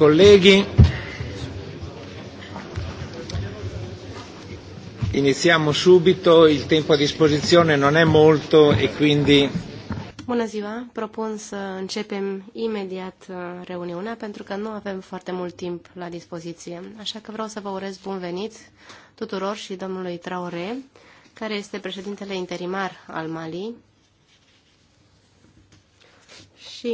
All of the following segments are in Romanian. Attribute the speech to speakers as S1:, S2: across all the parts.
S1: colleghi, iniziamo subito, il tempo a disposizione non è molto e quindi...
S2: Bună ziua, propun să începem imediat uh, reuniunea pentru că nu avem foarte mult timp la dispoziție. Așa că vreau să vă urez bun venit tuturor și domnului Traore, care este președintele interimar al Mali. Și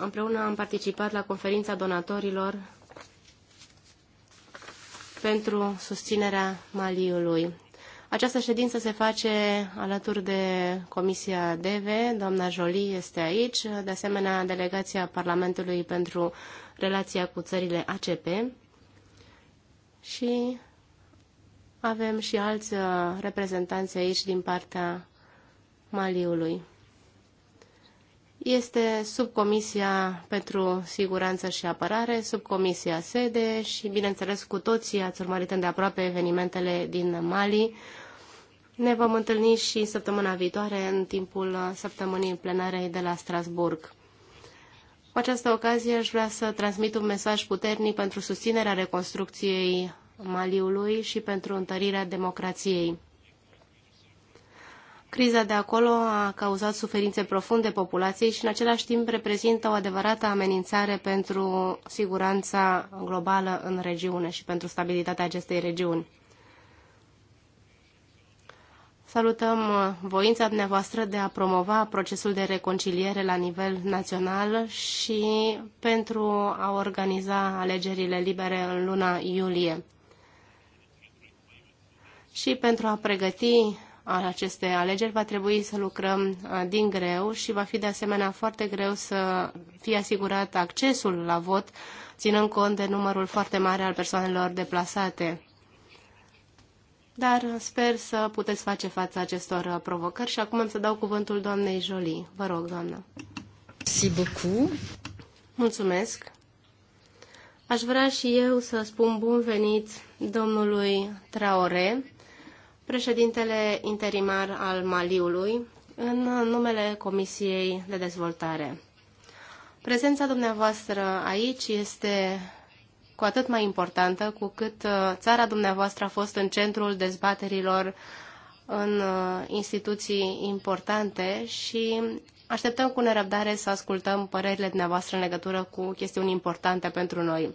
S2: împreună am participat la conferința donatorilor pentru susținerea Maliului. Această ședință se face alături de Comisia DEVE, doamna Jolie este aici, de asemenea delegația Parlamentului pentru relația cu țările ACP și avem și alți uh, reprezentanți aici din partea Maliului este subcomisia pentru siguranță și apărare, subcomisia sede și, bineînțeles, cu toții ați urmărit îndeaproape evenimentele din Mali. Ne vom întâlni și săptămâna viitoare în timpul săptămânii plenarei de la Strasburg. Cu această ocazie aș vrea să transmit un mesaj puternic pentru susținerea reconstrucției Maliului și pentru întărirea democrației. Criza de acolo a cauzat suferințe profunde populației și în același timp reprezintă o adevărată amenințare pentru siguranța globală în regiune și pentru stabilitatea acestei regiuni. Salutăm uh, voința dumneavoastră de a promova procesul de reconciliere la nivel național și pentru a organiza alegerile libere în luna iulie și pentru a pregăti al acestei alegeri, va trebui să lucrăm uh, din greu și va fi de asemenea foarte greu să fie asigurat accesul la vot, ținând cont de numărul foarte mare al persoanelor deplasate. Dar uh, sper să puteți face față acestor uh, provocări și acum îmi să dau cuvântul doamnei Jolie. Vă rog, doamnă. Mulțumesc. Aș vrea și eu să spun bun venit domnului Traore președintele interimar al Maliului, în numele Comisiei de Dezvoltare. Prezența dumneavoastră aici este cu atât mai importantă cu cât uh, țara dumneavoastră a fost în centrul dezbaterilor în uh, instituții importante și așteptăm cu nerăbdare să ascultăm părerile dumneavoastră în legătură cu chestiuni importante pentru noi.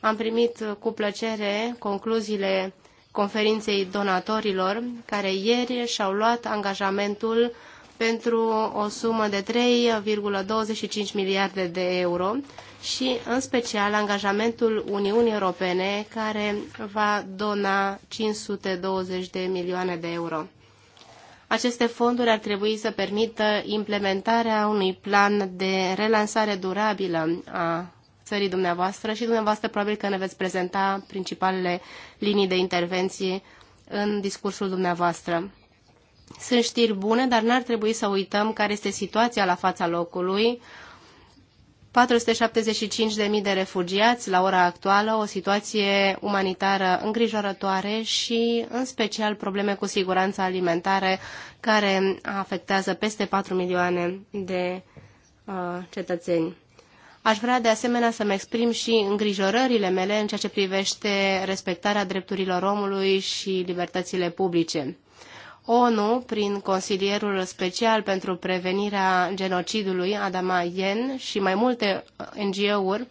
S2: Am primit uh, cu plăcere concluziile conferinței donatorilor, care ieri și-au luat angajamentul pentru o sumă de 3,25 miliarde de euro și, în special, angajamentul Uniunii Europene, care va dona 520 de milioane de euro. Aceste fonduri ar trebui să permită implementarea unui plan de relansare durabilă a țării dumneavoastră și dumneavoastră probabil că ne veți prezenta principalele linii de intervenție în discursul dumneavoastră. Sunt știri bune, dar n-ar trebui să uităm care este situația la fața locului. 475.000 de refugiați la ora actuală, o situație umanitară îngrijorătoare și, în special, probleme cu siguranța alimentare care afectează peste 4 milioane de uh, cetățeni. Aș vrea de asemenea să-mi exprim și îngrijorările mele în ceea ce privește respectarea drepturilor omului și libertățile publice. ONU, prin consilierul special pentru prevenirea genocidului, Adama Yen, și mai multe NGO-uri,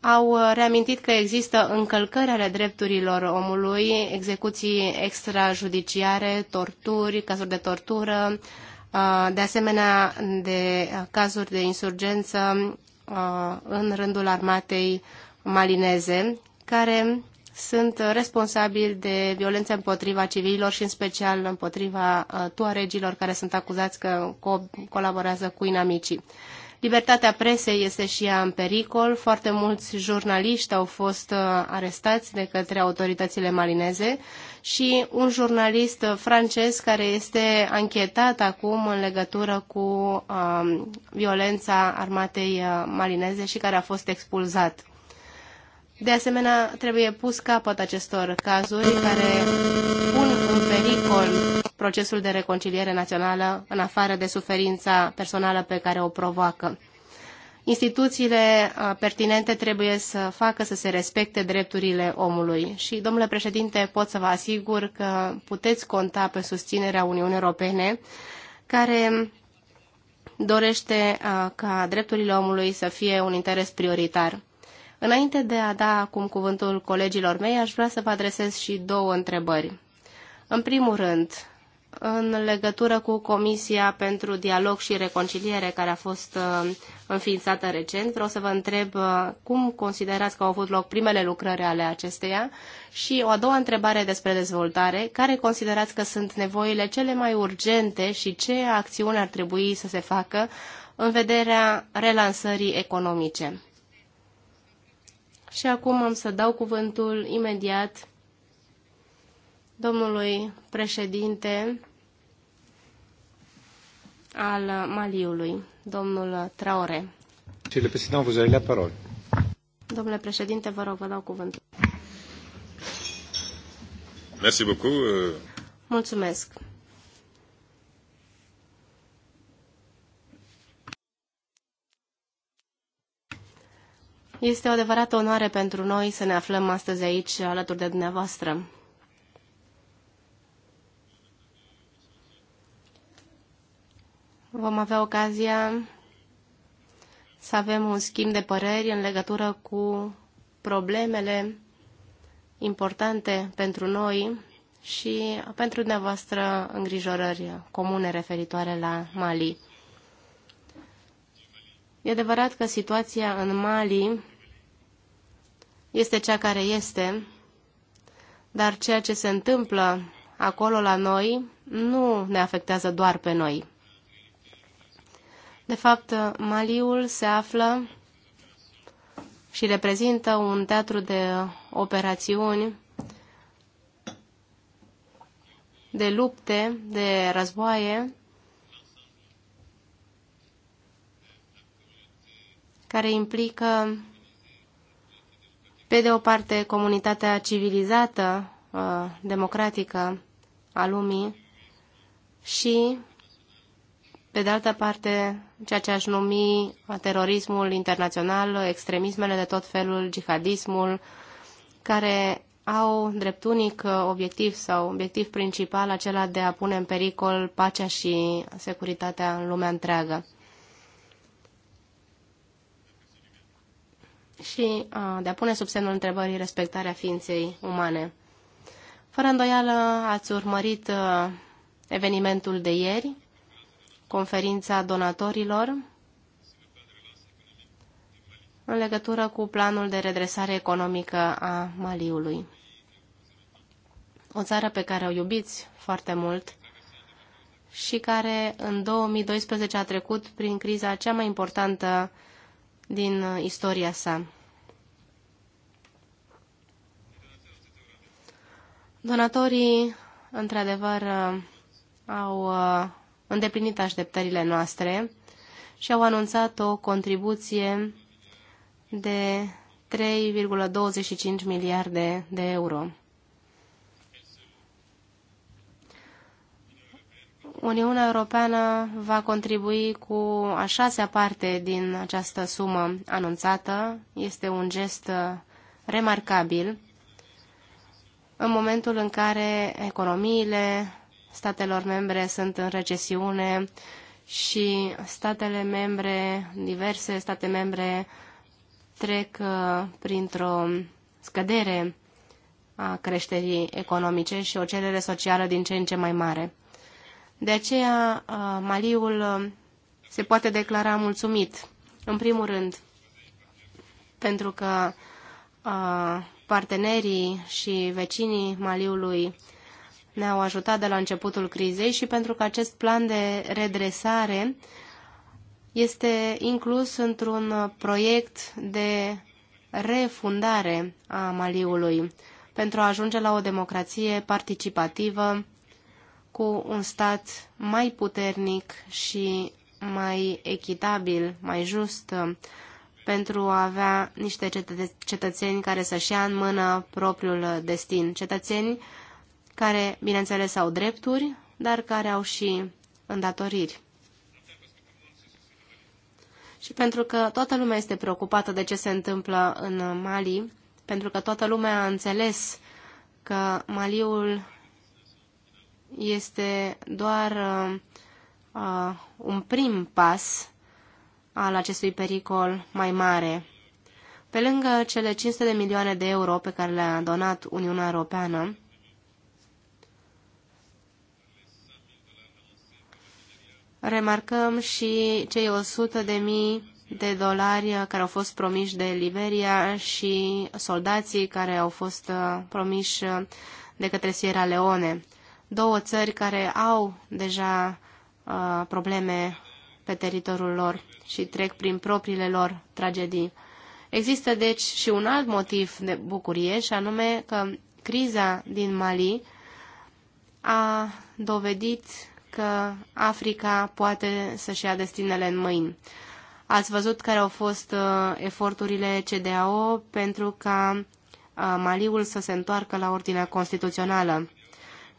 S2: au reamintit că există încălcări ale drepturilor omului, execuții extrajudiciare, torturi, cazuri de tortură, de asemenea de cazuri de insurgență, Uh, în rândul armatei malineze, care sunt responsabili de violențe împotriva civililor și în special împotriva uh, tuaregilor care sunt acuzați că co- colaborează cu inamicii. Libertatea presei este și ea în pericol. Foarte mulți jurnaliști au fost uh, arestați de către autoritățile malineze și un jurnalist uh, francez care este anchetat acum în legătură cu um, violența armatei uh, malineze și care a fost expulzat. De asemenea, trebuie pus capăt acestor cazuri care pun în pericol procesul de reconciliere națională în afară de suferința personală pe care o provoacă. Instituțiile uh, pertinente trebuie să facă să se respecte drepturile omului și, domnule președinte, pot să vă asigur că puteți conta pe susținerea Uniunii Europene care dorește uh, ca drepturile omului să fie un interes prioritar. Înainte de a da acum cuvântul colegilor mei, aș vrea să vă adresez și două întrebări. În primul rând, în legătură cu Comisia pentru Dialog și Reconciliere care a fost uh, înființată recent. Vreau să vă întreb uh, cum considerați că au avut loc primele lucrări ale acesteia și o a doua întrebare despre dezvoltare. Care considerați că sunt nevoile cele mai urgente și ce acțiuni ar trebui să se facă în vederea relansării economice? Și acum am să dau cuvântul imediat domnului președinte al Maliului, domnul Traore. Domnule președinte, vă rog, vă dau cuvântul.
S3: Merci beaucoup. Euh.
S2: Mulțumesc. Este o adevărată onoare pentru noi să ne aflăm astăzi aici alături de dumneavoastră. Vom avea ocazia să avem un schimb de păreri în legătură cu problemele importante pentru noi și pentru dumneavoastră îngrijorări comune referitoare la Mali. E adevărat că situația în Mali este cea care este, dar ceea ce se întâmplă acolo la noi nu ne afectează doar pe noi. De fapt, Maliul se află și reprezintă un teatru de operațiuni, de lupte, de războaie, care implică, pe de o parte, comunitatea civilizată, uh, democratică a lumii și pe de altă parte, ceea ce aș numi terorismul internațional, extremismele de tot felul, jihadismul, care au drept unic obiectiv sau obiectiv principal acela de a pune în pericol pacea și securitatea în lumea întreagă. și de a pune sub semnul întrebării respectarea ființei umane. Fără îndoială ați urmărit evenimentul de ieri conferința donatorilor în legătură cu planul de redresare economică a Maliului. O țară pe care o iubiți foarte mult și care în 2012 a trecut prin criza cea mai importantă din uh, istoria sa. Donatorii, într-adevăr, uh, au uh, îndeplinit așteptările noastre și au anunțat o contribuție de 3,25 miliarde de euro. Uniunea Europeană va contribui cu a șasea parte din această sumă anunțată. Este un gest remarcabil în momentul în care economiile statelor membre sunt în recesiune și statele membre, diverse state membre, trec uh, printr-o scădere a creșterii economice și o cerere socială din ce în ce mai mare. De aceea, uh, Maliul uh, se poate declara mulțumit, în primul rând, pentru că partenerii și vecinii Maliului ne-au ajutat de la începutul crizei și pentru că acest plan de redresare este inclus într-un proiect de refundare a Maliului pentru a ajunge la o democrație participativă cu un stat mai puternic și mai echitabil, mai just, pentru a avea niște cetățeni care să-și ia în mână propriul destin. Cetățeni care, bineînțeles, au drepturi, dar care au și îndatoriri. Și pentru că toată lumea este preocupată de ce se întâmplă în Mali, pentru că toată lumea a înțeles că Maliul este doar uh, uh un prim pas al acestui pericol mai mare. Pe lângă cele 500 de milioane de euro pe care le-a donat Uniunea Europeană, Remarcăm și cei 100 de mii de dolari care au fost promiși de Liberia și soldații care au fost uh, promiși uh, de către Sierra Leone. Două țări care au deja uh, probleme pe teritoriul lor și trec prin propriile lor tragedii. Există deci și un alt motiv de bucurie și anume că criza din Mali a dovedit că Africa poate să-și ia destinele în mâini. Ați văzut care au fost uh, eforturile CDAO pentru ca uh, Maliul să se întoarcă la ordinea constituțională.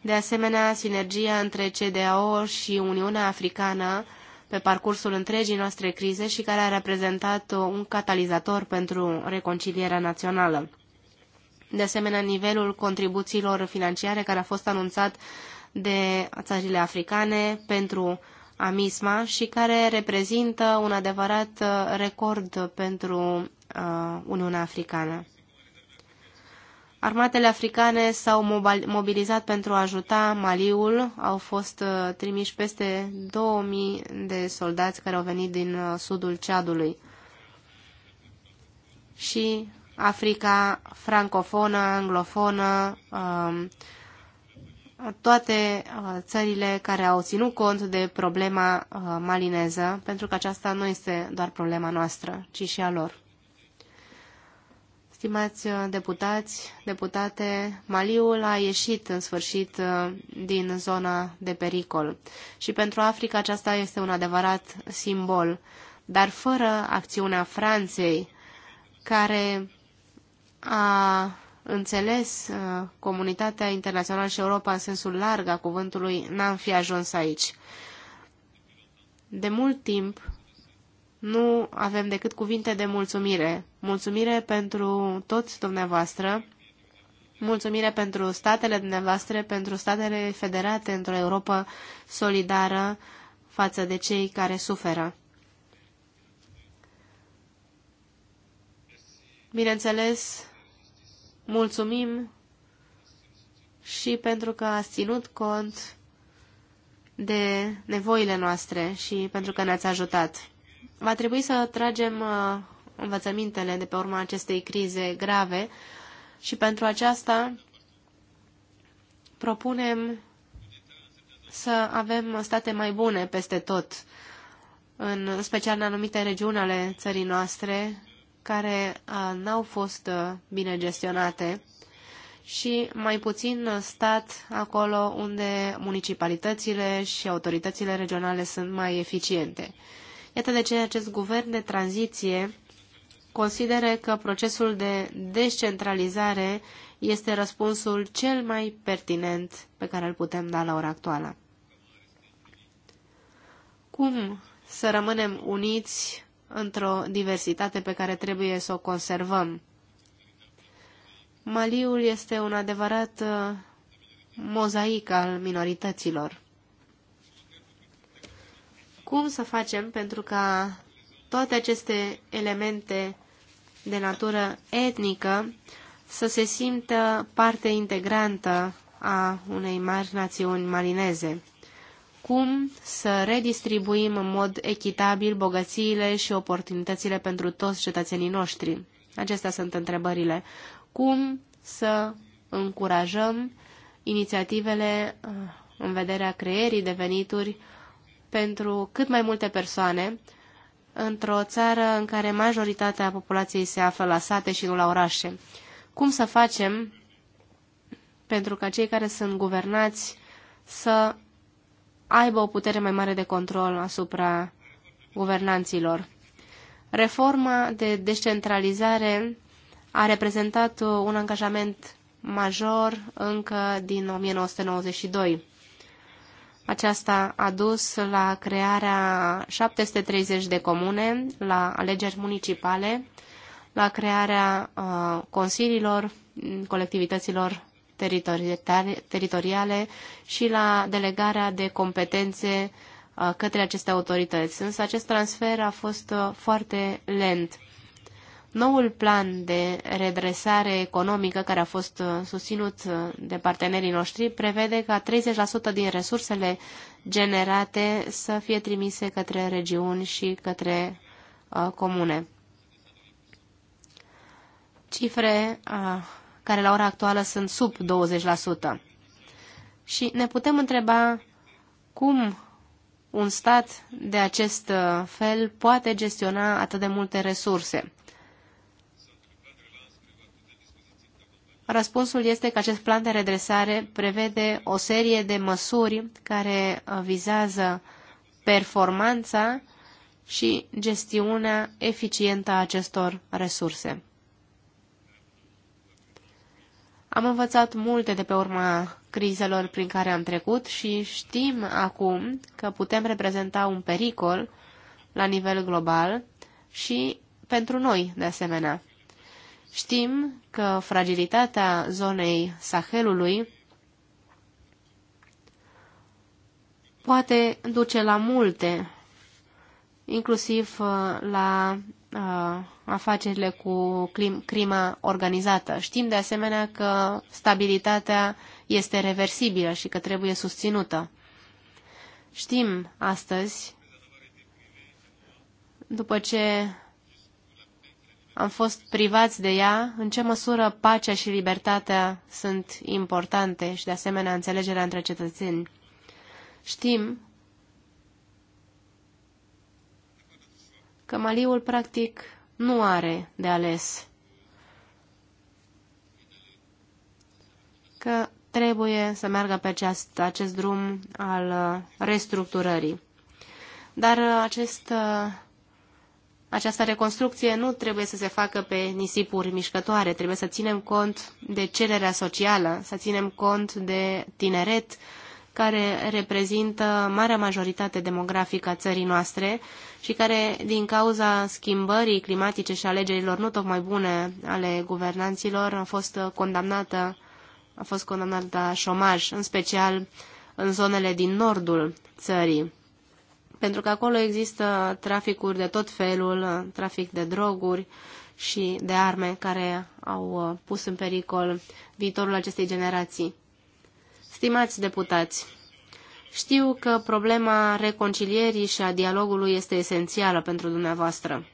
S2: De asemenea, sinergia între CDAO și Uniunea Africană pe parcursul întregii noastre crize și care a reprezentat uh, un catalizator pentru reconcilierea națională. De asemenea, nivelul contribuțiilor financiare care a fost anunțat de țările africane pentru AMISMA și care reprezintă un adevărat uh, record pentru uh, Uniunea Africană. Armatele africane s-au mobilizat pentru a ajuta Maliul. Au fost uh, trimiși peste 2000 de soldați care au venit din sudul Ceadului. Și Africa francofonă, anglofonă, um, toate uh, țările care au ținut cont de problema uh, malineză, pentru că aceasta nu este doar problema noastră, ci și a lor. Stimați uh, deputați, deputate, Maliul a ieșit în sfârșit din zona de pericol și pentru Africa aceasta este un adevărat simbol, dar fără acțiunea Franței, care a înțeles uh, comunitatea internațională și Europa în sensul larg a cuvântului, n-am fi ajuns aici. De mult timp nu avem decât cuvinte de mulțumire. Mulțumire pentru toți dumneavoastră, mulțumire pentru statele dumneavoastră, pentru statele federate într-o Europa solidară față de cei care suferă. Bineînțeles, Mulțumim și pentru că ați ținut cont de nevoile noastre și pentru că ne-ați ajutat. Va trebui să tragem uh, învățămintele de pe urma acestei crize grave și pentru aceasta propunem să avem state mai bune peste tot, în special în anumite regiuni ale țării noastre, care uh, n-au fost uh, bine gestionate și mai puțin uh, stat acolo unde municipalitățile și autoritățile regionale sunt mai eficiente. Iată de ce acest guvern de tranziție consideră că procesul de descentralizare este răspunsul cel mai pertinent pe care îl putem da la ora actuală. Cum să rămânem uniți într-o diversitate pe care trebuie să o conservăm. Maliul este un adevărat uh, mozaic al minorităților. Cum să facem pentru ca toate aceste elemente de natură etnică să se simtă parte integrantă a unei mari națiuni malineze? cum să redistribuim în mod echitabil bogățiile și oportunitățile pentru toți cetățenii noștri. Acestea sunt întrebările. Cum să încurajăm inițiativele uh, în vederea creierii de venituri pentru cât mai multe persoane într-o țară în care majoritatea populației se află la sate și nu la orașe. Cum să facem pentru ca cei care sunt guvernați să aibă o putere mai mare de control asupra guvernanților. Reforma de descentralizare a reprezentat un angajament major încă din 1992. Aceasta a dus la crearea 730 de comune, la alegeri municipale, la crearea uh, consiliilor colectivităților teritoriale și la delegarea de competențe uh, către aceste autorități. Însă acest transfer a fost uh, foarte lent. Noul plan de redresare economică care a fost uh, susținut de partenerii noștri prevede ca 30% din resursele generate să fie trimise către regiuni și către comune. Cifre care la ora actuală sunt sub 20%. Și ne putem întreba cum un stat de acest uh, fel poate gestiona atât de multe resurse. Răspunsul este că acest plan de redresare prevede o serie de măsuri care uh, vizează performanța și gestiunea eficientă a acestor resurse. Am învățat multe de pe urma crizelor prin care am trecut și știm acum că putem reprezenta un pericol la nivel global și pentru noi, de asemenea. Știm că fragilitatea zonei Sahelului poate duce la multe, inclusiv uh, la uh, afacerile cu clim, crima organizată. Știm de asemenea că stabilitatea este reversibilă și că trebuie susținută. Știm astăzi, după ce am fost privați de ea, în ce măsură pacea și libertatea sunt importante și de asemenea înțelegerea între cetățeni. Știm că Maliul practic nu are de ales. Că trebuie să meargă pe acest, acest drum al uh, restructurării. Dar uh, acest, uh, această reconstrucție nu trebuie să se facă pe nisipuri mișcătoare, trebuie să ținem cont de cererea socială, să ținem cont de tineret, care reprezintă marea majoritate demografică a țării noastre și care, din cauza schimbării climatice și alegerilor nu tocmai bune ale guvernanților, a fost condamnată, a fost condamnată la șomaj, în special în zonele din nordul țării. Pentru că acolo există traficuri de tot felul, trafic de droguri și de arme care au uh, pus în pericol viitorul acestei generații. Stimați deputați, știu că problema reconcilierii și a dialogului este esențială pentru dumneavoastră.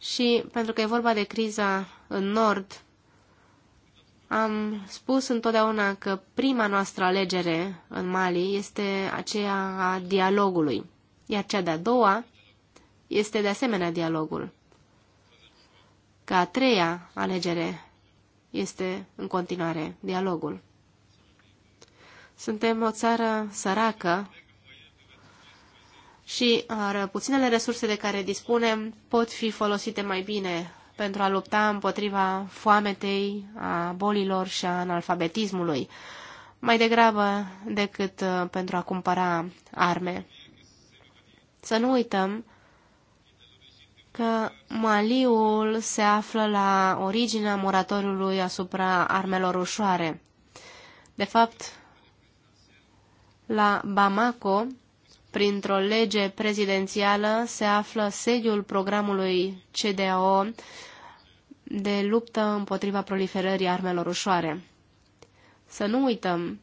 S2: Și pentru că e vorba de criza în Nord, am spus întotdeauna că prima noastră alegere în Mali este aceea a dialogului, iar cea de-a doua este de asemenea dialogul. Ca a treia alegere este în continuare dialogul. Suntem o țară săracă și ar, puținele resurse de care dispunem pot fi folosite mai bine pentru a lupta împotriva foametei, a bolilor și a analfabetismului, mai degrabă decât uh, pentru a cumpăra arme. Să nu uităm că Maliul se află la originea moratoriului asupra armelor ușoare. De fapt, la Bamako, printr-o lege prezidențială, se află sediul programului CDAO de luptă împotriva proliferării armelor ușoare. Să nu uităm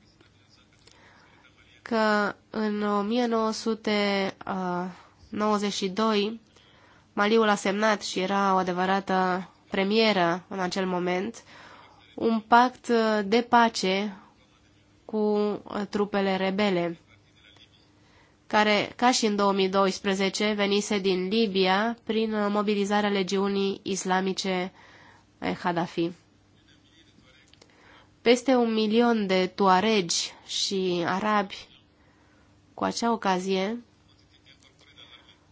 S2: că în 1992 uh, Maliul a semnat și era o adevărată premieră în acel moment un pact de pace cu uh, trupele rebele, care, ca și în 2012, venise din Libia prin uh, mobilizarea legiunii islamice eh, Hadafi. Peste un milion de tuaregi și arabi cu acea ocazie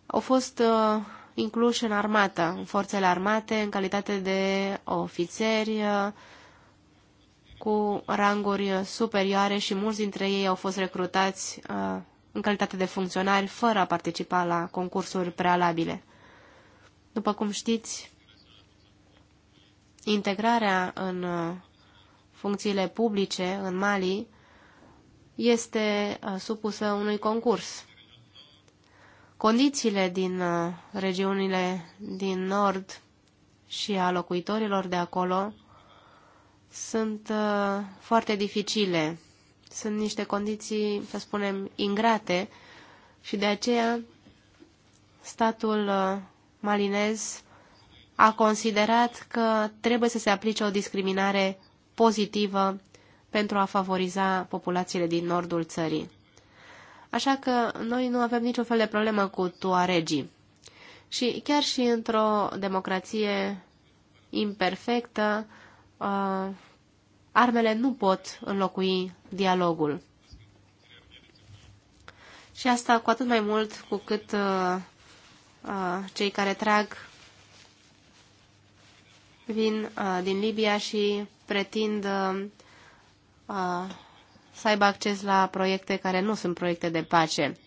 S2: au fost uh, incluși în armată, în forțele armate, în calitate de ofițeri, uh, cu ranguri superioare și mulți dintre ei au fost recrutați uh, în calitate de funcționari fără a participa la concursuri prealabile. După cum știți, integrarea în uh, funcțiile publice în Mali este uh, supusă unui concurs. Condițiile din regiunile din nord și a locuitorilor de acolo sunt uh, foarte dificile. Sunt niște condiții, să spunem, ingrate și de aceea statul uh, malinez a considerat că trebuie să se aplice o discriminare pozitivă pentru a favoriza populațiile din nordul țării. Așa că noi nu avem niciun fel de problemă cu tuaregii. Și chiar și într-o democrație imperfectă, uh, armele nu pot înlocui dialogul. Și asta cu atât mai mult cu cât uh, uh, cei care trag vin uh, din Libia și pretind uh, uh, să aibă acces la proiecte care nu sunt proiecte de pace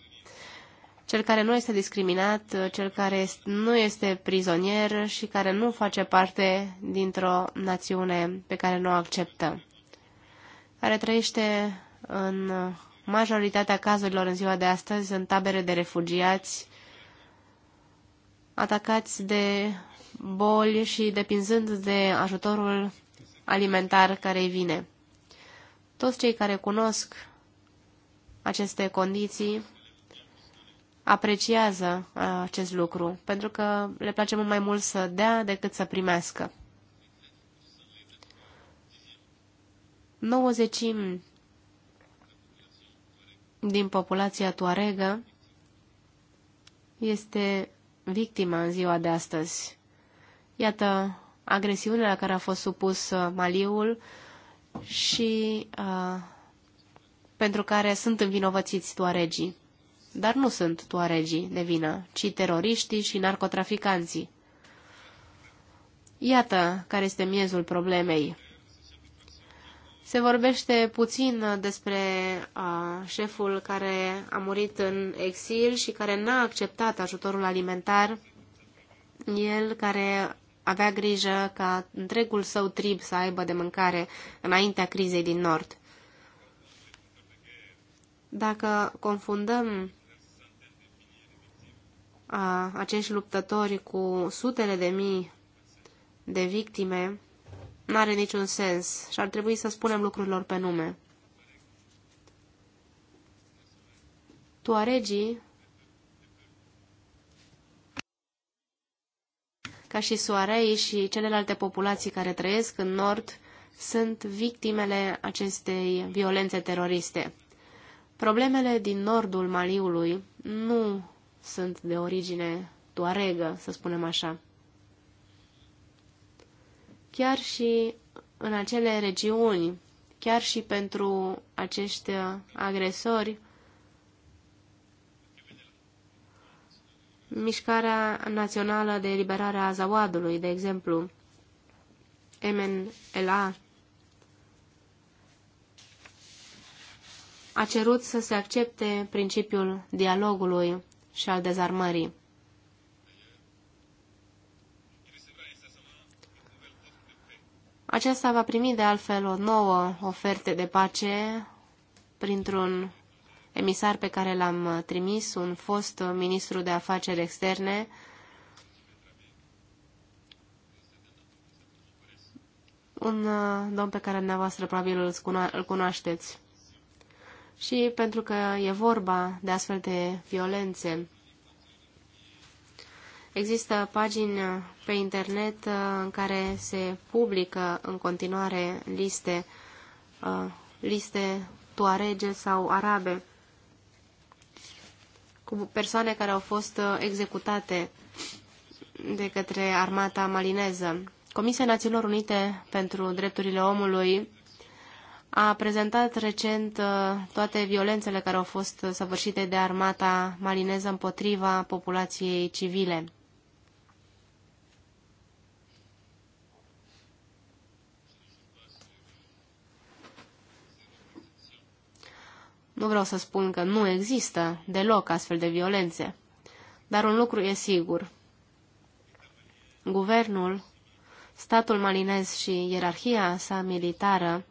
S2: cel care nu este discriminat, cel care nu este prizonier și care nu face parte dintr-o națiune pe care nu o acceptă, care trăiește în majoritatea cazurilor în ziua de astăzi în tabere de refugiați, atacați de boli și depinzând de ajutorul alimentar care îi vine. Toți cei care cunosc aceste condiții apreciază uh, acest lucru, pentru că le place mult mai mult să dea decât să primească. 90 din populația tuaregă este victima în ziua de astăzi. Iată agresiunea la care a fost supus uh, Maliul și uh, pentru care sunt învinovățiți tuaregii. Dar nu sunt tuaregii de vină, ci teroriștii și narcotraficanții. Iată care este miezul problemei. Se vorbește puțin despre a, șeful care a murit în exil și care n-a acceptat ajutorul alimentar, el care avea grijă ca întregul său trib să aibă de mâncare înaintea crizei din nord. Dacă confundăm a, acești luptători cu sutele de mii de victime nu are niciun sens și ar trebui să spunem lucrurilor pe nume. Tuaregii, ca și soarei și celelalte populații care trăiesc în nord, sunt victimele acestei violențe teroriste. Problemele din nordul Maliului nu sunt de origine tuaregă, să spunem așa. Chiar și în acele regiuni, chiar și pentru acești agresori, Mișcarea Națională de Eliberare a Zawadului, de exemplu, MNLA, a cerut să se accepte principiul dialogului și al dezarmării. Aceasta va primi de altfel o nouă ofertă de pace printr-un emisar pe care l-am trimis, un fost ministru de afaceri externe, un uh, domn pe care dumneavoastră probabil îl cunoașteți și pentru că e vorba de astfel de violențe. Există pagini pe internet uh, în care se publică în continuare liste, uh, liste toarege sau arabe cu persoane care au fost uh, executate de către armata malineză. Comisia Națiunilor Unite pentru Drepturile Omului a prezentat recent uh, toate violențele care au fost uh, săvârșite de armata malineză împotriva populației civile. Nu vreau să spun că nu există deloc astfel de violențe, dar un lucru e sigur. Guvernul, statul malinez și ierarhia sa militară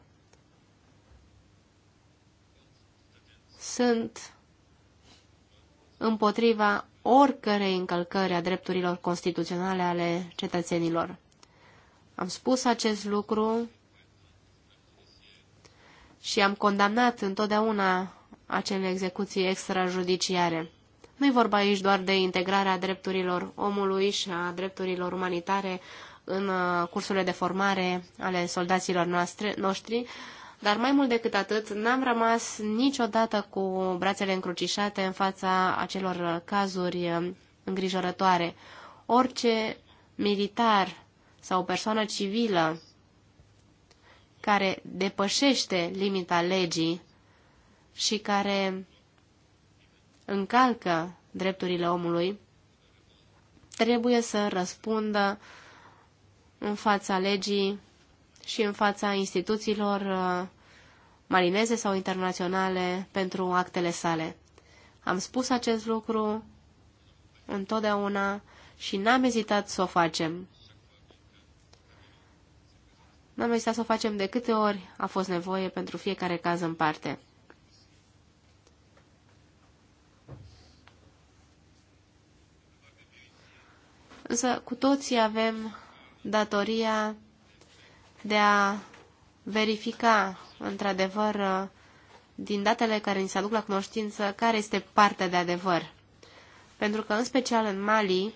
S2: sunt împotriva oricărei încălcări a drepturilor constituționale ale cetățenilor. Am spus acest lucru și am condamnat întotdeauna acele execuții extrajudiciare. Nu-i vorba aici doar de integrarea drepturilor omului și a drepturilor umanitare în uh, cursurile de formare ale soldaților noastre, noștri, dar mai mult decât atât, n-am rămas niciodată cu brațele încrucișate în fața acelor cazuri uh, îngrijorătoare. Orice militar sau persoană civilă care depășește limita legii și care încalcă drepturile omului, trebuie să răspundă în fața legii și în fața instituțiilor uh, marineze sau internaționale pentru actele sale. Am spus acest lucru întotdeauna și n-am ezitat să o facem. N-am ezitat să o facem de câte ori a fost nevoie pentru fiecare caz în parte. Însă cu toții avem datoria de a verifica, într-adevăr, din datele care ni se aduc la cunoștință, care este partea de adevăr. Pentru că, în special în Mali,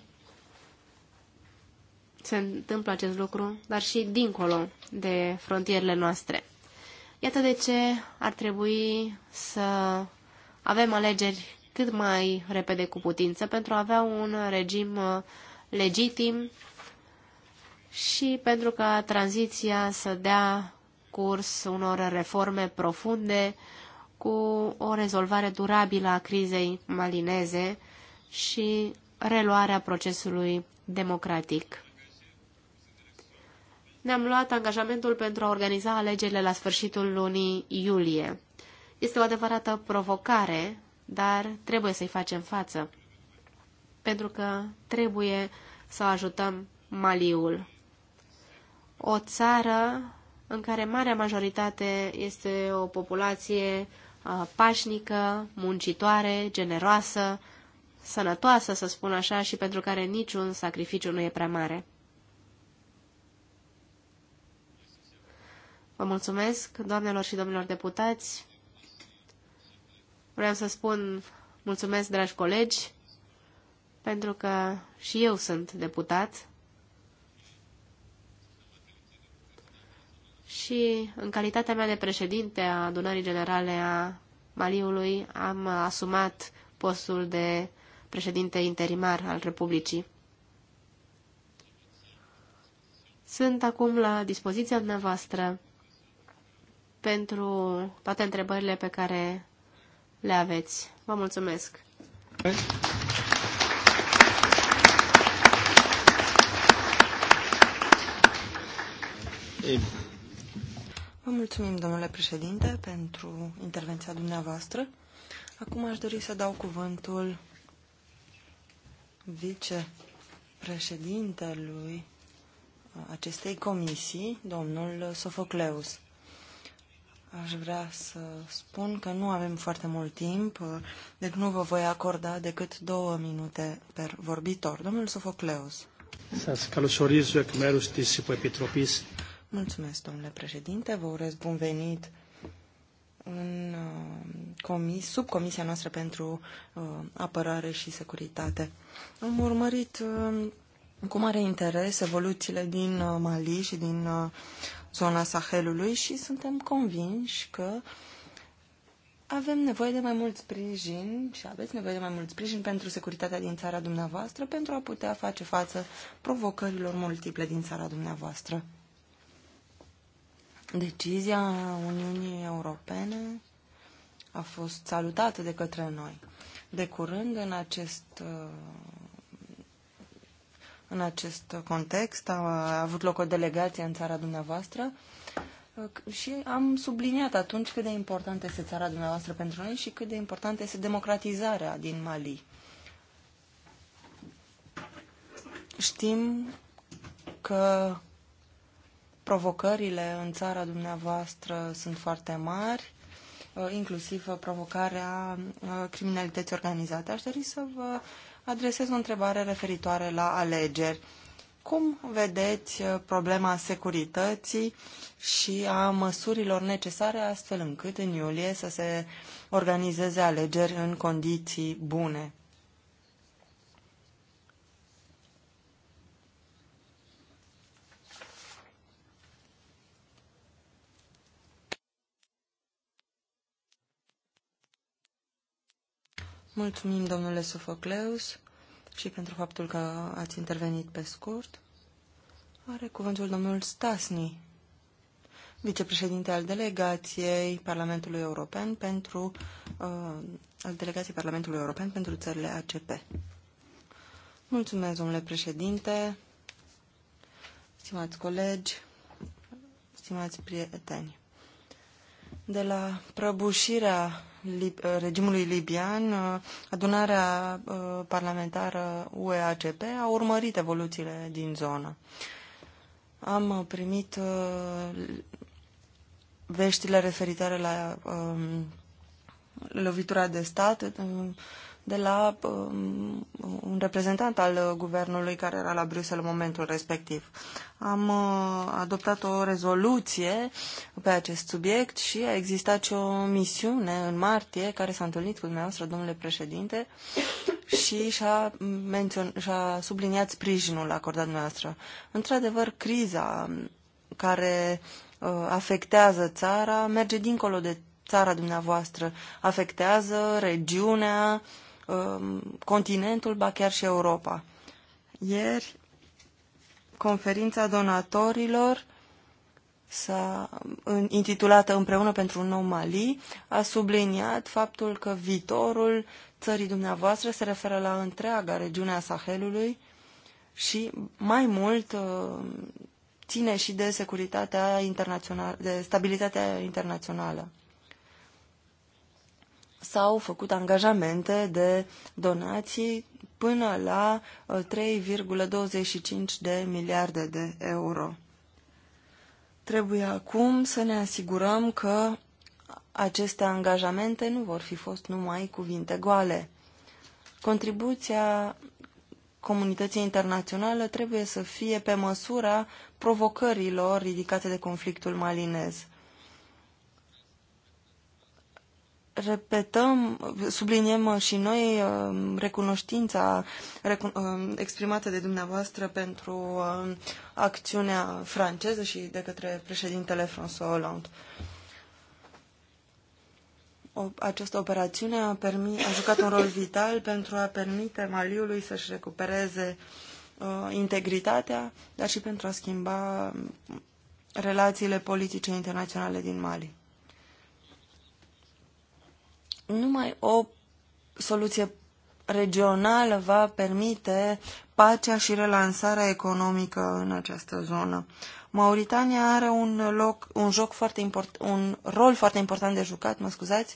S2: se întâmplă acest lucru, dar și dincolo de frontierele noastre. Iată de ce ar trebui să avem alegeri cât mai repede cu putință pentru a avea un regim uh, legitim și pentru ca tranziția să dea curs unor reforme profunde cu o rezolvare durabilă a crizei malineze și reluarea procesului democratic. Ne-am luat angajamentul pentru a organiza alegerile la sfârșitul lunii iulie. Este o adevărată provocare, dar trebuie să-i facem față, pentru că trebuie să ajutăm Maliul o țară în care marea majoritate este o populație pașnică, muncitoare, generoasă, sănătoasă, să spun așa, și pentru care niciun sacrificiu nu e prea mare. Vă mulțumesc, doamnelor și domnilor deputați. Vreau să spun mulțumesc, dragi colegi, pentru că și eu sunt deputat și în calitatea mea de președinte a adunării generale a Maliului am asumat postul de președinte interimar al Republicii. Sunt acum la dispoziția dumneavoastră pentru toate întrebările pe care le aveți. Vă mulțumesc!
S3: E Vă mulțumim, domnule președinte, pentru intervenția dumneavoastră. Acum aș dori să dau cuvântul vicepreședintelui acestei comisii, domnul Sofocleus. Aș vrea să spun că nu avem foarte mult timp, deci nu vă voi acorda decât două minute per vorbitor. Domnul Sofocleus.
S1: Σας καλωσορίζω εκ și pe
S2: Υποεπιτροπής
S3: Mulțumesc, domnule președinte. Vă urez bun venit în uh, comis, sub comisia noastră pentru uh, apărare și securitate. Am urmărit uh, cu mare interes evoluțiile din uh, Mali și din uh, zona Sahelului și suntem convinși că avem nevoie de mai mult sprijin și aveți nevoie de mai mult sprijin pentru securitatea din țara dumneavoastră pentru a putea face față provocărilor multiple din țara dumneavoastră. Decizia Uniunii Europene a fost salutată de către noi. De curând, în acest, uh, în acest context, a avut loc o delegație în țara dumneavoastră uh, și am subliniat atunci cât de importantă este țara dumneavoastră pentru noi și cât de importantă este democratizarea din Mali. Știm că Provocările în țara dumneavoastră sunt foarte mari, uh, inclusiv provocarea uh, criminalității organizate. Aș dori să vă adresez o întrebare referitoare la alegeri. Cum vedeți uh, problema securității și a măsurilor necesare astfel încât în iulie să se organizeze alegeri în condiții bune? Mulțumim, domnule Sofocleus, și pentru faptul că ați intervenit pe scurt. Are cuvântul domnul Stasni, vicepreședinte al delegației Parlamentului European pentru uh, al delegației Parlamentului European pentru țările ACP. Mulțumesc, domnule președinte, stimați colegi, stimați prieteni. De la prăbușirea lib uh, regimului libian, uh, adunarea uh, parlamentară UEACP a urmărit evoluțiile din zonă. Am primit veștile referitoare la um, lovitura de stat de la uh, un reprezentant al guvernului care era la Bruxelles în momentul respectiv. Am uh, adoptat o rezoluție pe acest subiect și a existat și o misiune în martie care s-a întâlnit cu dumneavoastră, domnule președinte, și și-a, și-a subliniat sprijinul acordat dumneavoastră. Într-adevăr, criza care uh, afectează țara merge dincolo de țara dumneavoastră, afectează regiunea, uh, Um, continentul, ba chiar și Europa. Ieri, conferința donatorilor s-a intitulată Împreună pentru un nou Mali, a subliniat faptul că viitorul țării dumneavoastră se referă la întreaga regiune a Sahelului și mai mult uh, ține și de securitatea internațională, de stabilitatea internațională s-au făcut angajamente de donații până la 3,25 uh, de miliarde de euro. Trebuie acum să ne asigurăm că aceste angajamente nu vor fi fost numai cuvinte goale. Contribuția comunității internaționale trebuie să fie pe măsura provocărilor ridicate de conflictul malinez. repetăm, subliniem și noi um, recunoștința um, exprimată de dumneavoastră pentru um, acțiunea franceză și de către președintele François Hollande. Această operațiune a, permis, a jucat un rol vital pentru a permite Maliului să-și recupereze uh, integritatea, dar și pentru a schimba relațiile politice internaționale din Mali. Numai o soluție regională va permite pacea și relansarea economică în această zonă. Mauritania are un, loc, un, joc foarte import, un rol foarte important de jucat, mă scuzați.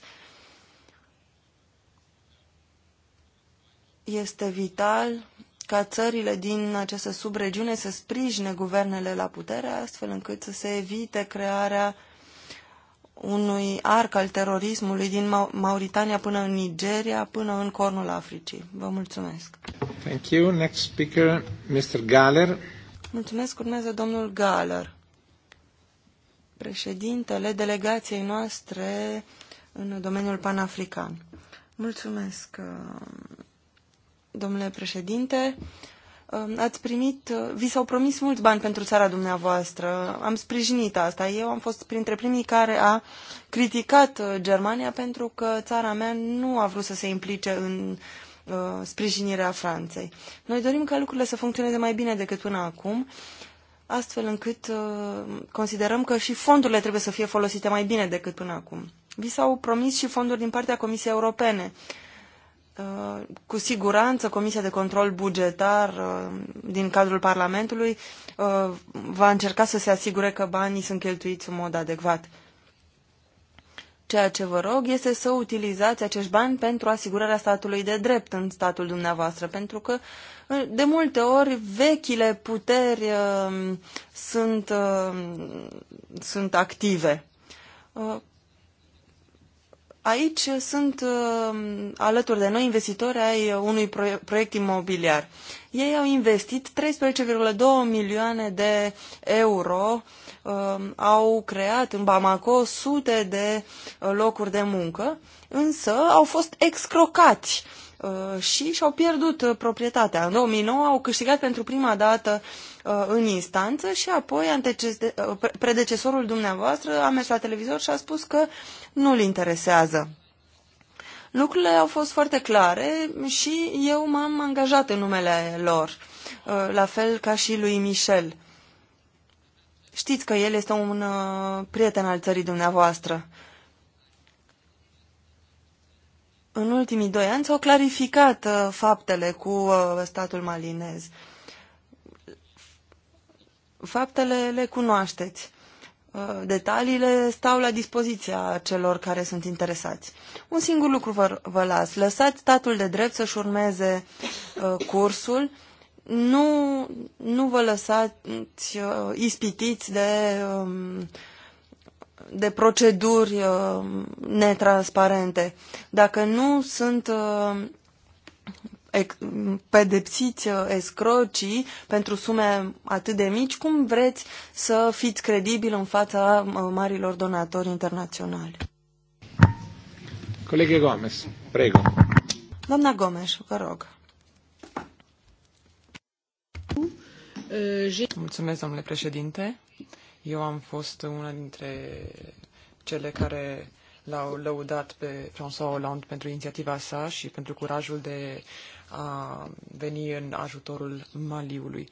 S3: Este vital ca țările din această subregiune să sprijine guvernele la putere, astfel încât să se evite crearea unui arc al terorismului din Mauritania până în Nigeria, până în cornul Africii. Vă mulțumesc.
S1: Thank you. Next speaker, Mr. Galler.
S3: Mulțumesc. Urmează domnul Galler, președintele delegației noastre în domeniul panafrican. Mulțumesc, uh, domnule președinte. Ehm, ați primit, uh, vi s-au promis mulți bani pentru țara dumneavoastră. Am sprijinit asta. Eu am fost printre primii care a criticat uh, Germania pentru că țara mea nu a vrut să se implice în uh, sprijinirea Franței. Noi dorim ca lucrurile să funcționeze mai bine decât până acum, astfel încât uh, considerăm că și fondurile trebuie să fie folosite mai bine decât până acum. Vi s-au promis și fonduri din partea Comisiei Europene. Uh, Uh, cu siguranță Comisia de Control Bugetar uh, din cadrul Parlamentului uh, va încerca să se asigure că banii sunt cheltuiți în mod adecvat. Ceea ce vă rog este să utilizați acești bani pentru asigurarea statului de drept în statul dumneavoastră, pentru că de multe ori vechile puteri sunt, sunt active Aici sunt uh, alături de noi investitori ai unui proiect imobiliar. Ei au investit 13,2 milioane de euro, uh, au creat în Bamako sute de uh, locuri de muncă, însă au fost excrocați uh, și și-au pierdut uh, proprietatea. În 2009 au câștigat pentru prima dată Uh, în instanță și apoi uh, predecesorul dumneavoastră a mers la televizor și a spus că nu-l interesează. Lucrurile au fost foarte clare și eu m-am angajat în numele lor, uh, la fel ca și lui Michel. Știți că el este un prieten al țării dumneavoastră. În ultimii doi ani s-au clarificat faptele cu statul malinez. Faptele le cunoașteți. Uh, detaliile stau la dispoziția celor care sunt interesați. Un singur lucru vă, vă las. Lăsați statul de drept să-și urmeze uh, cursul. Nu, nu vă lăsați uh, ispitiți de, um, de proceduri netransparente. Dacă nu sunt pedepsiți uh, escrocii pentru sume atât de mici, cum vreți să fiți credibil în fața uh, marilor donatori internaționali?
S1: Colegă Gomes, prego.
S3: Doamna Gomes, vă rog.
S1: Mulțumesc, domnule președinte. Eu am fost una dintre cele care l-au lăudat pe François Hollande pentru inițiativa sa și pentru curajul de a veni în ajutorul Maliului.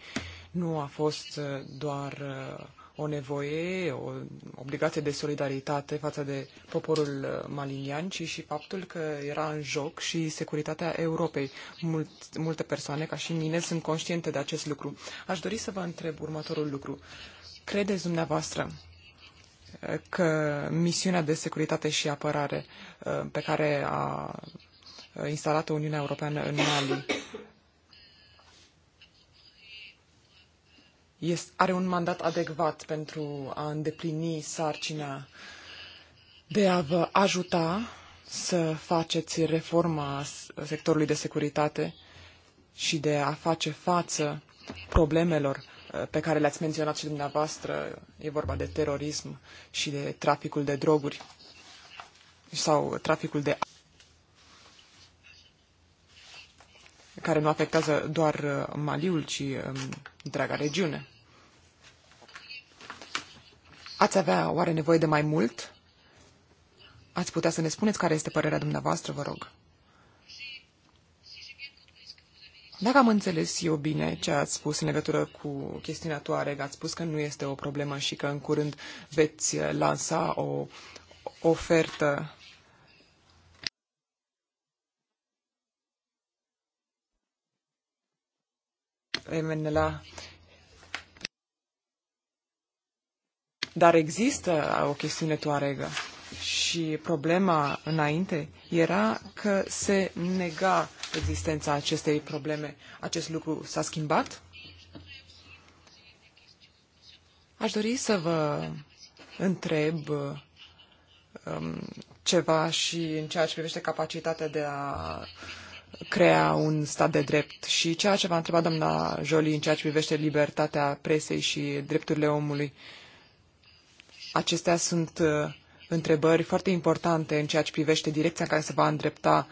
S1: Nu a fost uh, doar uh, o nevoie, o obligație de solidaritate față de poporul uh, malinian, ci și faptul că era în joc și securitatea Europei. Mult, multe persoane, ca și mine, sunt conștiente de acest lucru. Aș dori să vă întreb următorul lucru. Credeți dumneavoastră că misiunea de securitate și apărare pe care a Uh, instalată Uniunea Europeană în Mali. Este, are un mandat adecvat pentru a îndeplini sarcina de a vă ajuta să faceți reforma sectorului de securitate și de a face față problemelor uh, pe care le-ați menționat și dumneavoastră, e vorba de terorism și de traficul de droguri sau traficul de care nu afectează doar uh, Maliul, ci um, întreaga regiune. Ați avea oare nevoie de mai mult? Ați putea să ne spuneți care este părerea dumneavoastră, vă rog? Dacă am înțeles eu bine ce ați spus în legătură cu chestiunea Tuareg, ați spus că nu este o problemă și că în curând veți uh, lansa o ofertă asemenea, dar există o chestiune toaregă și problema înainte era că se nega existența acestei probleme. Acest lucru s-a schimbat? Aș dori să vă întreb um, ceva și în ceea ce privește capacitatea de a crea un stat de drept. Și ceea ce v-a întrebat doamna Jolie în ceea ce privește libertatea presei și drepturile omului, acestea sunt uh, întrebări foarte importante în ceea ce privește direcția în care se va îndrepta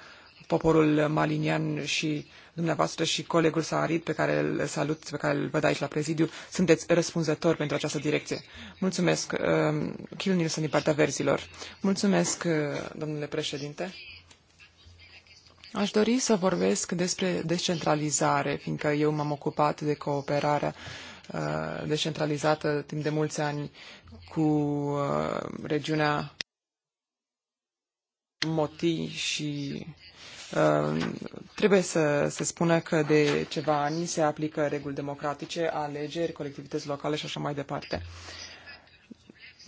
S1: poporul malinian și dumneavoastră și colegul Saharit, pe care îl salut, pe care îl văd aici la prezidiu, sunteți răspunzător pentru această direcție. Mulțumesc, uh, Kilnil, să din partea verzilor. Mulțumesc, uh, domnule președinte. Aș dori să vorbesc despre descentralizare, fiindcă eu m-am ocupat de cooperarea uh, descentralizată timp de mulți ani cu uh, regiunea Moti și uh, trebuie să se spună că de ceva ani se aplică reguli democratice, alegeri, colectivități locale și așa mai departe. Uh,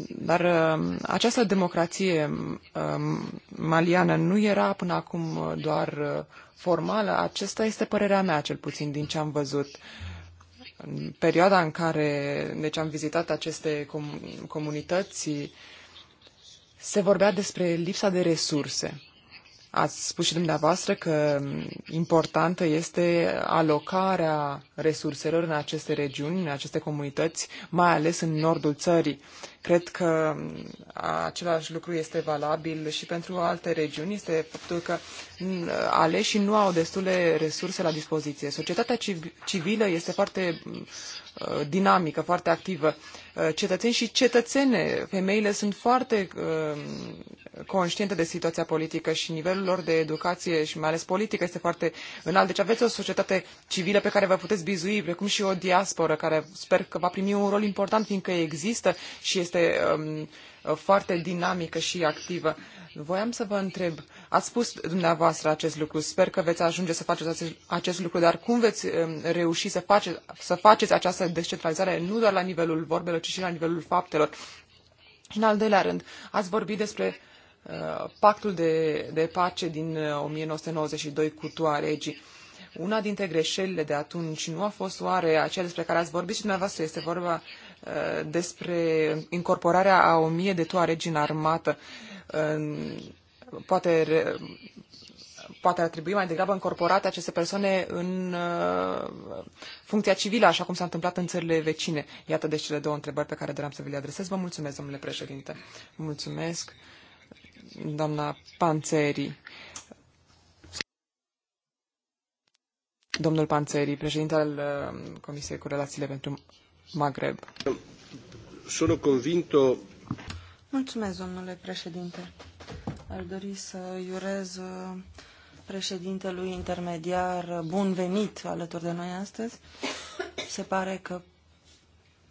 S1: dar um, această democrație um, maliană nu era până acum doar uh, formală. Acesta este părerea mea, cel puțin, din ce am văzut. În perioada în care deci, am vizitat aceste comunități, se vorbea despre lipsa de resurse. Ați spus și dumneavoastră că importantă este alocarea resurselor în aceste regiuni, în aceste comunități, mai ales în nordul țării. Cred că același lucru este valabil și pentru alte regiuni, este faptul că mm, aleșii nu au destule resurse la dispoziție. Societatea civilă este foarte mm, uh, dinamică, foarte activă. Uh, cetățeni și cetățene, femeile sunt foarte uh, conștiente de situația politică și nivelul lor de educație și mai ales politică este foarte înalt. Deci aveți o societate civilă pe care vă puteți bizui, precum și o diasporă care sper că va primi un rol important fiindcă există și este um, foarte dinamică și activă. Voiam să vă întreb, ați spus dumneavoastră acest lucru, sper că veți ajunge să faceți acest, lucru, dar cum veți um, reuși să, face, să faceți această descentralizare nu doar la nivelul vorbelor, ci și la nivelul faptelor? în al doilea rând, ați vorbit despre Uh, pactul de, de pace din 1992 uh, cu Tuaregii. Una dintre greșelile de atunci nu a fost oare aceea despre care ați vorbit și dumneavoastră este vorba uh, despre incorporarea a o mie de tuaregi în armată. poate, poate ar trebui mai degrabă incorporate aceste persoane în funcția civilă, așa cum s-a întâmplat în țările vecine. Iată deci cele două întrebări pe care doream să vi le adresez. Vă mulțumesc, domnule președinte. Mulțumesc doamna Panțeri. Domnul Panțeri, președinte al uh, Comisiei cu Relațiile pentru Maghreb.
S2: Sono convinto...
S3: Mulțumesc, domnule președinte. Aș dori să-i uh, președintelui intermediar bun venit alături de noi astăzi. Se pare că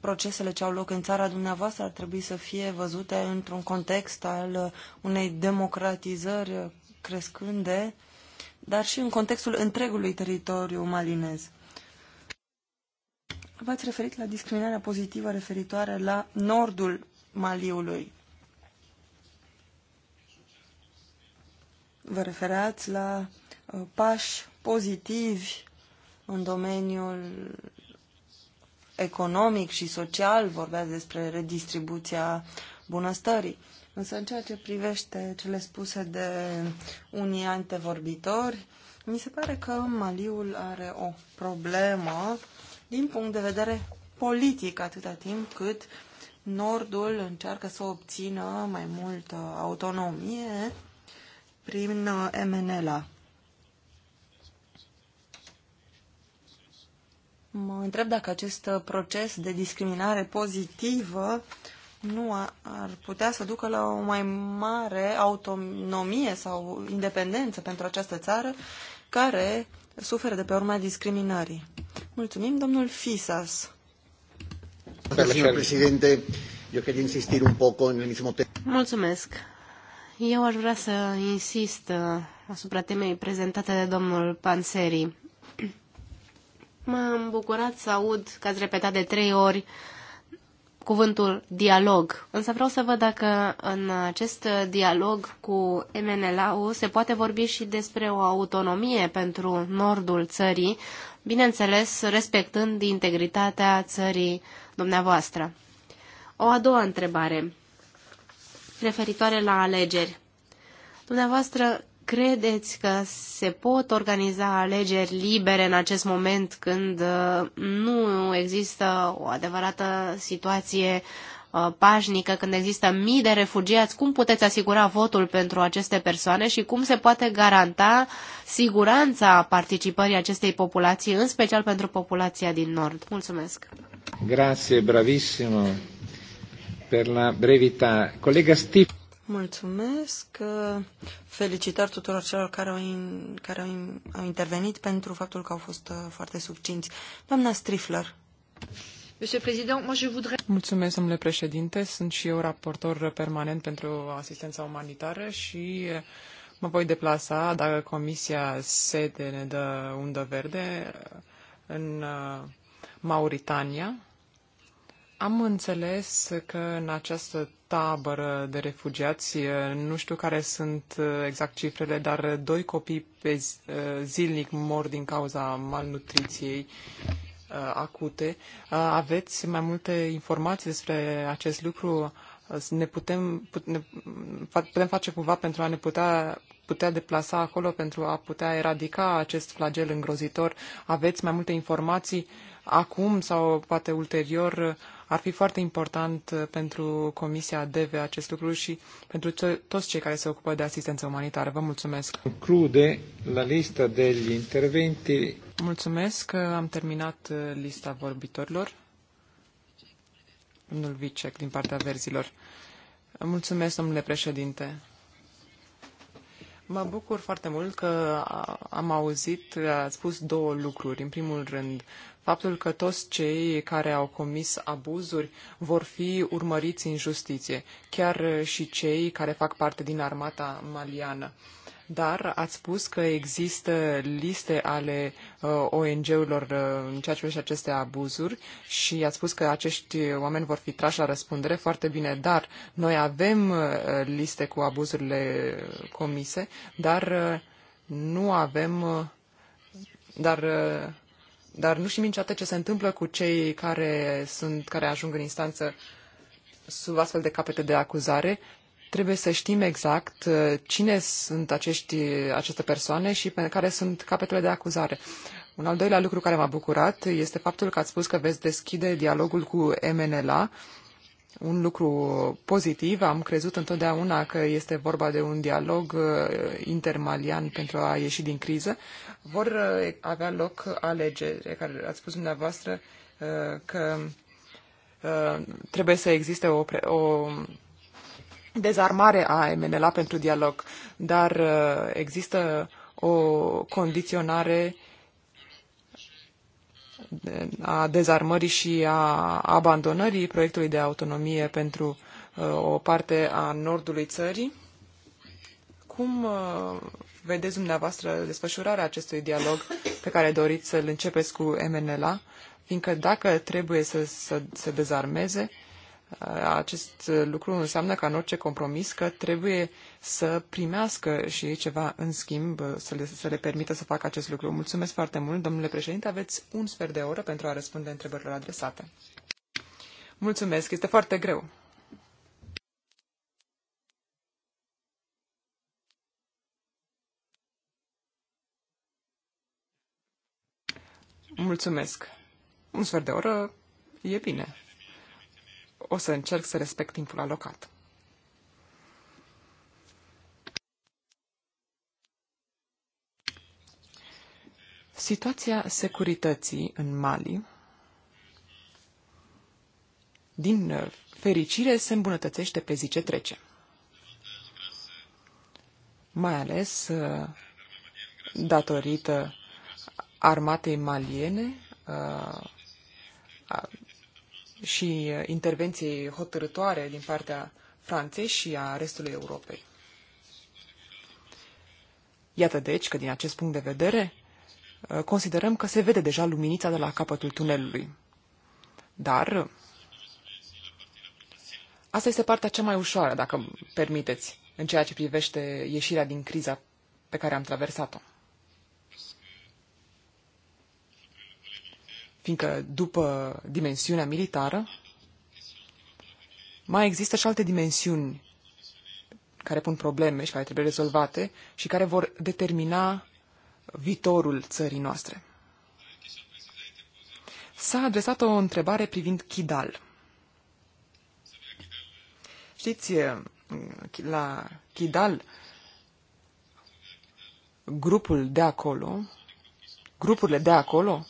S3: procesele ce au loc în țara dumneavoastră ar trebui să fie văzute într-un context al uh, unei democratizări uh, crescânde, dar și în contextul întregului teritoriu malinez. V-ați referit la discriminarea pozitivă referitoare la nordul Maliului. Vă refereați la uh, pași pozitivi în domeniul economic și social, vorbea despre redistribuția bunăstării. Însă în ceea ce privește cele spuse de unii antevorbitori, mi se pare că Maliul are o problemă din punct de vedere politic atâta timp cât Nordul încearcă să obțină mai multă autonomie prin uh, MNLA. Mă întreb dacă acest proces de discriminare pozitivă nu ar putea să ducă la o mai mare autonomie sau independență pentru această țară care suferă de pe urma discriminării. Mulțumim, domnul Fisas.
S2: Mulțumesc. Eu aș vrea să insist uh, asupra temei prezentate de domnul Panseri. M-am bucurat să aud că ați repetat de trei ori cuvântul dialog. Însă vreau să văd dacă în acest dialog cu MNLAU se poate vorbi și despre o autonomie pentru nordul țării, bineînțeles respectând integritatea țării dumneavoastră. O a doua întrebare, referitoare la alegeri. Dumneavoastră Credeți că se pot organiza alegeri libere în acest moment când uh, nu există o adevărată situație uh, pașnică, când există mii de refugiați, cum puteți asigura votul pentru aceste persoane și cum se poate garanta siguranța participării acestei populații, în special pentru populația din Nord? Mulțumesc!
S1: Grazie, bravissimo, per la brevità. Colega Stip.
S2: Mulțumesc.
S3: Felicitări tuturor celor care, au, in, care au, in, au intervenit pentru faptul că au fost uh, foarte succinți. Doamna Strifler. Mulțumesc,
S1: domnule președinte. Sunt și eu raportor permanent pentru asistența umanitară și uh, mă voi deplasa dacă Comisia SED ne dă undă verde uh, în Mauritania am înțeles că în această tabără de refugiați, nu știu care sunt exact cifrele, dar doi copii pe zilnic mor din cauza malnutriției acute. Aveți mai multe informații despre acest lucru? Ne putem, putem face cumva pentru a ne putea putea deplasa acolo pentru a putea eradica acest flagel îngrozitor? Aveți mai multe informații acum sau poate ulterior uh, ar fi foarte important uh, pentru Comisia DEVE acest lucru și pentru toți cei care se ocupă de asistență umanitară. Vă mulțumesc. Conclude la lista degli interventi. Mulțumesc. Uh, am terminat uh, lista vorbitorilor. Domnul Vicec, din partea verzilor. Mulțumesc, domnule președinte. Mă bucur foarte mult că am auzit, a spus două lucruri. În primul rând, faptul că toți cei care au comis abuzuri vor fi urmăriți în justiție, chiar și cei care fac parte din armata maliană. Dar ați spus că există liste ale uh, ONG-urilor uh, în ceea ce privește aceste abuzuri și ați spus că acești oameni vor fi trași la răspundere foarte bine, dar noi avem uh, liste cu abuzurile comise, dar uh, nu avem. Uh, dar uh, dar nu știm niciodată ce se întâmplă cu cei care, sunt, care ajung în instanță sub astfel de capete de acuzare. Trebuie să știm exact uh, cine sunt acești, aceste persoane și pe care sunt capetele de acuzare. Un al doilea lucru care m-a bucurat este faptul că ați spus că veți deschide dialogul cu MNLA un lucru pozitiv. Am crezut întotdeauna că este vorba de un dialog uh, intermalian pentru a ieși din criză. Vor uh, avea loc alegeri, care ați spus dumneavoastră uh, că trebuie să existe o, o dezarmare a MNLA pentru dialog, dar există o condiționare a dezarmării și a abandonării proiectului de autonomie pentru uh, o parte a nordului țării. Cum uh, vedeți dumneavoastră desfășurarea acestui dialog pe care doriți să-l începeți cu MNLA, fiindcă dacă trebuie să se dezarmeze, acest lucru înseamnă ca în orice compromis că trebuie să primească și ceva în schimb, să le, să le permită să facă acest lucru. Mulțumesc foarte mult, domnule președinte. Aveți un sfert de oră pentru a răspunde întrebărilor adresate. Mulțumesc, este foarte greu. Mulțumesc. Un sfert de oră e bine o să încerc să respect timpul alocat. Situația securității în Mali, din fericire, se îmbunătățește pe zi ce trece. Mai ales uh, datorită armatei maliene, uh, și uh, intervenției hotărătoare din partea Franței și a restului Europei. Iată deci că din acest punct de vedere uh, considerăm că se vede deja luminița de la capătul tunelului. Dar uh, asta este partea cea mai ușoară, dacă permiteți, în ceea ce privește ieșirea din criza pe care am traversat-o. fiindcă după dimensiunea militară mai există și alte dimensiuni care pun probleme și care trebuie rezolvate și care vor determina viitorul țării noastre. S-a adresat o întrebare privind Kidal. Știți, la Kidal, grupul de acolo, grupurile de acolo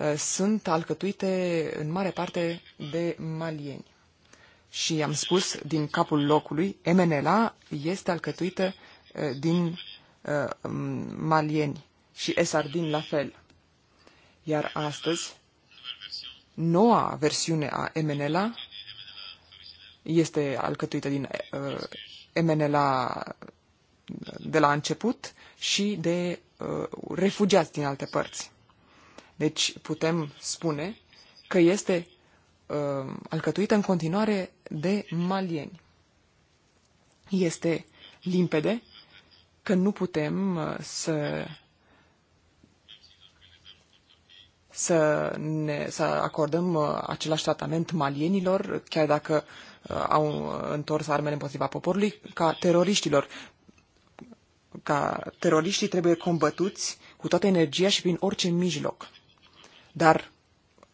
S1: Uh, sunt alcătuite în mare parte de malieni. Și am spus din capul locului, MNLA este alcătuită uh, din uh, malieni și Esardin la fel. Iar astăzi, noua versiune a MNLA este alcătuită din MNLA de la început și de refugiați din alte părți. Deci putem spune că este uh, alcătuită în continuare de malieni. Este limpede că nu putem uh, să să, ne, să acordăm uh, același tratament malienilor, chiar dacă uh, au întors armele împotriva poporului, ca teroriștilor. Ca teroriștii trebuie combătuți cu toată energia și prin orice mijloc. Dar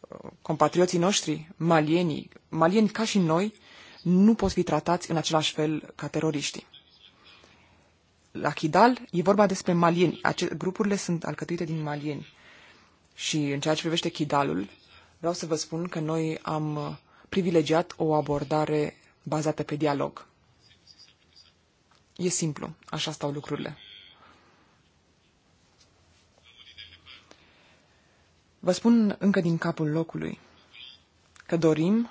S1: uh, compatrioții noștri, malienii, malieni ca și noi, nu pot fi tratați în același fel ca teroriștii. La Kidal e vorba despre malieni. Ace- grupurile sunt alcătuite din malieni. Și în ceea ce privește Kidalul, vreau să vă spun că noi am uh, privilegiat o abordare bazată pe dialog. E simplu, așa stau lucrurile. Vă spun încă din capul locului că dorim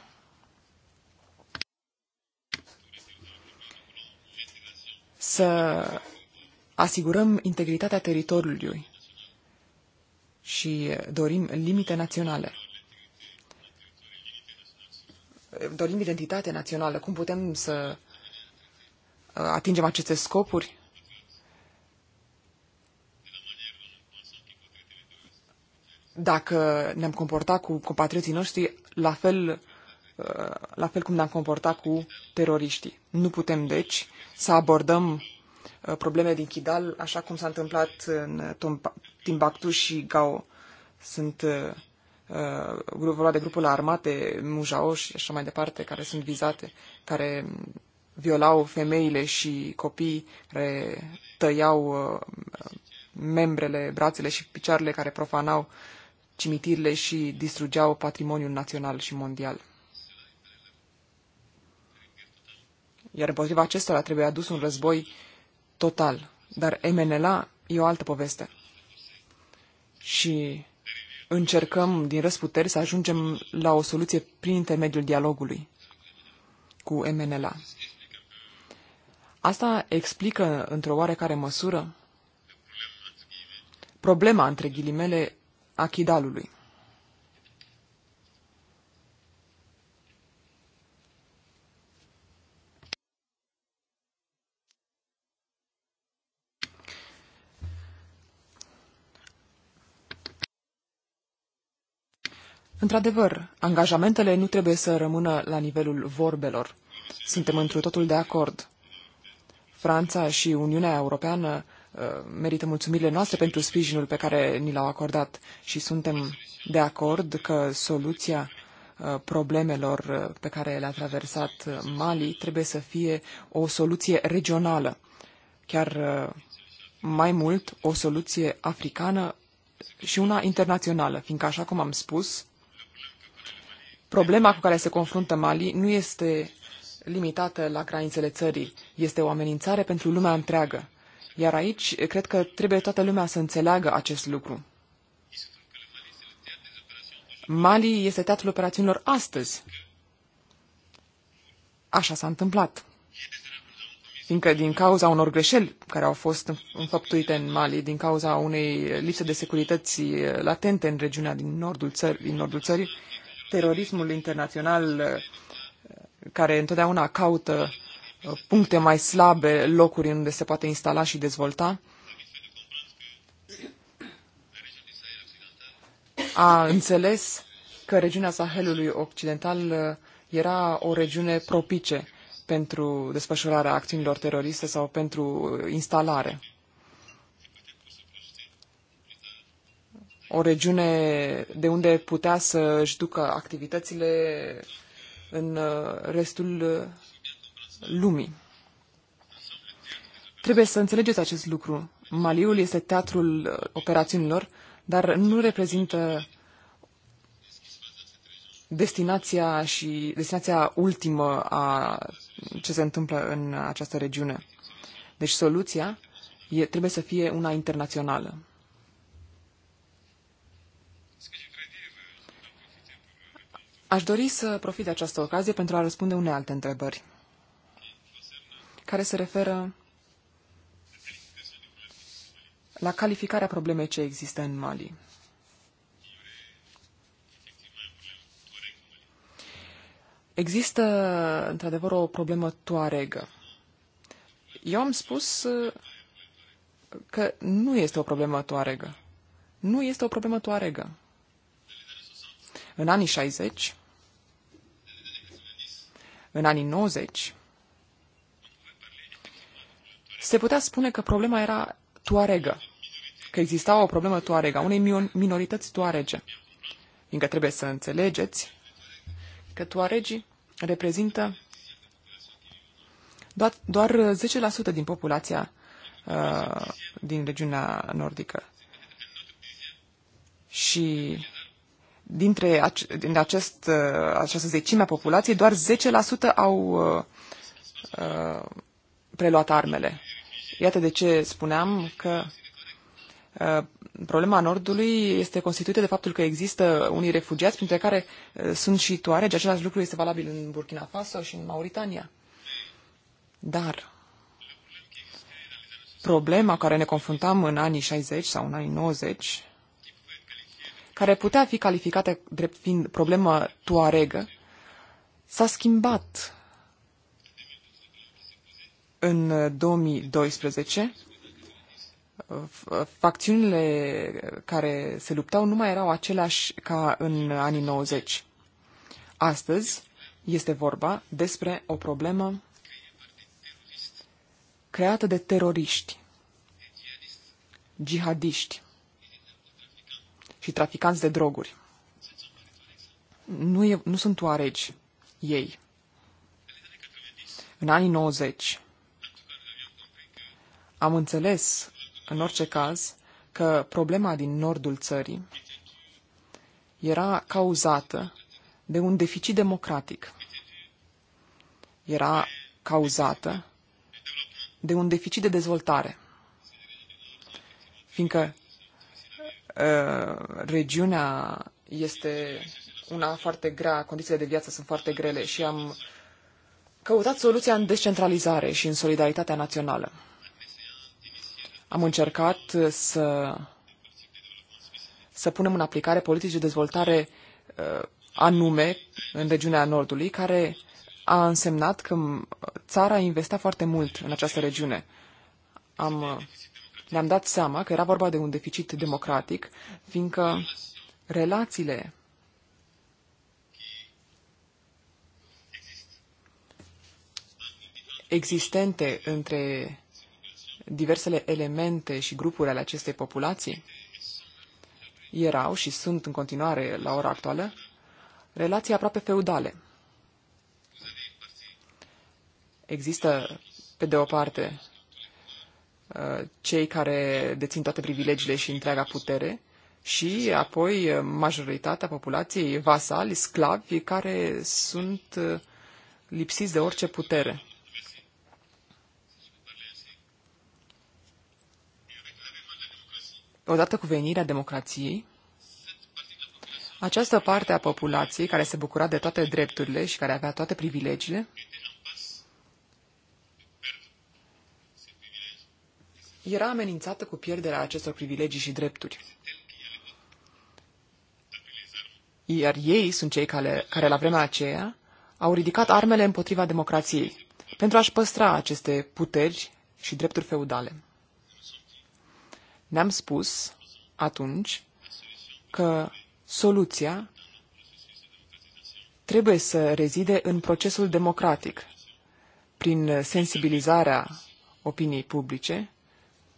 S1: să asigurăm integritatea teritoriului și dorim limite naționale. Dorim identitate națională. Cum putem să atingem aceste scopuri? dacă ne-am comportat cu compatrioții noștri la fel, uh, la fel cum ne-am comportat cu teroriștii. Nu putem, deci, să abordăm uh, probleme din Kidal, așa cum s-a întâmplat în Timbuktu și Gao. Sunt uh, uh vorba de grupurile armate, Mujao și așa mai departe, care sunt vizate, care violau femeile și copii, care tăiau uh, membrele, brațele și picioarele, care profanau cimitirile și distrugeau patrimoniul național și mondial. Iar împotriva acestora trebuie adus un război total. Dar MNLA e o altă poveste. Și încercăm din răsputeri să ajungem la o soluție prin intermediul dialogului cu MNLA. Asta explică, într-o oarecare măsură, problema, între ghilimele, achidalului. Într-adevăr, angajamentele nu trebuie să rămână la nivelul vorbelor. Suntem întru totul de acord. Franța și Uniunea Europeană Uh, merită mulțumirile noastre pentru sprijinul pe care ni l-au acordat și suntem de acord că soluția uh, problemelor uh, pe care le-a traversat Mali trebuie să fie o soluție regională, chiar mai mult o soluție africană și una internațională, fiindcă, așa cum am spus, problema cu care se confruntă Mali nu este limitată la granițele țării, este o amenințare pentru lumea întreagă. Iar aici, cred că trebuie toată lumea să înțeleagă acest lucru. Mali este teatrul operațiunilor astăzi. Așa s-a întâmplat. Fiindcă din cauza unor greșeli care au fost înfăptuite în Mali, din cauza unei lipse de securități latente în regiunea din nordul, țări, din nordul țării, terorismul internațional care întotdeauna caută puncte mai slabe, locuri unde se poate instala și dezvolta. A înțeles că regiunea Sahelului Occidental uh, era o regiune propice pentru desfășurarea acțiunilor teroriste sau pentru uh, instalare. O regiune de unde putea să-și ducă activitățile în uh, restul lumii. Trebuie să înțelegeți acest lucru. Maliul este teatrul uh, operațiunilor, dar nu reprezintă destinația și destinația ultimă a ce se întâmplă în această regiune. Deci soluția e, trebuie să fie una internațională. Aș dori să profit de această ocazie pentru a răspunde unei alte întrebări care se referă la calificarea problemei ce există în Mali. Există, într-adevăr, o problemă toaregă. Eu am spus uh, că nu este o problemă toaregă. Nu este o problemă toaregă. În anii 60, în anii 90, se putea spune că problema era toaregă, că exista o problemă toarega, unei minorități toarege. Fiindcă trebuie să înțelegeți că toaregii reprezintă doar, doar 10% din populația uh, din regiunea nordică. Și dintre ac- din acest, uh, această zecime a populației, doar 10% au uh, uh, preluat armele. Iată de ce spuneam că uh, problema Nordului este constituită de faptul că există unii refugiați, printre care uh, sunt și toaregi. Același lucru este valabil în Burkina Faso și în Mauritania. Dar problema care ne confruntam în anii 60 sau în anii 90, care putea fi calificată drept fiind problemă toaregă, s-a schimbat în 2012, facțiunile care se luptau nu mai erau aceleași ca în anii 90. Astăzi este vorba despre o problemă creată de teroriști, jihadiști și traficanți de droguri. Nu, e, nu sunt oaregi ei. În anii 90, am înțeles, în orice caz, că problema din nordul țării era cauzată de un deficit democratic. Era cauzată de un deficit de dezvoltare. Fiindcă uh, regiunea este una foarte grea, condițiile de viață sunt foarte grele și am căutat soluția în descentralizare și în solidaritatea națională. Am încercat să, să punem în aplicare politici de dezvoltare uh, anume în regiunea Nordului, care a însemnat că țara investea foarte mult în această regiune. Am, uh, ne-am dat seama că era vorba de un deficit democratic, fiindcă relațiile existente între diversele elemente și grupuri ale acestei populații erau și sunt în continuare la ora actuală relații aproape feudale. Există, pe de o parte, uh, cei care dețin toate privilegiile și întreaga putere și apoi majoritatea populației vasali, sclavi, care sunt uh, lipsiți de orice putere. odată cu venirea democrației, această parte a populației care se bucura de toate drepturile și care avea toate privilegiile, era amenințată cu pierderea acestor privilegii și drepturi. Iar ei sunt cei care, care la vremea aceea au ridicat armele împotriva democrației pentru a-și păstra aceste puteri și drepturi feudale. Ne-am spus atunci că soluția trebuie să rezide în procesul democratic, prin sensibilizarea opiniei publice,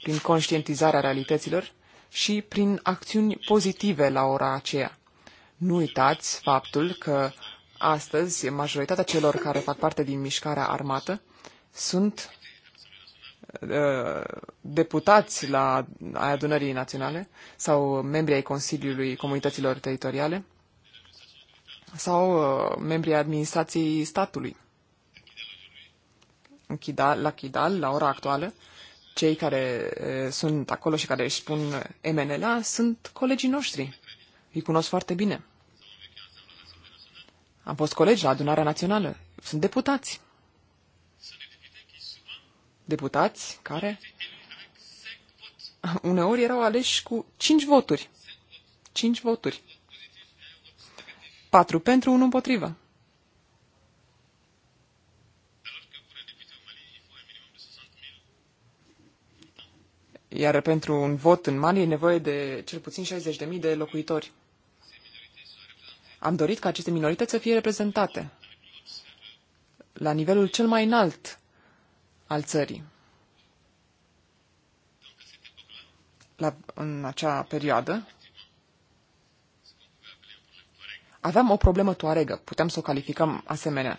S1: prin conștientizarea realităților și prin acțiuni pozitive la ora aceea. Nu uitați faptul că astăzi majoritatea celor care fac parte din mișcarea armată sunt Uh, deputați la adunării naționale sau membri ai Consiliului Comunităților Teritoriale sau uh, membri ai administrației statului. În Chidal, la Chidal, la ora actuală, cei care uh, sunt acolo și care își spun MNLA sunt colegii noștri. Îi cunosc foarte bine. Am fost colegi la adunarea națională. Sunt deputați deputați care uneori erau aleși cu 5 voturi. 5 voturi. 4 pentru, 1 împotrivă. Iar pentru un vot în Mali e nevoie de cel puțin 60.000 de locuitori. Am dorit ca aceste minorități să fie reprezentate la nivelul cel mai înalt al țării. La, în acea perioadă aveam o problemă toaregă, putem să o calificăm asemenea.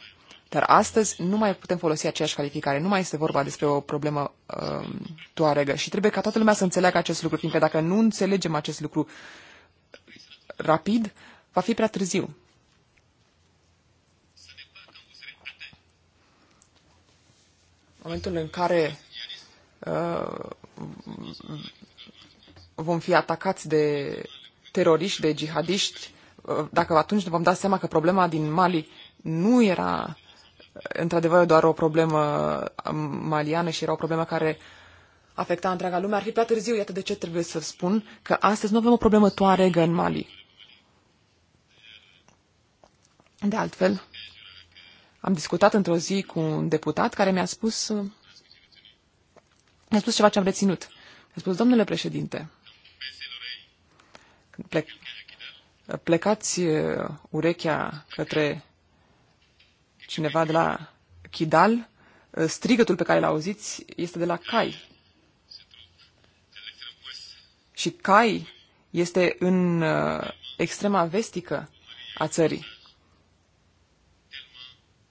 S1: Dar astăzi nu mai putem folosi aceeași calificare, nu mai este vorba despre o problemă uh, toaregă și trebuie ca toată lumea să înțeleagă acest lucru, fiindcă dacă nu înțelegem acest lucru rapid, va fi prea târziu. momentul în care uh, vom fi atacați de teroriști, de jihadiști, uh, dacă atunci ne vom da seama că problema din Mali nu era într-adevăr doar o problemă um, maliană și era o problemă care afecta întreaga lume, ar fi prea târziu. Iată de ce trebuie să spun că astăzi nu avem o problemă toaregă în Mali. De altfel, am discutat într-o zi cu un deputat care mi-a spus, uh, mi-a spus ceva ce am reținut. Mi-a spus, domnule președinte, când plec, plecați uh, urechea către cineva de la Chidal, uh, strigătul pe care l auziți este de la Cai. Și Cai este în extrema vestică a țării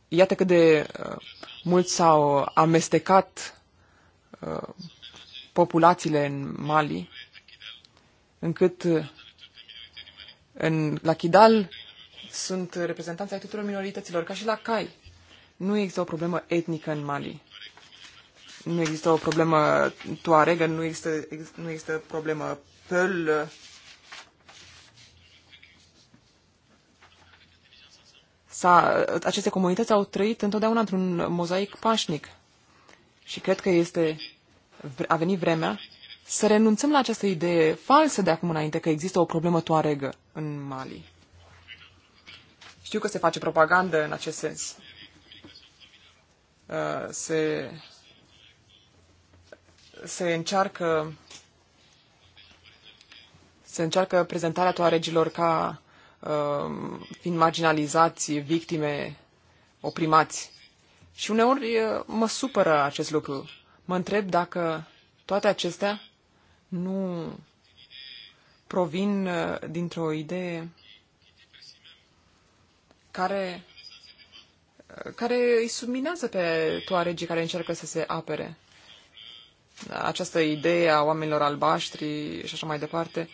S1: iată cât de uh, mult s-au amestecat uh, populațiile în Mali, încât uh, în, la Kidal sunt reprezentanții ai tuturor minorităților, ca și la Cai. Nu există o problemă etnică în Mali. Nu există o problemă toaregă, nu există, nu există problemă pâl, s-a, aceste comunități au trăit întotdeauna într-un mozaic pașnic. Și cred că este, a venit vremea să renunțăm la această idee falsă de acum înainte că există o problemă toaregă în Mali. Știu că se face propagandă în acest sens. Uh, se, se încearcă se încearcă prezentarea toaregilor ca Um, fiind marginalizați, victime, oprimați. Și uneori mă supără acest lucru. Mă întreb dacă toate acestea nu provin uh, dintr-o idee care, uh, care îi subminează pe toaregii care încearcă să se apere. Această idee a oamenilor albaștri și așa mai departe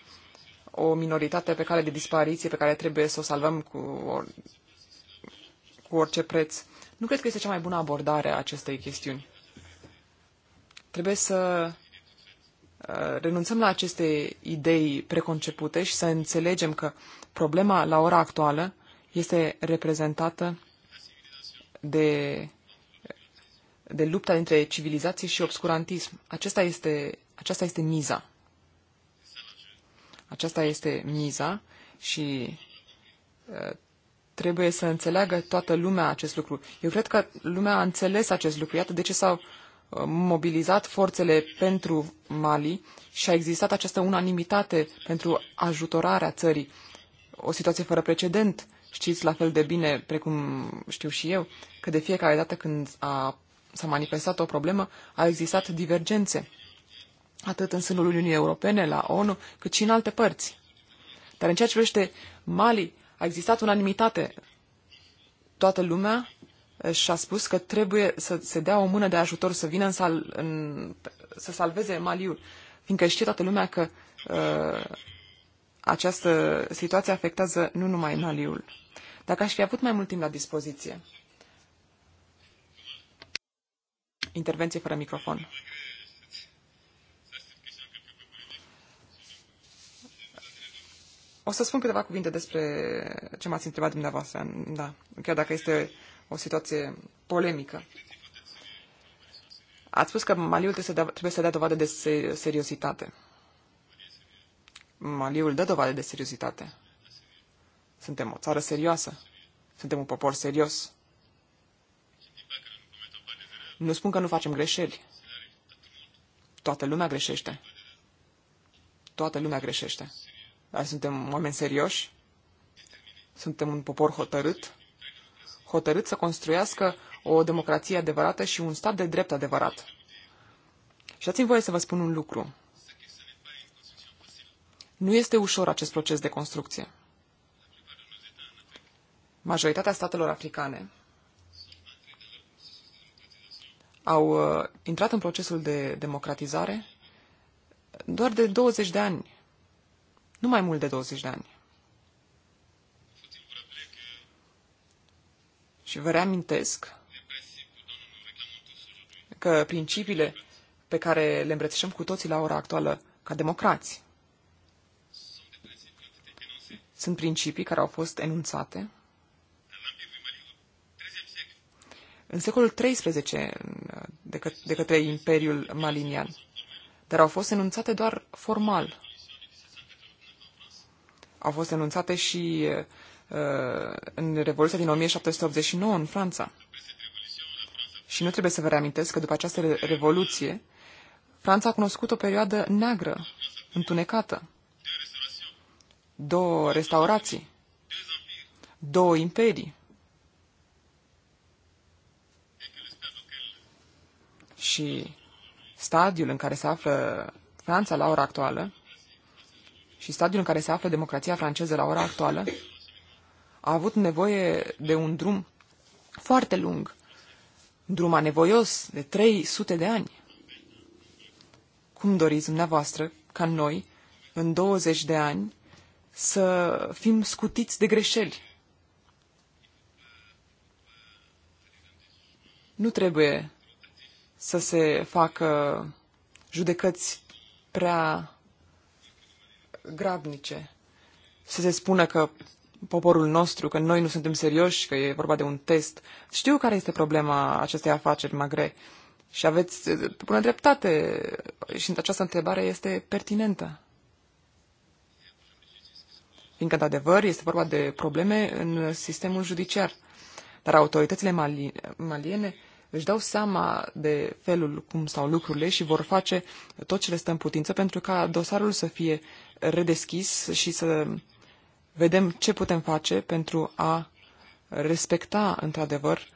S1: o minoritate pe cale de dispariție pe care trebuie să o salvăm cu, or, cu orice preț. Nu cred că este cea mai bună abordare a acestei chestiuni. Trebuie să uh, renunțăm la aceste idei preconcepute și să înțelegem că problema la ora actuală este reprezentată de, de lupta dintre civilizație și obscurantism. Acesta este, aceasta este miza. Aceasta este miza și trebuie să înțeleagă toată lumea acest lucru. Eu cred că lumea a înțeles acest lucru. Iată de ce s-au mobilizat forțele pentru Mali și a existat această unanimitate pentru ajutorarea țării. O situație fără precedent. Știți la fel de bine, precum știu și eu, că de fiecare dată când a, s-a manifestat o problemă, au existat divergențe atât în sânul Uniunii Europene, la ONU, cât și în alte părți. Dar în ceea ce privește Mali, a existat unanimitate. Toată lumea și-a spus că trebuie să se dea o mână de ajutor să vină în sal, în, să salveze Maliul, fiindcă știe toată lumea că uh, această situație afectează nu numai Maliul. Dacă aș fi avut mai mult timp la dispoziție. Intervenție fără microfon. O să spun câteva cuvinte despre ce m-ați întrebat dumneavoastră, da, chiar dacă este o situație polemică. Ați spus că Maliul trebuie să dea, trebuie să dea dovadă de seriozitate. Maliul dă dovadă de seriozitate. Suntem o țară serioasă. Suntem un popor serios. Nu spun că nu facem greșeli. Toată lumea greșește. Toată lumea greșește dar suntem oameni serioși, suntem un popor hotărât, hotărât să construiască o democrație adevărată și un stat de drept adevărat. Și dați-mi voie să vă spun un lucru. Nu este ușor acest proces de construcție. Majoritatea statelor africane au uh, intrat în procesul de democratizare doar de 20 de ani nu mai mult de 20 de ani. Și vă reamintesc că principiile pe care le îmbrățișăm cu toții la ora actuală ca democrați sunt principii care au fost enunțate în secolul XIII de, că, de către Imperiul Malinian, dar au fost enunțate doar formal au fost denunțate și uh, în Revoluția din 1789 în Franța. Și nu trebuie să vă reamintesc că după această revoluție, Franța a cunoscut o perioadă neagră, întunecată. Două restaurații, două imperii. Și stadiul în care se află Franța la ora actuală și stadiul în care se află democrația franceză la ora actuală, a avut nevoie de un drum foarte lung, un drum anevoios de 300 de ani. Cum doriți dumneavoastră ca noi, în 20 de ani, să fim scutiți de greșeli? Nu trebuie să se facă judecăți prea grabnice. Să se spună că poporul nostru, că noi nu suntem serioși, că e vorba de un test. Știu care este problema acestei afaceri magre și aveți eh, până dreptate și această întrebare este pertinentă. Fiindcă, de adevăr, este vorba de probleme în sistemul judiciar. Dar autoritățile mali- maliene își dau seama de felul cum stau lucrurile și vor face tot ce le stă în putință pentru ca dosarul să fie redeschis și să vedem ce putem face pentru a respecta, într-adevăr,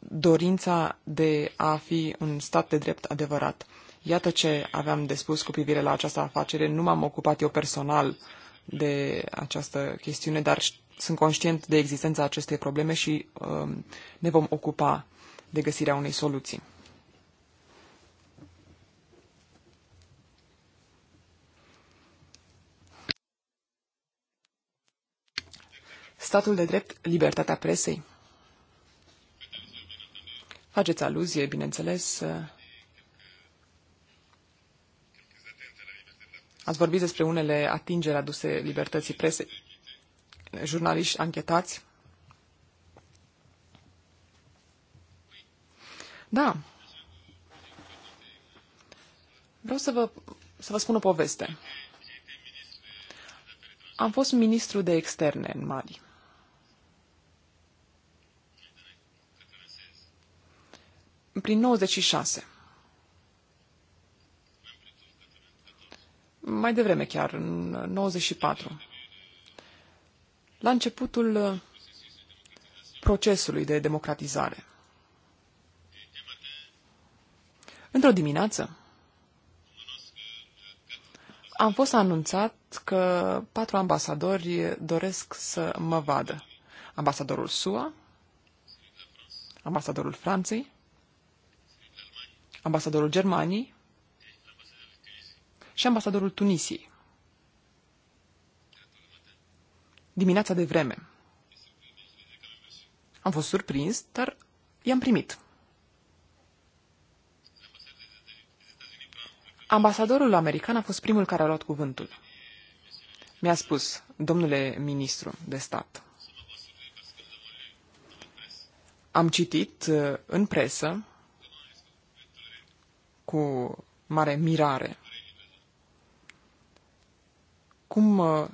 S1: dorința de a fi un stat de drept adevărat. Iată ce aveam de spus cu privire la această afacere. Nu m-am ocupat eu personal de această chestiune, dar sunt conștient de existența acestei probleme și uh, ne vom ocupa de găsirea unei soluții. Statul de drept, libertatea presei. Faceți aluzie, bineînțeles. Ați vorbit despre unele atingeri aduse libertății presei. Jurnaliști anchetați Da. Vreau să vă, să vă spun o poveste. Am fost ministru de externe în Mali. Prin 96. Mai devreme chiar, în 94. La începutul uh, procesului de democratizare. Într-o dimineață am fost anunțat că patru ambasadori doresc să mă vadă. Ambasadorul SUA, ambasadorul Franței, ambasadorul Germaniei și ambasadorul Tunisiei. Dimineața de vreme. Am fost surprins, dar i-am primit. Ambasadorul american a fost primul care a luat cuvântul. Mi-a spus, domnule ministru de stat, am citit uh, în presă cu mare mirare cum, uh,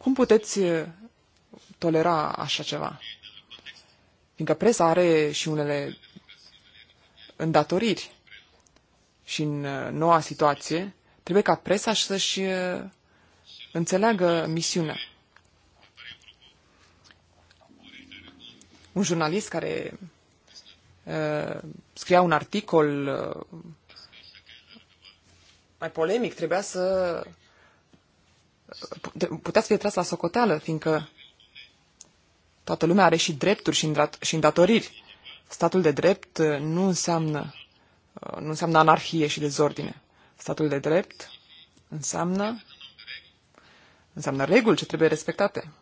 S1: cum puteți uh, tolera așa ceva? Fiindcă presa are și unele îndatoriri. Și în uh, noua situație, trebuie ca presa să-și uh, înțeleagă misiunea. Un jurnalist care uh, scria un articol uh, mai polemic trebuia să uh, putea să fie tras la socoteală, fiindcă toată lumea are și drepturi și, și îndatoriri. Statul de drept uh, nu înseamnă, uh, nu înseamnă anarhie și dezordine. Statul de drept înseamnă, înseamnă reguli ce trebuie respectate.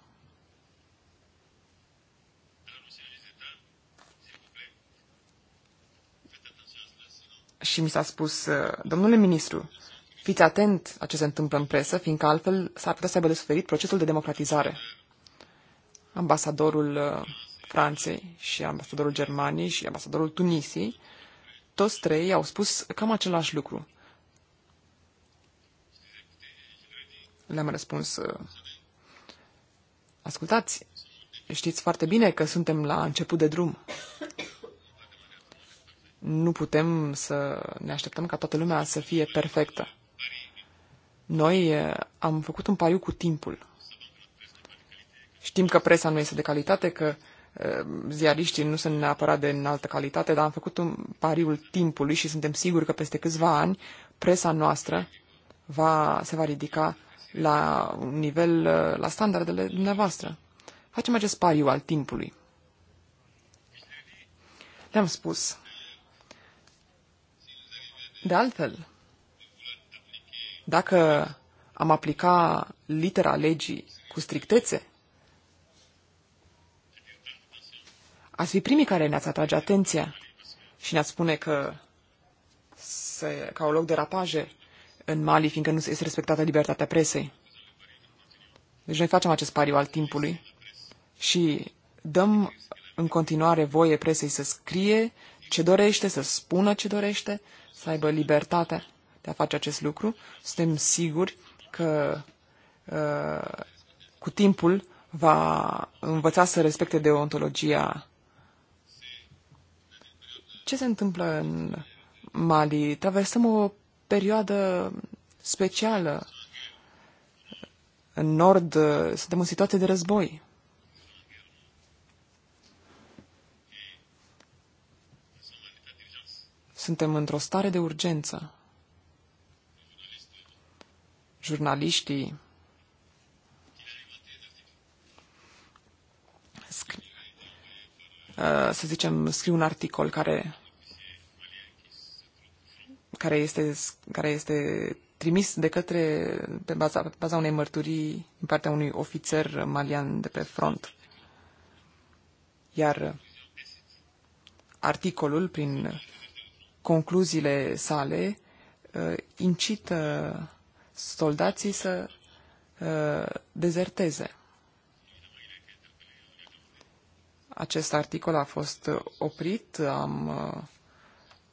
S1: Și mi s-a spus, uh, domnule ministru, fiți atent la ce se întâmplă în presă, fiindcă altfel s-ar putea să aibă de suferit procesul de democratizare. Ambasadorul Franței și ambasadorul Germaniei și ambasadorul Tunisiei, toți trei au spus cam același lucru. Le-am răspuns, uh, ascultați, știți foarte bine că suntem la început de drum. Nu putem să ne așteptăm ca toată lumea să fie perfectă. Noi uh, am făcut un pariu cu timpul. Știm că presa nu este de calitate, că Ehm, ziariștii nu sunt neapărat de înaltă calitate, dar am făcut un pariul timpului și suntem siguri că peste câțiva ani presa noastră va, se va ridica la un nivel, eh, la standardele dumneavoastră. Facem acest pariu al timpului. Le-am spus. De altfel, dacă am aplica litera legii cu strictețe, ați fi primii care ne-ați atrage atenția și ne-ați spune că se, ca o loc de rapaje în Mali, fiindcă nu este respectată libertatea presei. Deci noi facem acest pariu al timpului și dăm în continuare voie presei să scrie ce dorește, să spună ce dorește, să aibă libertatea de a face acest lucru. Suntem siguri că uh, cu timpul va învăța să respecte deontologia ce se întâmplă în Mali? Traversăm o perioadă specială. În nord uh, suntem în situație de război. Suntem într-o stare de urgență. Jurnaliștii Uh, să zicem, scriu un articol care, care, este, care este trimis de către, pe baza, pe baza unei mărturii din partea unui ofițer malian de pe front. Iar articolul, prin concluziile sale, uh, incită soldații să uh, dezerteze. acest articol a fost uh, oprit. Am uh,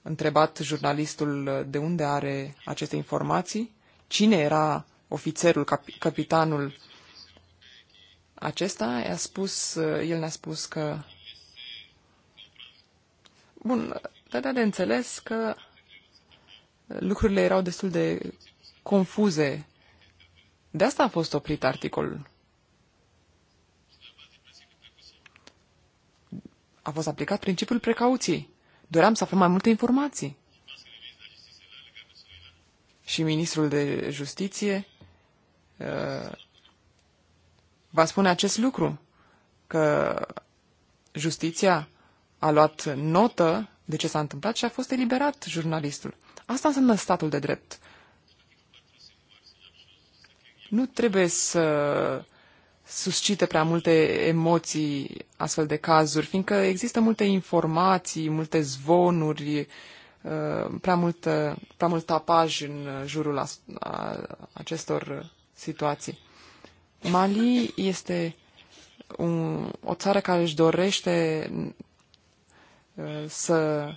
S1: întrebat jurnalistul de unde are aceste informații, cine era ofițerul, cap, capitanul acesta. I-a spus, uh, el ne-a spus că... Bun, dar de înțeles că lucrurile erau destul de confuze. De asta a fost oprit articolul. a fost aplicat principiul precauției. Doream să aflăm mai multe informații. Și ministrul de justiție uh, va spune acest lucru, că justiția a luat notă de ce s-a întâmplat și a fost eliberat jurnalistul. Asta înseamnă statul de drept. Nu trebuie să suscite prea multe emoții astfel de cazuri, fiindcă există multe informații, multe zvonuri, uh, prea mult, prea mult tapaj în jurul a, a, acestor situații. Mali este un, o țară care își dorește uh, să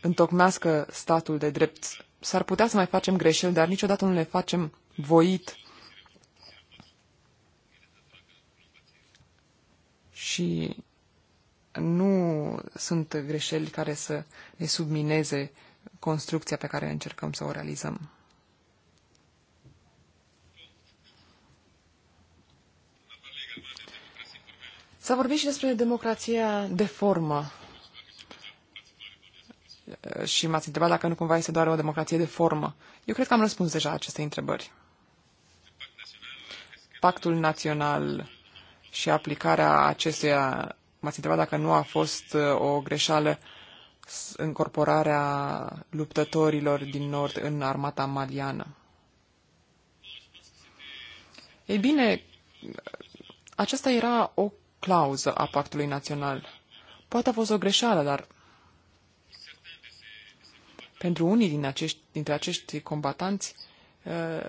S1: întocmească statul de drept. S-ar putea să mai facem greșeli, dar niciodată nu le facem voit și nu sunt greșeli care să ne submineze construcția pe care încercăm să o realizăm. S-a vorbit și despre democrația de formă. Și m-ați întrebat dacă nu cumva este doar o democrație de formă. Eu cred că am răspuns deja aceste întrebări. Pactul național și aplicarea acesteia. M-ați întrebat dacă nu a fost uh, o greșeală încorporarea luptătorilor din nord în armata maliană. Ei bine, aceasta era o clauză a pactului național. Poate a fost o greșeală, dar pentru unii din acești, dintre acești combatanți, uh,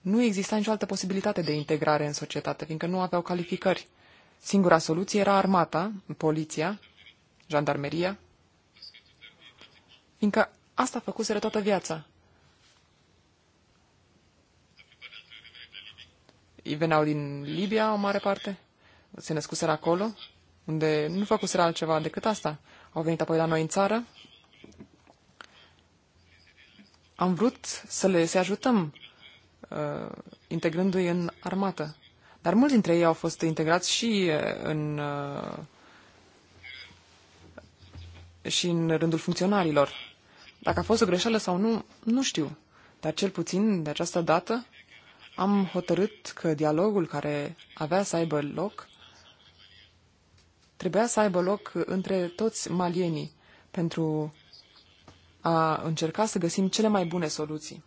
S1: nu exista nicio altă posibilitate de integrare în societate, fiindcă nu aveau calificări. Singura soluție era armata, poliția, jandarmeria, fiindcă asta făcuseră toată viața. Ei veneau din Libia, o mare parte, se născuseră acolo, unde nu făcuseră altceva decât asta. Au venit apoi la noi în țară. Am vrut să le se ajutăm uh, integrându-i în armată. Dar mulți dintre ei au fost integrați și uh, în, uh, și în rândul funcționarilor. Dacă a fost o greșeală sau nu, nu știu. Dar cel puțin de această dată am hotărât că dialogul care avea să aibă loc trebuia să aibă loc între toți malienii pentru a încerca să găsim cele mai bune soluții.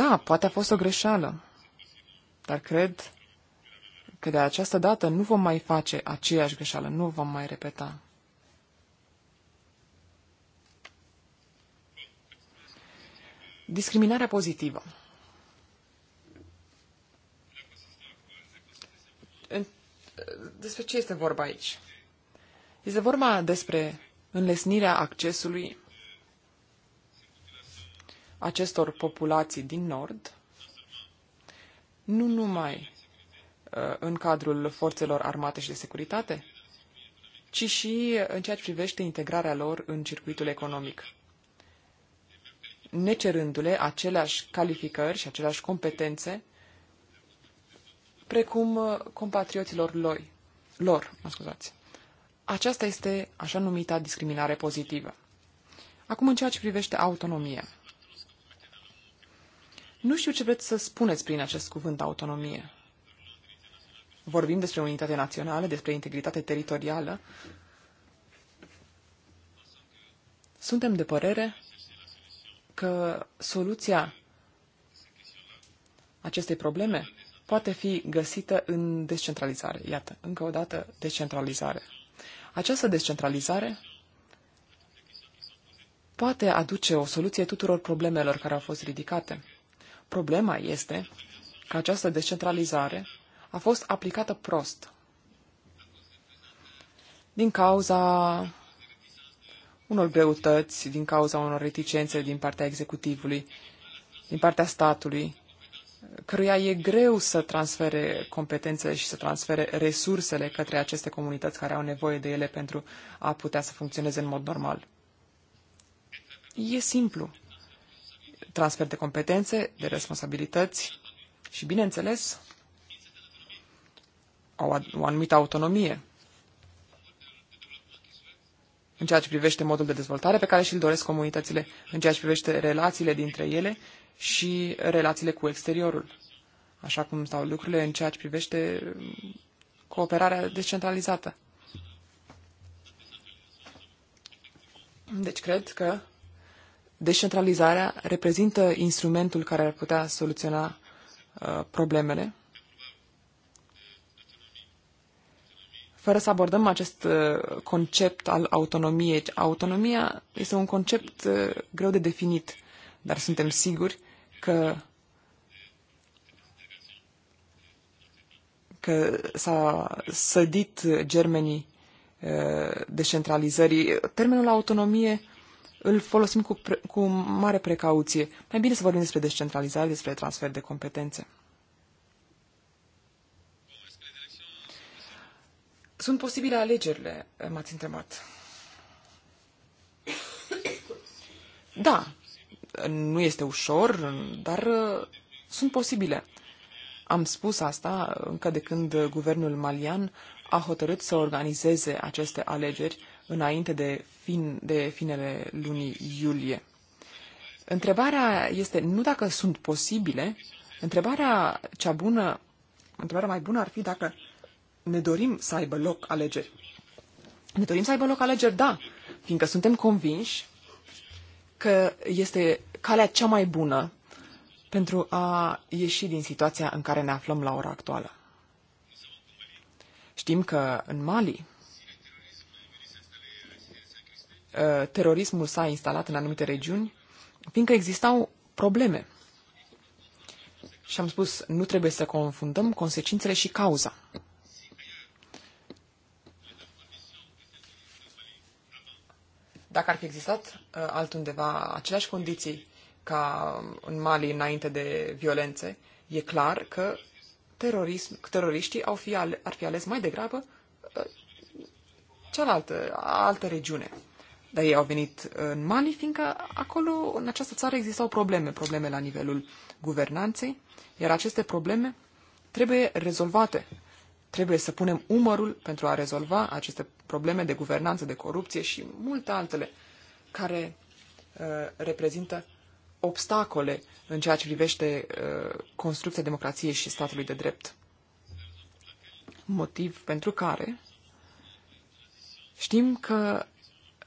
S1: Da, poate a fost o greșeală, dar cred că de această dată nu vom mai face aceeași greșeală, nu vom mai repeta. Discriminarea pozitivă. Despre ce este vorba aici? Este vorba despre înlesnirea accesului acestor populații din nord, nu numai uh, în cadrul forțelor armate și de securitate, ci și în ceea ce privește integrarea lor în circuitul economic, necerându-le aceleași calificări și aceleași competențe precum uh, compatrioților lor. lor mă scuzați. Aceasta este așa numita discriminare pozitivă. Acum în ceea ce privește autonomia. Nu știu ce vreți să spuneți prin acest cuvânt autonomie. Vorbim despre unitate națională, despre integritate teritorială. Suntem de părere că soluția acestei probleme poate fi găsită în descentralizare. Iată, încă o dată, descentralizare. Această descentralizare poate aduce o soluție tuturor problemelor care au fost ridicate. Problema este că această descentralizare a fost aplicată prost din cauza unor greutăți, din cauza unor reticențe din partea executivului, din partea statului, căruia e greu să transfere competențele și să transfere resursele către aceste comunități care au nevoie de ele pentru a putea să funcționeze în mod normal. E simplu transfer de competențe, de responsabilități și, bineînțeles, au o anumită autonomie în ceea ce privește modul de dezvoltare pe care și-l doresc comunitățile, în ceea ce privește relațiile dintre ele și relațiile cu exteriorul, așa cum stau lucrurile în ceea ce privește cooperarea descentralizată. Deci cred că Decentralizarea reprezintă instrumentul care ar putea soluționa uh, problemele. Fără să abordăm acest uh, concept al autonomiei, autonomia este un concept uh, greu de definit, dar suntem siguri că că s-a sădit germenii uh, decentralizării. Termenul autonomie îl folosim cu, pre- cu mare precauție. Mai bine să vorbim despre descentralizare, despre transfer de competențe. Sunt posibile alegerile, m-ați întrebat. Da, nu este ușor, dar uh, sunt posibile. Am spus asta încă de când guvernul malian a hotărât să organizeze aceste alegeri înainte de, fin, de finele lunii iulie. Întrebarea este nu dacă sunt posibile, întrebarea cea bună, întrebarea mai bună ar fi dacă ne dorim să aibă loc alegeri. Ne dorim să aibă loc alegeri, da, fiindcă suntem convinși că este calea cea mai bună pentru a ieși din situația în care ne aflăm la ora actuală. Știm că în Mali Uh, terorismul s-a instalat în anumite regiuni, fiindcă existau probleme. Și am spus, nu trebuie să confundăm consecințele și cauza. Dacă ar fi existat uh, altundeva aceleași condiții ca în Mali înainte de violențe, e clar că terorism, teroriștii au fi, ar fi ales mai degrabă uh, cealaltă, altă regiune. Dar ei au venit în Mali, fiindcă acolo, în această țară, existau probleme, probleme la nivelul guvernanței, iar aceste probleme trebuie rezolvate. Trebuie să punem umărul pentru a rezolva aceste probleme de guvernanță, de corupție și multe altele care uh, reprezintă obstacole în ceea ce privește uh, construcția democrației și statului de drept. Motiv pentru care știm că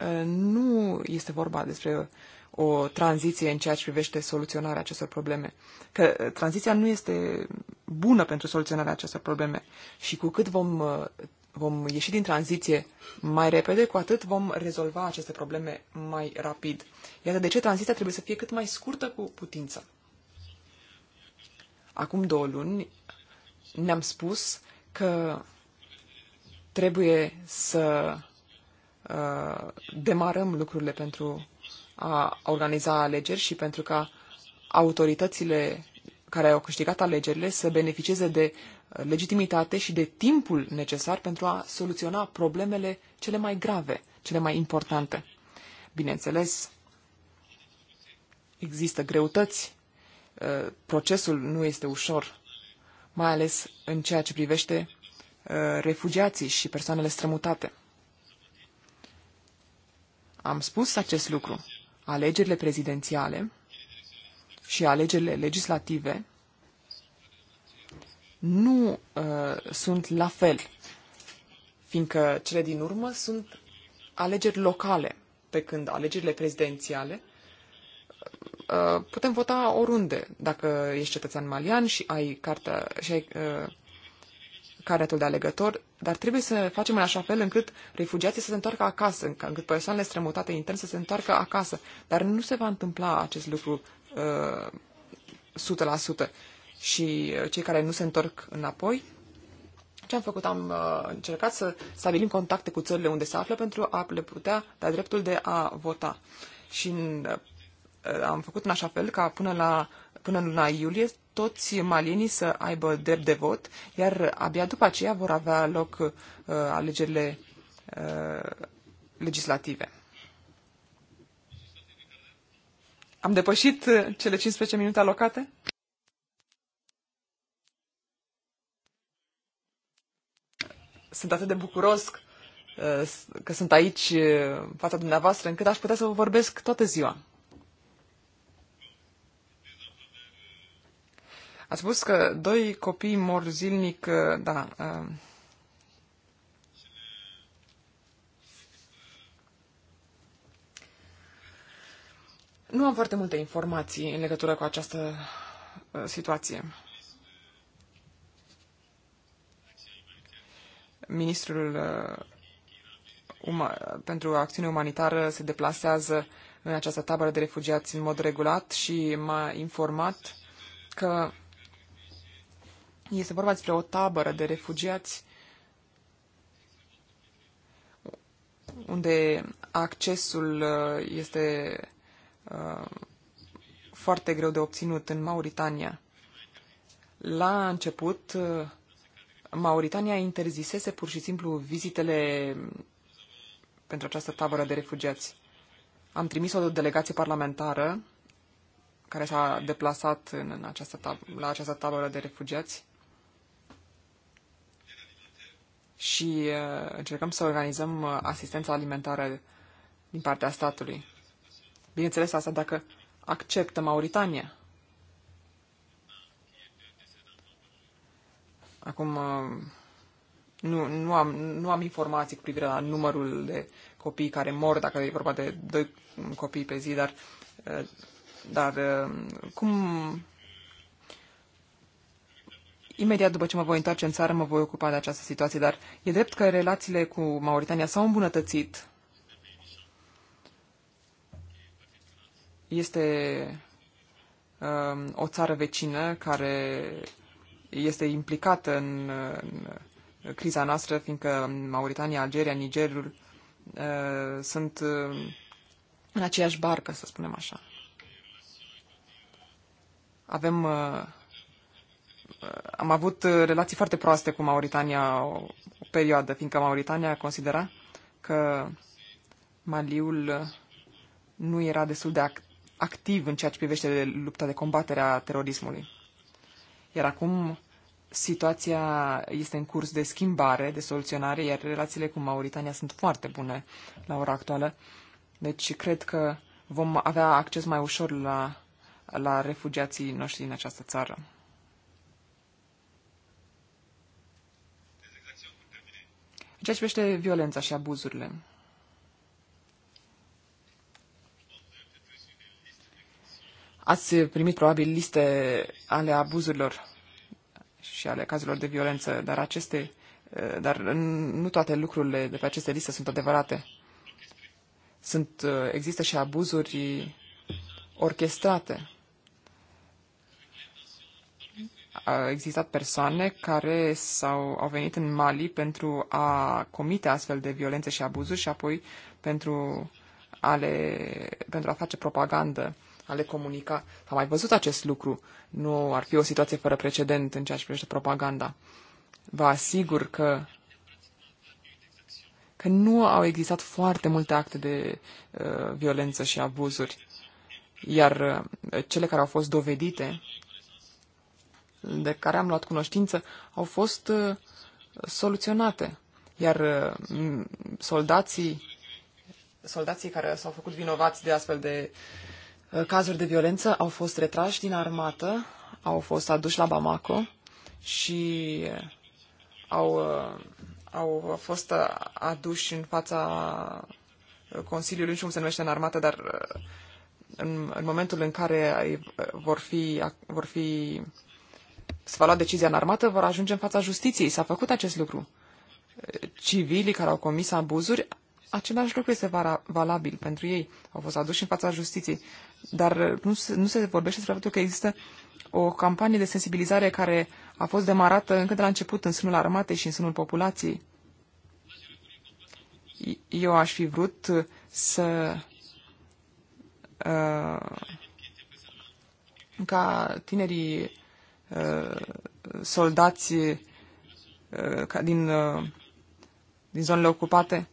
S1: Uh, nu este vorba despre o tranziție în ceea ce privește soluționarea acestor probleme. Că uh, tranziția nu este bună pentru soluționarea acestor probleme și cu cât vom, uh, vom ieși din tranziție mai repede, cu atât vom rezolva aceste probleme mai rapid. Iată de ce tranziția trebuie să fie cât mai scurtă cu putință. Acum două luni ne-am spus că trebuie să Uh, demarăm lucrurile pentru a organiza alegeri și pentru ca autoritățile care au câștigat alegerile să beneficieze de uh, legitimitate și de timpul necesar pentru a soluționa problemele cele mai grave, cele mai importante. Bineînțeles, există greutăți, uh, procesul nu este ușor, mai ales în ceea ce privește refugiații și persoanele strămutate. Am spus acest lucru. Alegerile prezidențiale și alegerile legislative nu uh, sunt la fel, fiindcă cele din urmă sunt alegeri locale, pe când alegerile prezidențiale uh, putem vota oriunde. Dacă ești cetățean malian și ai, cartea, și ai uh, caretul de alegător, dar trebuie să facem în așa fel încât refugiații să se întoarcă acasă, încât persoanele strămutate intern să se întoarcă acasă. Dar nu se va întâmpla acest lucru uh, 100%. Și uh, cei care nu se întorc înapoi, ce am făcut? Am uh, încercat să stabilim contacte cu țările unde se află pentru a le putea da dreptul de a vota. Și în, uh, am făcut în așa fel ca până la până în luna iulie toți malienii să aibă drept de vot, iar abia după aceea vor avea loc uh, alegerile uh, legislative. Am depășit uh, cele 15 minute alocate? Sunt atât de bucuros uh, că sunt aici uh, în fața dumneavoastră, încât aș putea să vă vorbesc toată ziua. A spus că doi copii mor zilnic, uh, da. Uh, nu am foarte multe informații în legătură cu această uh, situație. Ministrul uma, pentru acțiune umanitară se deplasează în această tabără de refugiați în mod regulat și m-a informat că este vorba despre o tabără de refugiați unde accesul uh, este uh, foarte greu de obținut în Mauritania. La început, uh, Mauritania interzisese pur și simplu vizitele pentru această tabără de refugiați. Am trimis o delegație parlamentară care s-a deplasat în această tab- la această tabără de refugiați și uh, încercăm să organizăm uh, asistența alimentară din partea statului. Bineînțeles asta dacă acceptă Mauritania. Acum uh, nu, nu, am, nu am informații cu privire la numărul de copii care mor, dacă e vorba de doi copii pe zi, dar, dar cum Imediat după ce mă voi întoarce în țară, mă voi ocupa de această situație, dar e drept că relațiile cu Mauritania s-au îmbunătățit. Este um, o țară vecină care este implicată în, în criza noastră, fiindcă Mauritania, Algeria, Nigerul uh, sunt uh, în aceeași barcă, să spunem așa. Avem uh, am avut uh, relații foarte proaste cu Mauritania o, o perioadă, fiindcă Mauritania considera că Maliul uh, nu era destul de ac- activ în ceea ce privește lupta de combatere a terorismului. Iar acum situația este în curs de schimbare, de soluționare, iar relațiile cu Mauritania sunt foarte bune la ora actuală. Deci cred că vom avea acces mai ușor la, la refugiații noștri în această țară. ceea ce privește violența și abuzurile. Ați primit probabil liste ale abuzurilor și ale cazurilor de violență, dar aceste, eh, dar nu toate lucrurile de pe aceste liste sunt adevărate. Sunt, eh, există și abuzuri orchestrate au existat persoane care s-au, au venit în Mali pentru a comite astfel de violențe și abuzuri și apoi pentru a, le, pentru a face propagandă, a le comunica. Am mai văzut acest lucru. Nu ar fi o situație fără precedent în ceea ce privește propaganda. Vă asigur că că nu au existat foarte multe acte de uh, violență și abuzuri, iar uh, cele care au fost dovedite de care am luat cunoștință au fost uh, soluționate. Iar uh, soldații, soldații care s-au făcut vinovați de astfel de uh, cazuri de violență au fost retrași din armată, au fost aduși la Bamako și au, au fost aduși în fața Consiliului, nu știu cum se numește în armată, dar în, în momentul în care vor fi, vor fi se va lua decizia în armată, vor ajunge în fața justiției. S-a făcut acest lucru. Civilii care au comis abuzuri, același lucru este valabil pentru ei. Au fost aduși în fața justiției. Dar nu se, nu se vorbește despre faptul că există o campanie de sensibilizare care a fost demarată încă de la început în sânul armatei și în sânul populației. Eu aș fi vrut să uh, ca tinerii Uh, soldați uh, din, uh, din zonele ocupate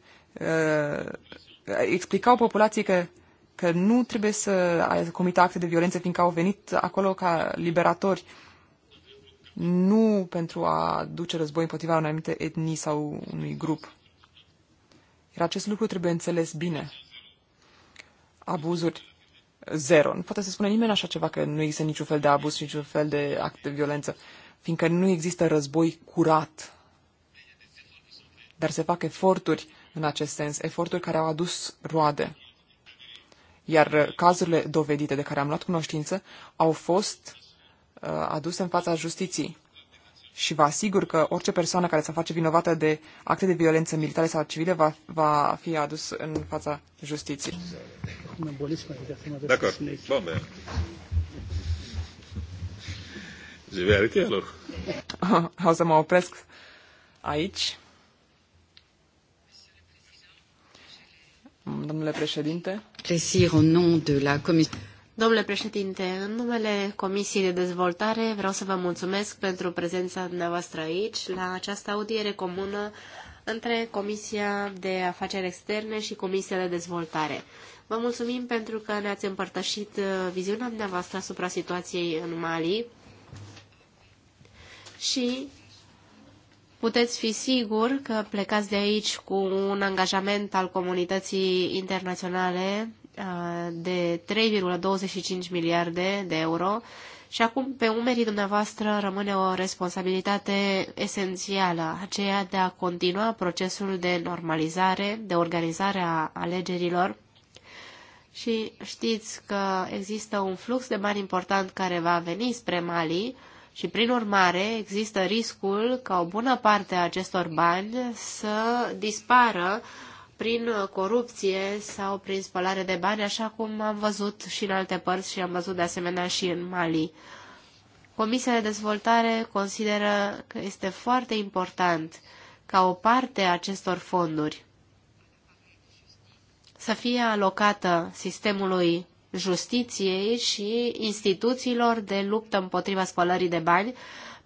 S1: explicau populației că, că nu trebuie să comită acte de violență, fiindcă au venit acolo ca liberatori, nu pentru a duce război împotriva unei anumite etnii sau unui grup. Iar acest lucru trebuie înțeles bine. Abuzuri zero. Nu poate să spune nimeni așa ceva că nu există niciun fel de abuz, niciun fel de act de violență, fiindcă nu există război curat. Dar se fac eforturi în acest sens, eforturi care au adus roade. Iar cazurile dovedite de care am luat cunoștință au fost uh, aduse în fața justiției și vă asigur că orice persoană care se face vinovată de acte de violență militare sau civile va, va fi adus în fața justiției. D'accord. Bon, ben. Je vais arrêter alors. O să mă opresc aici. Domnule președinte.
S3: Plesir au nom
S1: de
S2: la comisie. Domnule președinte, în numele Comisiei de Dezvoltare vreau să vă mulțumesc pentru prezența dumneavoastră aici la această audiere comună între Comisia de Afaceri Externe și Comisia de Dezvoltare. Vă mulțumim pentru că ne-ați împărtășit uh, viziunea dumneavoastră asupra situației în Mali și puteți fi sigur că plecați de aici cu un angajament al comunității internaționale de 3,25 miliarde de euro și acum pe umerii dumneavoastră rămâne o responsabilitate esențială, aceea de a continua procesul de normalizare, de organizare a alegerilor și știți că există un flux de bani important care va veni spre Mali și, prin urmare, există riscul ca o bună parte a acestor bani să dispară prin uh, corupție sau prin spălare de bani, așa cum am văzut și în alte părți și am văzut de asemenea și în Mali. Comisia de dezvoltare consideră că este foarte important ca o parte a acestor fonduri să fie alocată sistemului justiției și instituțiilor de luptă împotriva spălării de bani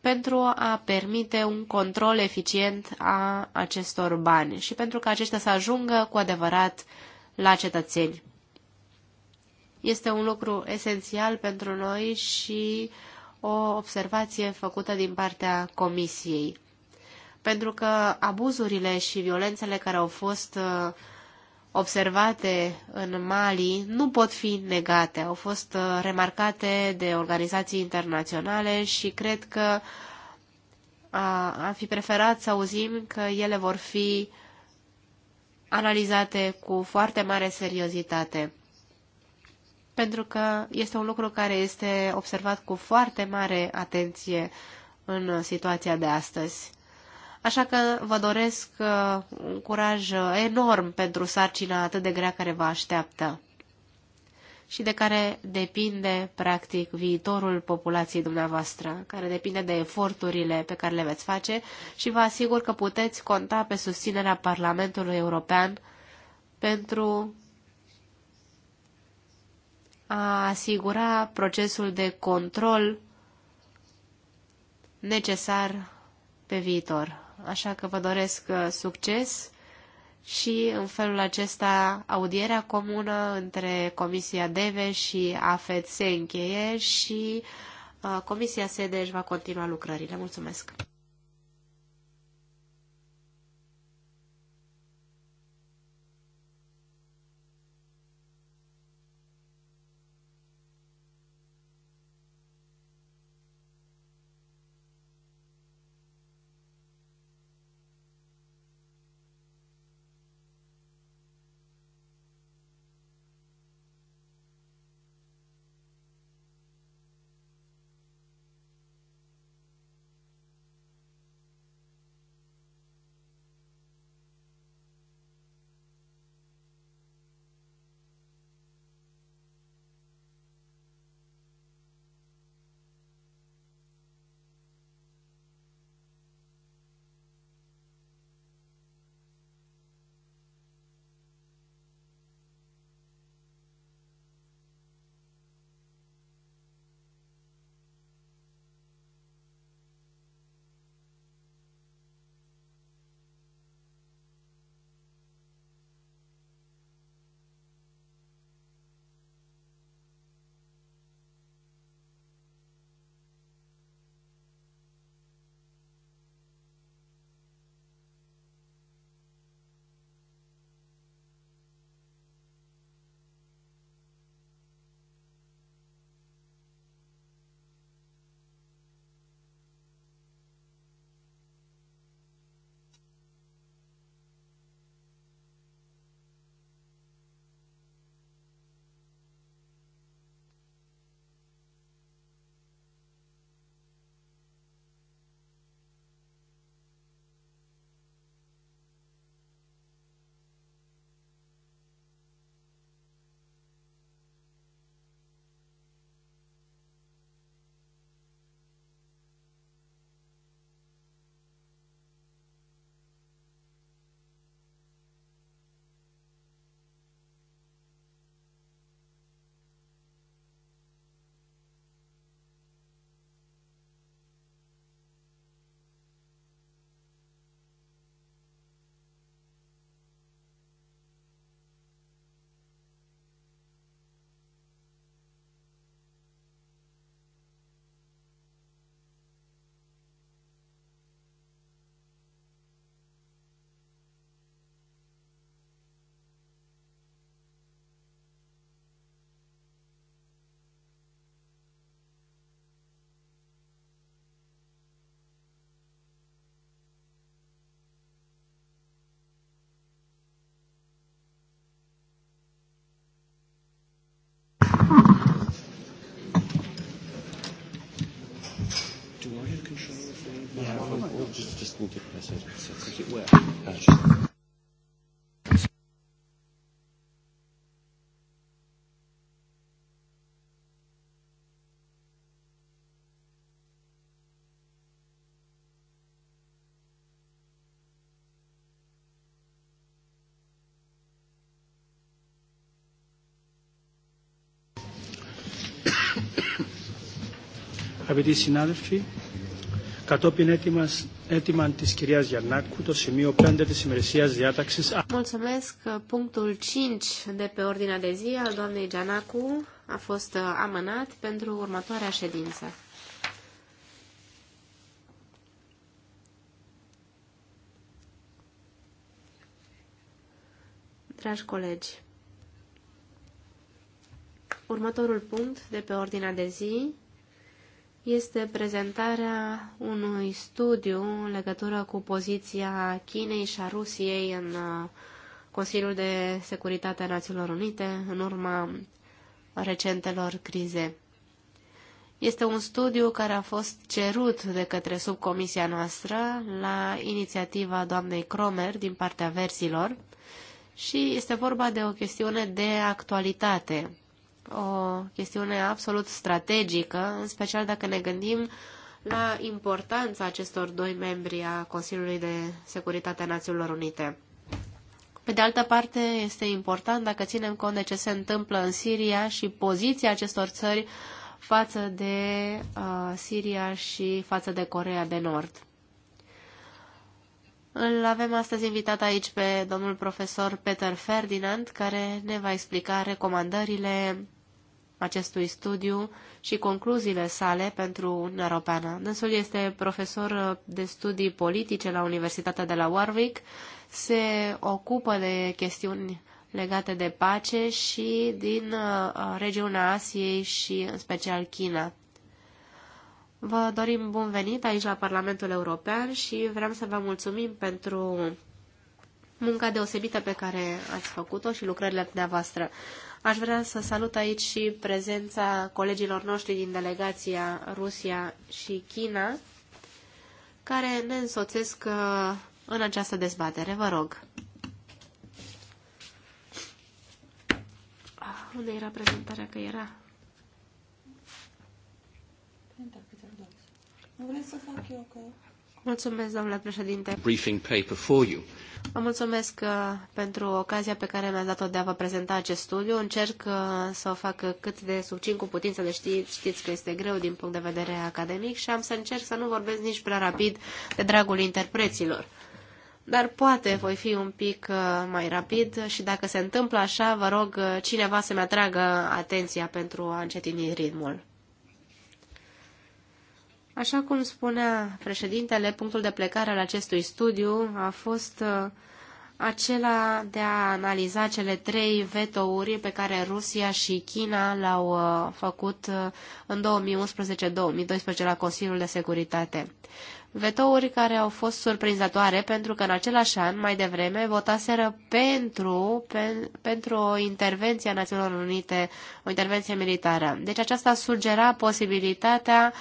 S2: pentru a permite un control eficient a acestor bani și pentru ca aceștia să ajungă cu adevărat la cetățeni. Este un lucru esențial pentru noi și o observație făcută din partea Comisiei. Pentru că abuzurile și violențele care au fost uh, observate în Mali nu pot fi negate. Au fost uh, remarcate de organizații internaționale și cred că am fi preferat să auzim că ele vor fi analizate cu foarte mare seriozitate. Pentru că este un lucru care este observat cu foarte mare atenție în situația de astăzi. Așa că vă doresc uh, un curaj uh, enorm pentru sarcina atât de grea care vă așteaptă și de care depinde, practic, viitorul populației dumneavoastră, care depinde de eforturile pe care le veți face și vă asigur că puteți conta pe susținerea Parlamentului European pentru a asigura procesul de control necesar pe viitor așa că vă doresc uh, succes și în felul acesta audierea comună între Comisia DEVE și AFED se încheie și uh, Comisia SEDE își va continua lucrările. Mulțumesc! just need to So does it work? Uh, just... Aveți
S3: κατόπιν έτοιμας, έτοιμαν της κυρίας Γιαννάκου το σημείο 5 της ημερησίας διάταξης.
S2: Mulțumesc. Punctul 5 de pe ordinea de zi al doamnei Gianacu a fost amânat pentru următoarea ședință. Dragi colegi, următorul punct de pe ordinea de zi este prezentarea unui studiu în legătură cu poziția Chinei și a Rusiei în uh, Consiliul de Securitate a Națiunilor Unite în urma recentelor crize. Este un studiu care a fost cerut de către subcomisia noastră la inițiativa doamnei Cromer din partea versilor și este vorba de o chestiune de actualitate o chestiune absolut strategică, în special dacă ne gândim la importanța acestor doi membri a Consiliului de Securitate a Națiunilor Unite. Pe de altă parte, este important dacă ținem cont de ce se întâmplă în Siria și poziția acestor țări față de uh, Siria și față de Corea de Nord. Îl avem astăzi invitat aici pe domnul profesor Peter Ferdinand, care ne va explica recomandările acestui studiu și concluziile sale pentru Uniunea Europeană. Dânsul este profesor de studii politice la Universitatea de la Warwick, se ocupă de chestiuni legate de pace și din uh, regiunea Asiei și în special China. Vă dorim bun venit aici la Parlamentul European și vrem să vă mulțumim pentru munca deosebită pe care ați făcut-o și lucrările dumneavoastră. Aș vrea să salut aici și prezența colegilor noștri din delegația Rusia și China, care ne însoțesc uh, în această dezbatere. Vă rog. Ah, unde era prezentarea? Că era. Mulțumesc, domnule președinte.
S3: Briefing paper for you.
S2: Vă mulțumesc uh, pentru ocazia pe care mi-a dat-o de a vă prezenta acest studiu. Încerc uh, să o fac cât de subțin cu putință, de știți, știți că este greu din punct de vedere academic și am să încerc să nu vorbesc nici prea rapid de dragul interpreților. Dar poate voi fi un pic uh, mai rapid și dacă se întâmplă așa, vă rog cineva să-mi atragă atenția pentru a încetini ritmul. Așa cum spunea președintele, punctul de plecare al acestui studiu a fost uh, acela de a analiza cele trei vetouri pe care Rusia și China le-au uh, făcut uh, în 2011-2012 la Consiliul de Securitate. Vetouri care au fost surprinzătoare pentru că în același an, mai devreme, votaseră pentru, pe, pentru o intervenție a Națiunilor Unite, o intervenție militară. Deci aceasta sugera posibilitatea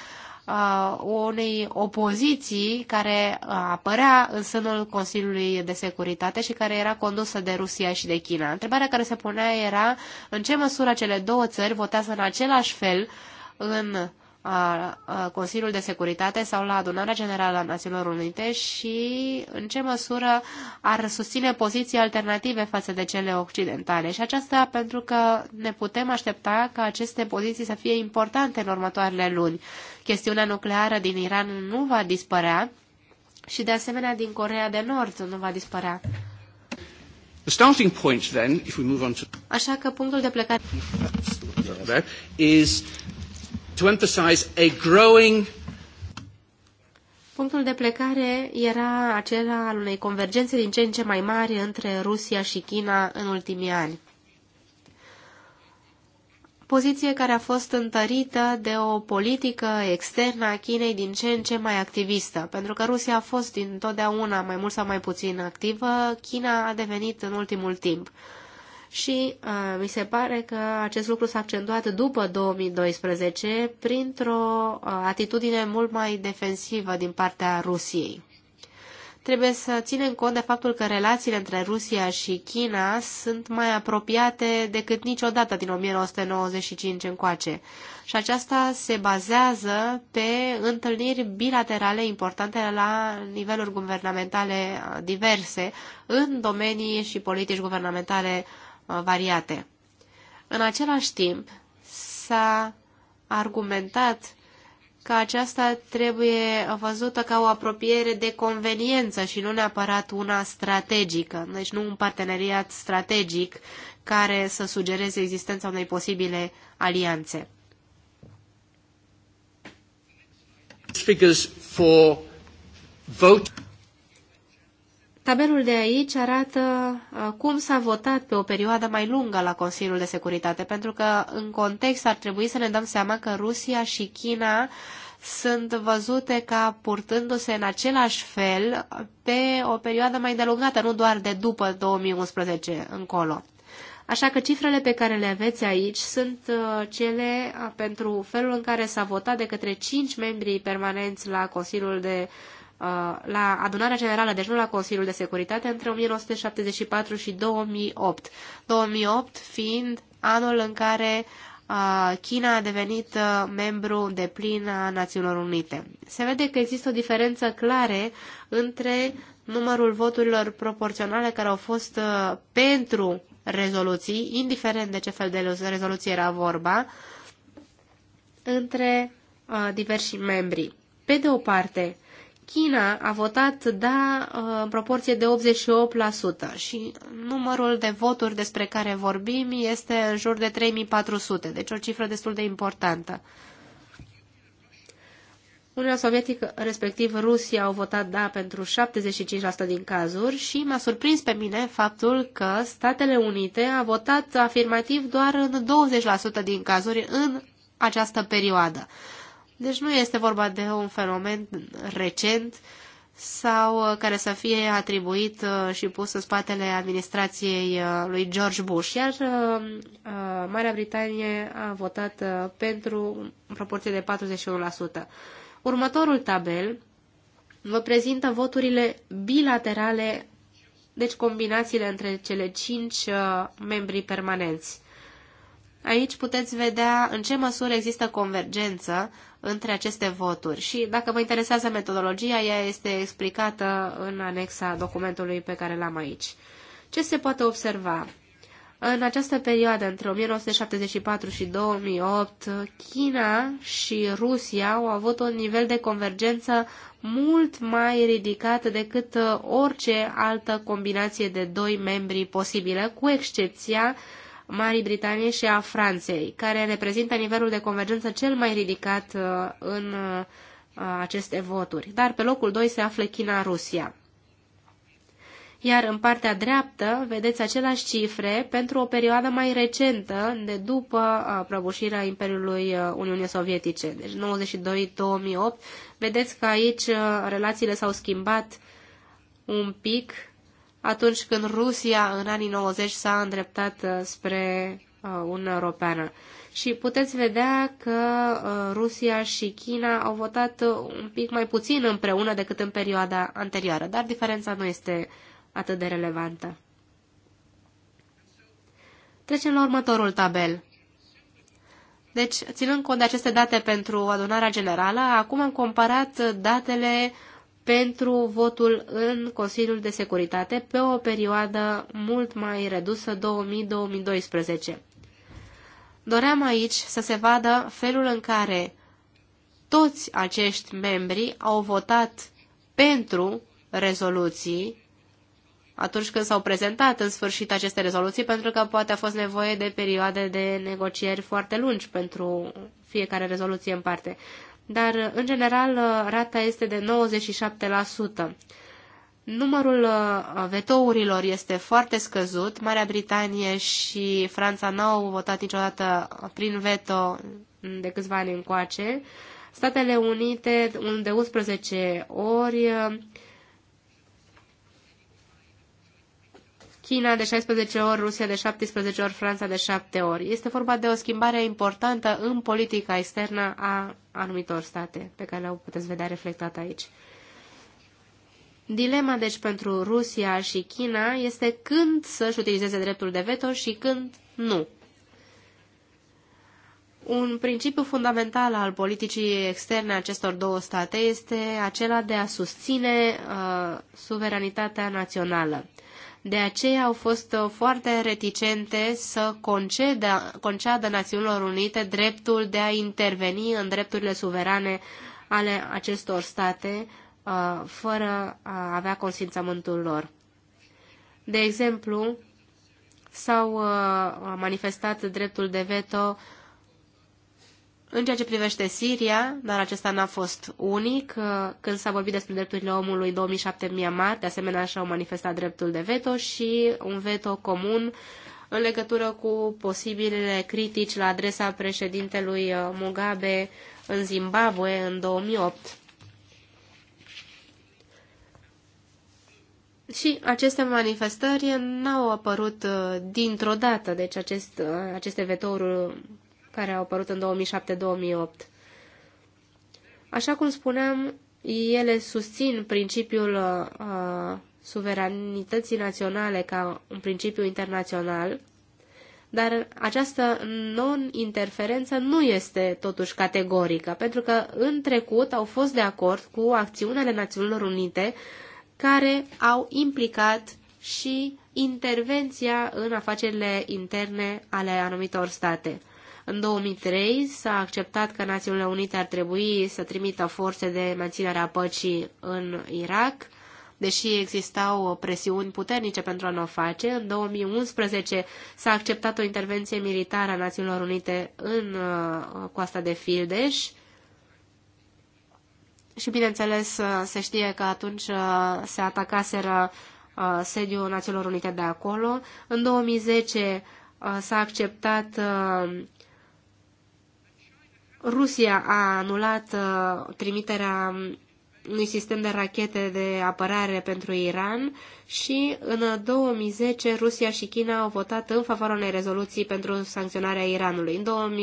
S2: uh, unei opoziții care apărea în sânul Consiliului de Securitate și care era condusă de Rusia și de China. Întrebarea care se punea era în ce măsură cele două țări votează în același fel în a Consiliul de Securitate sau la adunarea generală a Națiunilor Unite și în ce măsură ar susține poziții alternative față de cele occidentale. Și aceasta pentru că ne putem aștepta ca aceste poziții să fie importante în următoarele luni chestiunea nucleară din Iran nu va dispărea și de asemenea din Corea de Nord nu va dispărea.
S1: The starting point then, if we move on to...
S2: Așa că punctul de plecare
S3: is to emphasize a growing
S2: Punctul de plecare era acela al unei convergențe din ce în ce mai mari între Rusia și China în ultimii ani poziție care a fost întărită de o politică externă a Chinei din ce în ce mai activistă, pentru că Rusia a fost dintotdeauna mai mult sau mai puțin activă, China a devenit în ultimul timp. Și uh, mi se pare că acest lucru s-a accentuat după 2012 printr-o uh, atitudine mult mai defensivă din partea Rusiei trebuie să ținem cont de faptul că relațiile între Rusia și China sunt mai apropiate decât niciodată din 1995 încoace. Și aceasta se bazează pe întâlniri bilaterale importante la niveluri guvernamentale diverse, în domenii și politici guvernamentale uh, variate. În același timp, s-a argumentat că aceasta trebuie văzută ca o apropiere de conveniență și nu neapărat una strategică, deci nu un parteneriat strategic care să sugereze existența unei posibile alianțe. Figures
S1: for vote.
S2: Tabelul de aici arată uh, cum s-a votat pe o perioadă mai lungă la Consiliul de Securitate, pentru că în context ar trebui să ne dăm seama că Rusia și China sunt văzute ca purtându-se în același fel pe o perioadă mai delungată, nu doar de după 2011 încolo. Așa că cifrele pe care le aveți aici sunt uh, cele uh, pentru felul în care s-a votat de către cinci membri permanenți la Consiliul de Uh, la adunarea generală, deci nu la Consiliul de Securitate, între 1974 și 2008. 2008 fiind anul în care uh, China a devenit uh, membru de plin a Națiunilor Unite. Se vede că există o diferență clare între numărul voturilor proporționale care au fost pentru rezoluții, indiferent de ce fel de rezoluție era vorba, între diversi membri. Pe de o parte, China a votat da uh, în proporție de 88% și numărul de voturi despre care vorbim este în jur de 3400, deci o cifră destul de importantă. Uniunea Sovietică, respectiv Rusia, au votat da pentru 75% din cazuri și m-a surprins pe mine faptul că Statele Unite a votat afirmativ doar în 20% din cazuri în această perioadă. Deci nu este vorba de un fenomen recent sau uh, care să fie atribuit uh, și pus în spatele administrației uh, lui George Bush. Iar Marea Britanie a votat pentru în proporție de 41%. Următorul tabel vă prezintă voturile bilaterale, deci combinațiile între cele cinci membri permanenți. Aici puteți vedea în ce măsură există convergență între aceste voturi și dacă vă interesează metodologia, ea este explicată în anexa documentului pe care l-am aici. Ce se poate observa? În această perioadă, între 1974 și 2008, China și Rusia au avut un nivel de convergență mult mai ridicat decât uh, orice altă combinație de doi membri posibilă, cu excepția uh, Marii Britanie și a Franței, care reprezintă nivelul de convergență cel mai ridicat uh, în uh, aceste voturi. Dar pe locul 2 se află China-Rusia. Iar în partea dreaptă vedeți aceleași cifre pentru o perioadă mai recentă, de după uh, prăbușirea Imperiului Uniunii Sovietice, deci 92-2008. Vedeți că aici relațiile s-au schimbat un pic atunci când Rusia în anii 90 s-a îndreptat uh, spre uh, Uniunea Europeană. Și puteți vedea că uh, Rusia și China au votat un pic mai puțin împreună decât în perioada anterioară, dar diferența nu este atât de relevantă. Trecem la următorul tabel. Deci, ținând cont de aceste date pentru adunarea generală, acum am comparat datele pentru votul în Consiliul de Securitate pe o perioadă mult mai redusă, 2000-2012. Doream aici să se vadă felul în care toți acești membri au votat pentru rezoluții atunci când s-au prezentat în sfârșit aceste rezoluții, pentru că poate a fost nevoie de perioade de negocieri foarte lungi pentru fiecare rezoluție în parte dar în general rata este de 97%. Numărul uh, vetourilor este foarte scăzut. Marea Britanie și Franța nu au votat niciodată prin veto de câțiva ani încoace. Statele Unite, unde 11 ori, uh, China de 16 ori, Rusia de 17 ori, Franța de 7 ori. Este vorba de o schimbare importantă în politica externă a anumitor state, pe care le-au puteți vedea reflectat aici. Dilema, deci, pentru Rusia și China este când să-și utilizeze dreptul de veto și când nu. Un principiu fundamental al politicii externe a acestor două state este acela de a susține uh, suveranitatea națională. De aceea au fost uh, foarte reticente să concedă, conceadă Națiunilor Unite dreptul de a interveni în drepturile suverane ale acestor state uh, fără a avea consimțământul lor. De exemplu, s-au uh, manifestat dreptul de veto în ceea ce privește Siria, dar acesta n-a fost unic, uh, când s-a vorbit despre drepturile omului 2007 Myanmar, de asemenea și-au manifestat dreptul de veto și un veto comun în legătură cu posibilele critici la adresa președintelui uh, Mugabe în Zimbabwe în 2008. Și aceste manifestări n-au apărut uh, dintr-o dată, deci acest, aceste vetouri care au apărut în 2007-2008. Așa cum spuneam, ele susțin principiul uh, suveranității naționale ca un principiu internațional, dar această non-interferență nu este totuși categorică, pentru că în trecut au fost de acord cu acțiunile Națiunilor Unite care au implicat și intervenția în afacerile interne ale anumitor state. În 2003 s-a acceptat că Națiunile Unite ar trebui să trimită forțe de menținere a păcii în Irak, deși existau presiuni puternice pentru a nu o face. În 2011 s-a acceptat o intervenție militară a Națiunilor Unite în uh, coasta de Fildeș, și bineînțeles uh, se știe că atunci uh, se atacaseră sediul Națiunilor Unite de acolo. În 2010 s-a acceptat Rusia a anulat uh, trimiterea unui sistem de rachete de apărare pentru Iran și în 2010 Rusia și China au votat în favoarea unei rezoluții pentru sancționarea Iranului. În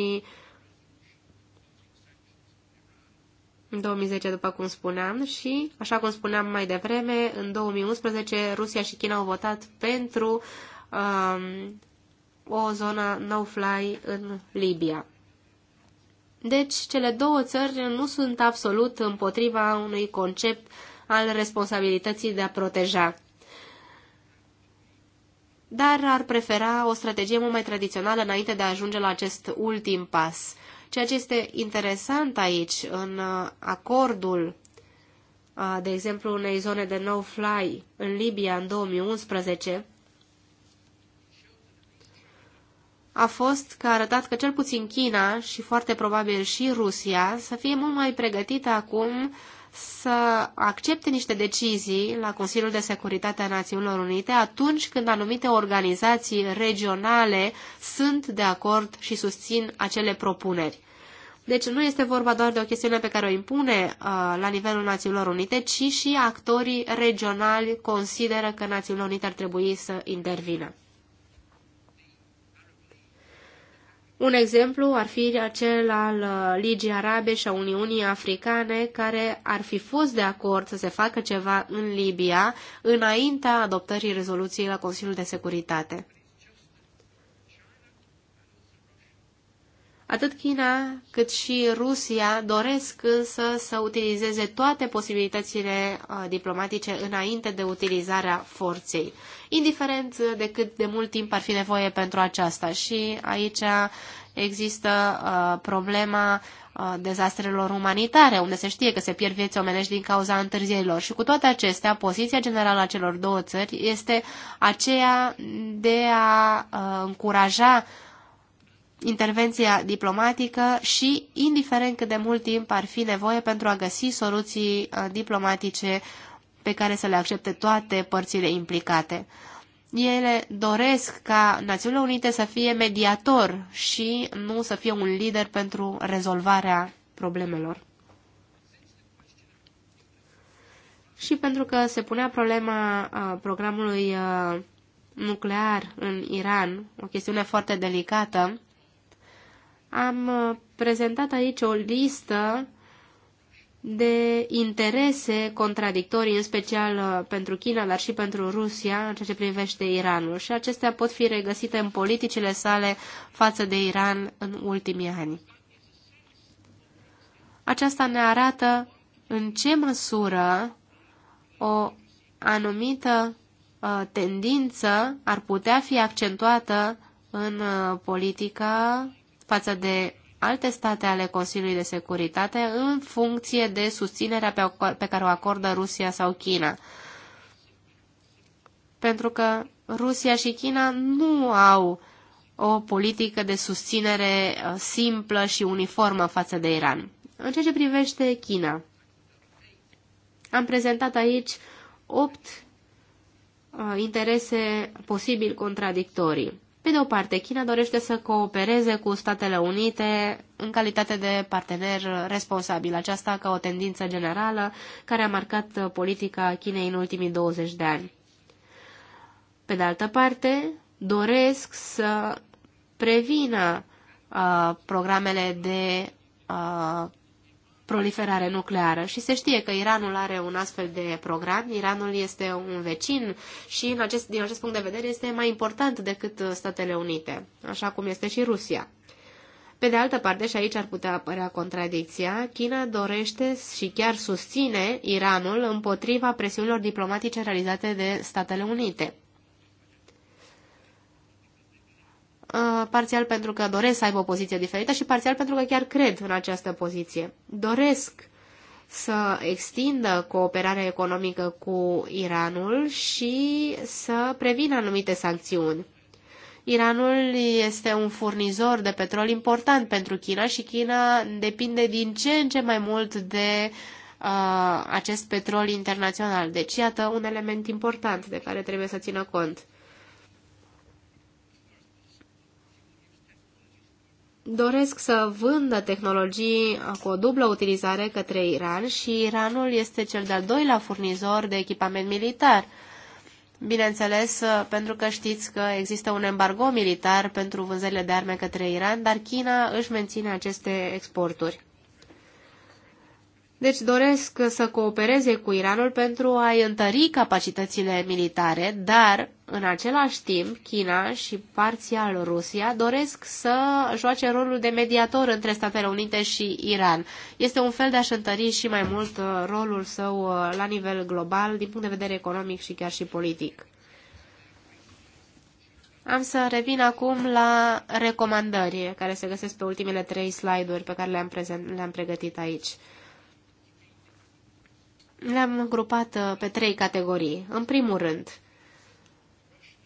S2: în 2010, după cum spuneam, și, așa cum spuneam mai devreme, în 2011 Rusia și China au votat pentru um, o zonă no-fly în Libia. Deci, cele două țări nu sunt absolut împotriva unui concept al responsabilității de a proteja dar ar prefera o strategie mult mai tradițională înainte de a ajunge la acest ultim pas. Ceea ce este interesant aici, în uh, acordul, uh, de exemplu, unei zone de no-fly în Libia în 2011, a fost că a arătat că cel puțin China și foarte probabil și Rusia să fie mult mai pregătită acum să accepte niște decizii la Consiliul de Securitate a Națiunilor Unite atunci când anumite organizații regionale sunt de acord și susțin acele propuneri. Deci nu este vorba doar de o chestiune pe care o impune uh, la nivelul Națiunilor Unite, ci și actorii regionali consideră că Națiunile Unite ar trebui să intervină. Un exemplu ar fi acel al uh, Ligii Arabe și a Uniunii Africane care ar fi fost de acord să se facă ceva în Libia înaintea adoptării rezoluției la Consiliul de Securitate. Atât China cât și Rusia doresc însă să utilizeze toate posibilitățile uh, diplomatice înainte de utilizarea forței indiferent de cât de mult timp ar fi nevoie pentru aceasta. Și aici există uh, problema uh, dezastrelor umanitare, unde se știe că se pierd vieți omenești din cauza întârzierilor. Și cu toate acestea, poziția generală a celor două țări este aceea de a uh, încuraja intervenția diplomatică și indiferent cât de mult timp ar fi nevoie pentru a găsi soluții uh, diplomatice pe care să le accepte toate părțile implicate. Ele doresc ca Națiunile Unite să fie mediator și nu să fie un lider pentru rezolvarea problemelor. Și pentru că se punea problema programului nuclear în Iran, o chestiune foarte delicată, am prezentat aici o listă de interese contradictorii, în special uh, pentru China, dar și pentru Rusia, în ceea ce privește Iranul. Și acestea pot fi regăsite în politicile sale față de Iran în ultimii ani. Aceasta ne arată în ce măsură o anumită uh, tendință ar putea fi accentuată în uh, politica față de alte state ale Consiliului de Securitate în funcție de susținerea pe, care o acordă Rusia sau China. Pentru că Rusia și China nu au o politică de susținere uh, simplă și uniformă față de Iran. În ceea ce privește China, am prezentat aici opt uh, interese posibil contradictorii. Pe de o parte, China dorește să coopereze cu Statele Unite în calitate de partener responsabil, aceasta ca o tendință generală care a marcat politica Chinei în ultimii 20 de ani. Pe de altă parte, doresc să prevină uh, programele de uh, proliferare nucleară și se știe că Iranul are un astfel de program, Iranul este un vecin și în acest, din acest punct de vedere este mai important decât Statele Unite, așa cum este și Rusia. Pe de altă parte, și aici ar putea apărea contradicția, China dorește și chiar susține Iranul împotriva presiunilor diplomatice realizate de Statele Unite. Uh, parțial pentru că doresc să aibă o poziție diferită și parțial pentru că chiar cred în această poziție. Doresc să extindă cooperarea economică cu Iranul și să prevină anumite sancțiuni. Iranul este un furnizor de petrol important pentru China și China depinde din ce în ce mai mult de uh, acest petrol internațional. Deci, iată un element important de care trebuie să țină cont. doresc să vândă tehnologii cu o dublă utilizare către Iran și Iranul este cel de-al doilea furnizor de echipament militar. Bineînțeles, pentru că știți că există un embargo militar pentru vânzările de arme către Iran, dar China își menține aceste exporturi. Deci doresc să coopereze cu Iranul pentru a-i întări capacitățile militare, dar în același timp, China și parțial Rusia doresc să joace rolul de mediator între Statele Unite și Iran. Este un fel de a-și întări și mai mult uh, rolul său uh, la nivel global, din punct de vedere economic și chiar și politic. Am să revin acum la recomandări care se găsesc pe ultimele trei slide-uri pe care le-am, prezent, le-am pregătit aici. Le-am grupat uh, pe trei categorii. În primul rând,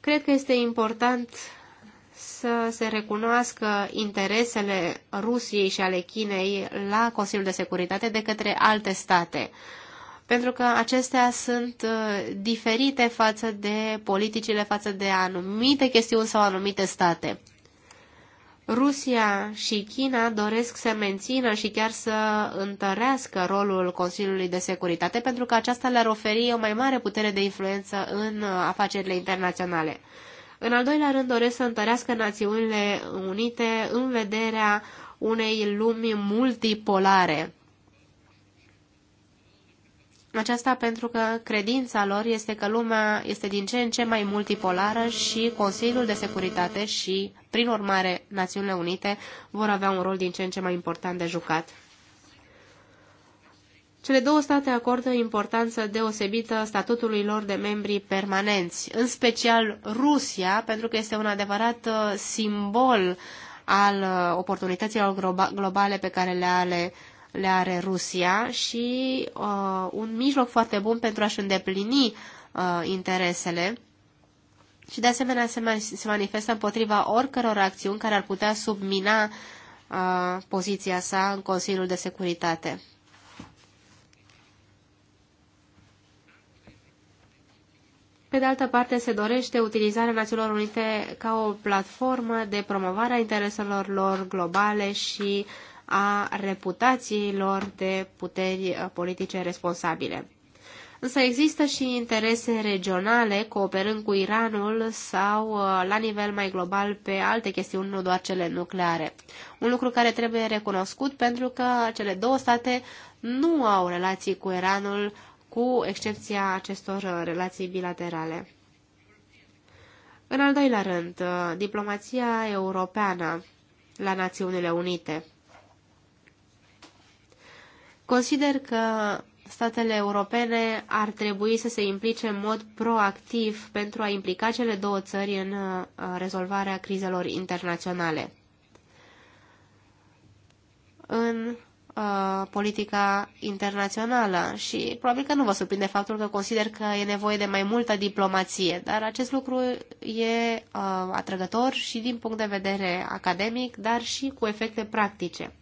S2: Cred că este important să se recunoască interesele Rusiei și ale Chinei la Consiliul de Securitate de către alte state, pentru că acestea sunt uh, diferite față de politicile, față de anumite chestiuni sau anumite state. Rusia și China doresc să mențină și chiar să întărească rolul Consiliului de Securitate pentru că aceasta le-ar oferi o mai mare putere de influență în afacerile internaționale. În al doilea rând, doresc să întărească Națiunile Unite în vederea unei lumi multipolare aceasta pentru că credința lor este că lumea este din ce în ce mai multipolară și Consiliul de Securitate și, prin urmare, Națiunile Unite vor avea un rol din ce în ce mai important de jucat. Cele două state acordă importanță deosebită statutului lor de membri permanenți, în special Rusia, pentru că este un adevărat uh, simbol al uh, oportunităților globale pe care le are le are Rusia și uh, un mijloc foarte bun pentru a-și îndeplini uh, interesele și de asemenea se, man- se manifestă împotriva oricăror acțiuni care ar putea submina uh, poziția sa în Consiliul de Securitate. Pe de altă parte, se dorește utilizarea Națiunilor Unite ca o platformă de promovare a intereselor lor globale și a reputațiilor de puteri uh, politice responsabile. Însă există și interese regionale, cooperând cu Iranul sau uh, la nivel mai global pe alte chestiuni, nu doar cele nucleare. Un lucru care trebuie recunoscut pentru că cele două state nu au relații cu Iranul, cu excepția acestor uh, relații bilaterale. În al doilea rând, diplomația europeană la Națiunile Unite. Consider că statele europene ar trebui să se implice în mod proactiv pentru a implica cele două țări în uh, rezolvarea crizelor internaționale. În uh, politica internațională și probabil că nu vă surprinde faptul că consider că e nevoie de mai multă diplomație, dar acest lucru e uh, atrăgător și din punct de vedere academic, dar și cu efecte practice.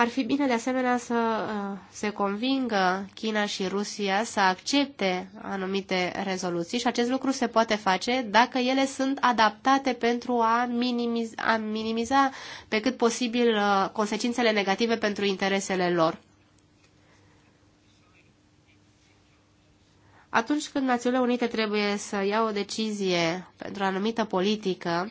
S2: Ar fi bine de asemenea să uh, se convingă China și Rusia să accepte anumite rezoluții și acest lucru se poate face dacă ele sunt adaptate pentru a minimiza, a minimiza pe cât posibil uh, consecințele negative pentru interesele lor. Atunci când Națiunile Unite trebuie să ia o decizie pentru o anumită politică,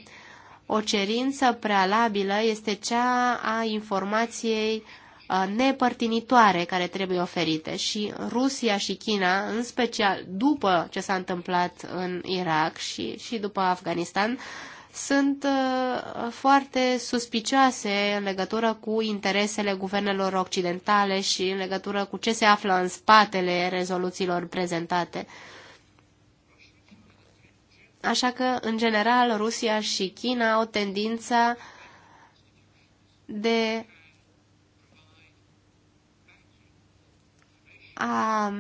S2: o cerință prealabilă este cea a informației uh, nepărtinitoare care trebuie oferite și Rusia și China, în special după ce s-a întâmplat în Irak și, și după Afganistan, sunt uh, foarte suspicioase în legătură cu interesele guvernelor occidentale și în legătură cu ce se află în spatele rezoluțiilor prezentate. Așa că, în general, Rusia și China au tendința de a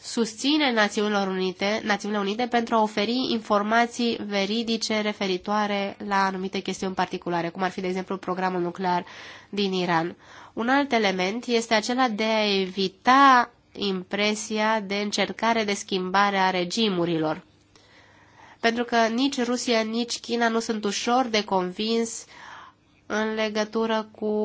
S2: susține Națiunilor Unite, Națiunile Unite pentru a oferi informații veridice referitoare la anumite chestiuni particulare, cum ar fi, de exemplu, programul nuclear din Iran. Un alt element este acela de a evita impresia de încercare de schimbare a regimurilor pentru că nici Rusia, nici China nu sunt ușor de convins în legătură cu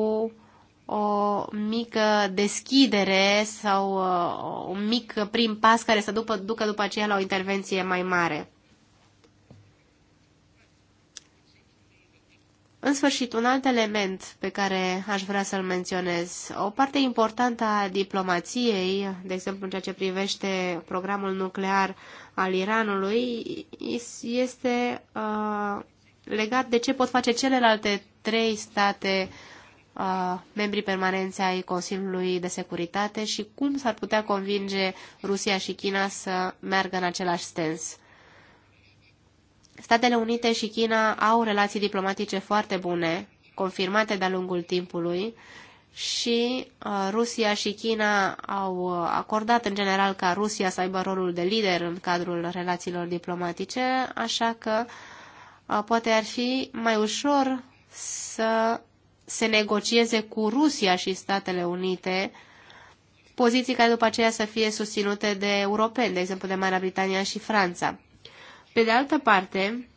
S2: o mică deschidere sau uh, un mic prim pas care să ducă după aceea la o intervenție mai mare. În sfârșit, un alt element pe care aș vrea să-l menționez. O parte importantă a diplomației, de exemplu în ceea ce privește programul nuclear al Iranului, este uh, legat de ce pot face celelalte trei state uh, membrii permanenți ai Consiliului de Securitate și cum s-ar putea convinge Rusia și China să meargă în același sens. Statele Unite și China au relații diplomatice foarte bune, confirmate de-a lungul timpului, și uh, Rusia și China au uh, acordat în general ca Rusia să aibă rolul de lider în cadrul relațiilor diplomatice, așa că uh, poate ar fi mai ușor să se negocieze cu Rusia și Statele Unite poziții care după aceea să fie susținute de europeni, de exemplu de Marea Britania și Franța. Pe de altă parte,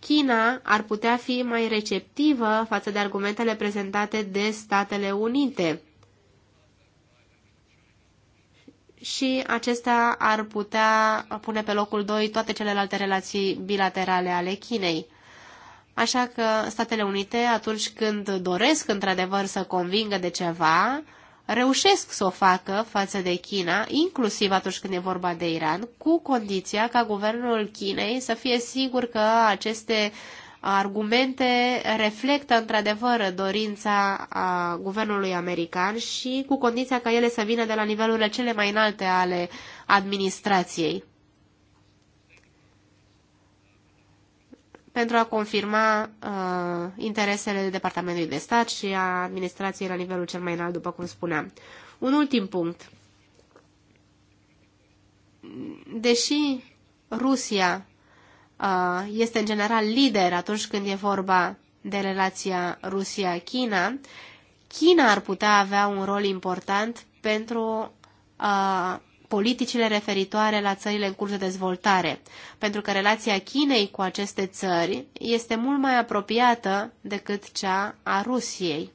S2: China ar putea fi mai receptivă față de argumentele prezentate de Statele Unite. Și acestea ar putea pune pe locul 2 toate celelalte relații bilaterale ale Chinei. Așa că Statele Unite, atunci când doresc într-adevăr să convingă de ceva, reușesc să o facă față de China, inclusiv atunci când e vorba de Iran, cu condiția ca guvernul Chinei să fie sigur că aceste argumente reflectă într-adevăr dorința a guvernului american și cu condiția ca ele să vină de la nivelurile cele mai înalte ale administrației. pentru a confirma uh, interesele Departamentului de Stat și a administrației la nivelul cel mai înalt, după cum spuneam. Un ultim punct. Deși Rusia uh, este în general lider atunci când e vorba de relația Rusia-China, China ar putea avea un rol important pentru uh, politicile referitoare la țările în curs de dezvoltare, pentru că relația Chinei cu aceste țări este mult mai apropiată decât cea a Rusiei.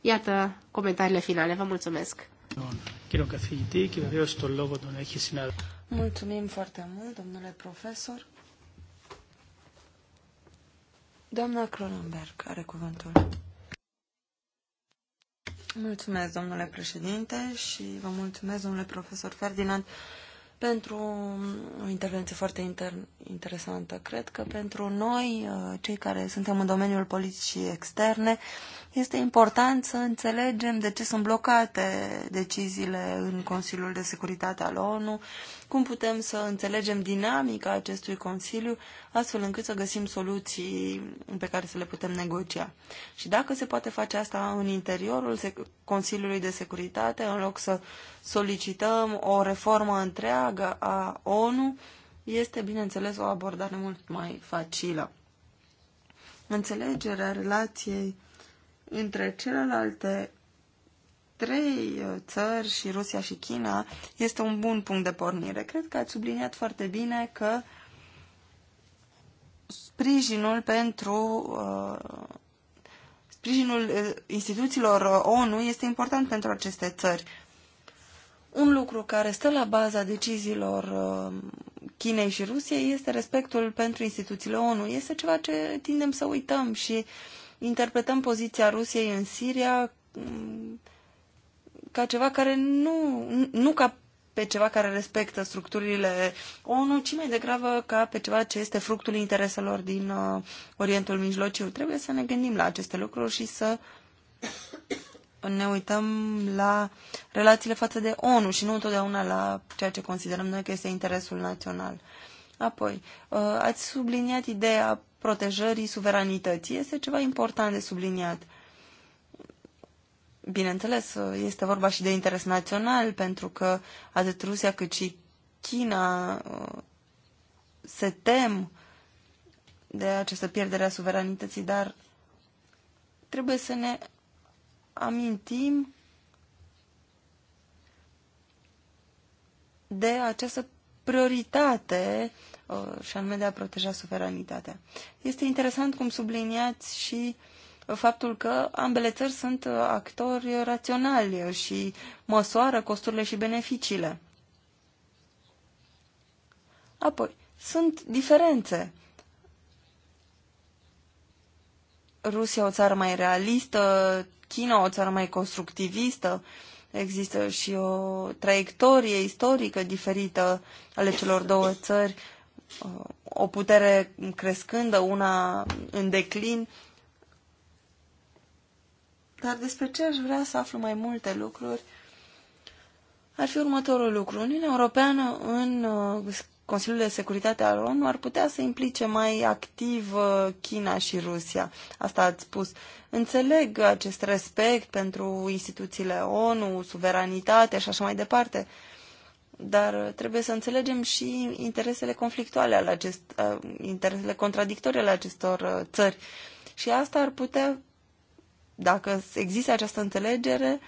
S2: Iată comentariile finale. Vă mulțumesc. Mulțumim foarte mult, domnule
S3: profesor. Doamna Cronenberg are cuvântul. Mulțumesc, domnule președinte, și vă mulțumesc, domnule profesor Ferdinand, pentru o intervenție foarte inter- interesantă. Cred că pentru noi, uh, cei care suntem în domeniul politicii externe, este important să înțelegem de ce sunt blocate deciziile în Consiliul de Securitate al ONU, cum putem să înțelegem dinamica acestui Consiliu, astfel încât să găsim soluții pe care să le putem negocia. Și dacă se poate face asta în interiorul Consiliului de Securitate, în loc să solicităm o reformă întreagă a ONU, este, bineînțeles, o abordare mult mai facilă. Înțelegerea relației între celelalte trei uh, țări și Rusia și China este un bun punct de pornire. Cred că ați subliniat foarte bine că sprijinul pentru uh, sprijinul uh, instituțiilor ONU este important pentru aceste țări. Un lucru care stă la baza deciziilor uh, Chinei și Rusiei este respectul pentru instituțiile ONU. Este ceva ce tindem să uităm și uh, interpretăm poziția Rusiei în Siria mm, ca ceva care nu, nu ca pe ceva care respectă structurile ONU, ci mai degrabă ca pe ceva ce este fructul intereselor din uh, Orientul Mijlociu. Trebuie să ne gândim la aceste lucruri și să ne uităm la relațiile față de ONU și nu întotdeauna la ceea ce considerăm noi că este interesul național. Apoi, uh, ați subliniat ideea protejării suveranității. Este ceva important de subliniat. Bineînțeles, este vorba și de interes național, pentru că atât Rusia cât și China uh, se tem de această pierdere a suveranității, dar trebuie să ne amintim de această prioritate și anume de a proteja suveranitatea. Este interesant cum subliniați și faptul că ambele țări sunt actori raționali și măsoară costurile și beneficiile. Apoi, sunt diferențe. Rusia o țară mai realistă, China o țară mai constructivistă, există și o traiectorie istorică diferită ale celor două țări, o putere crescândă, una în declin. Dar despre ce aș vrea să aflu mai multe lucruri ar fi următorul lucru. Uniunea Europeană în uh, Consiliul de Securitate al ONU ar putea să implice mai activ uh, China și Rusia. Asta ați spus. Înțeleg acest respect pentru instituțiile ONU, suveranitate și așa mai departe dar trebuie să înțelegem și interesele conflictuale ale acest, interesele contradictorii ale acestor țări. Și asta ar putea, dacă există această înțelegere,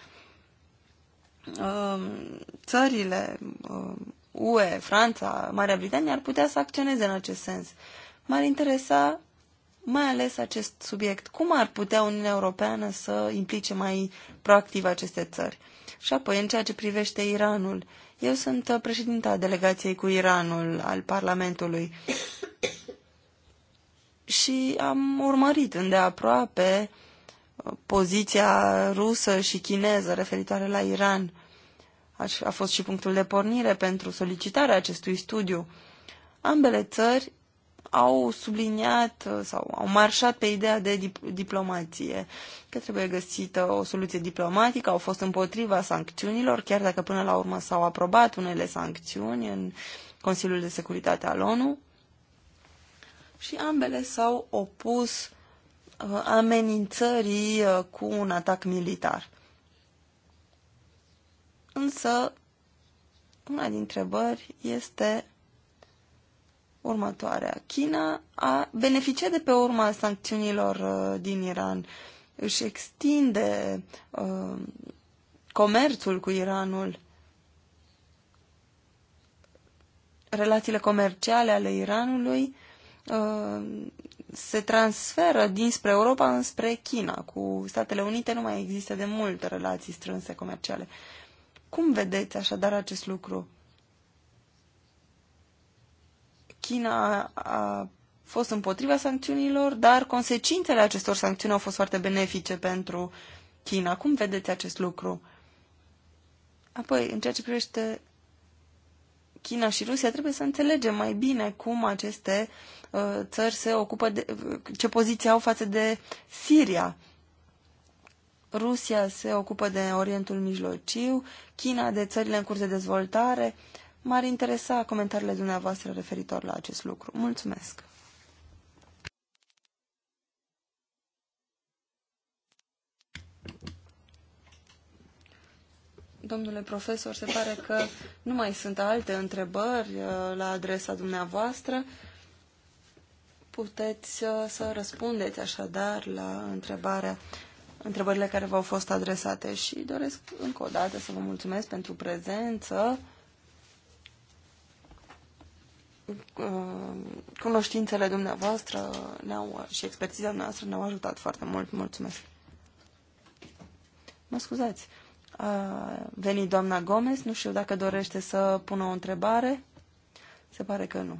S3: țările UE, Franța, Marea Britanie ar putea să acționeze în acest sens. M-ar interesa mai ales acest subiect. Cum ar putea Uniunea Europeană să implice mai proactiv aceste țări? Și apoi, în ceea ce privește Iranul, uh, eu sunt uh, președinta delegației cu Iranul al Parlamentului și am urmărit îndeaproape uh, poziția rusă și chineză referitoare la Iran. A fost și punctul de pornire pentru solicitarea acestui studiu. Ambele țări au subliniat uh, sau au marșat pe ideea de dip- diplomație, că trebuie găsită o soluție diplomatică, au fost împotriva sancțiunilor, chiar dacă până la urmă s-au aprobat unele sancțiuni în Consiliul de Securitate al ONU. Și ambele s-au opus uh, amenințării uh, cu un atac militar. Însă, una dintre întrebări este următoarea. China a beneficiat de pe urma sancțiunilor uh, din Iran. Își extinde uh, comerțul cu Iranul. Relațiile comerciale ale Iranului uh, se transferă dinspre Europa înspre China. Cu Statele Unite nu mai există de mult relații strânse comerciale. Cum vedeți așadar acest lucru? China a fost împotriva sancțiunilor, dar consecințele acestor sancțiuni au fost foarte benefice pentru China. Cum vedeți acest lucru? Apoi, în ceea ce privește China și Rusia, trebuie să înțelegem mai bine cum aceste uh, țări se ocupă de. Uh, ce poziție au față de Siria. Rusia se ocupă de Orientul Mijlociu, China de țările în curs de dezvoltare. Uh, M-ar interesa comentariile dumneavoastră referitor la acest lucru. Mulțumesc! Domnule profesor, se pare că nu mai sunt alte întrebări uh, la adresa dumneavoastră. Puteți uh, să răspundeți așadar la întrebarea, întrebările care v-au fost adresate și doresc încă o dată să vă mulțumesc pentru prezență. Uh, cunoștințele dumneavoastră ne-au, și expertiza noastră ne-au ajutat foarte mult. Mulțumesc. Mă scuzați. A venit doamna Gomez. Nu știu dacă dorește să pună o întrebare. Se pare că nu.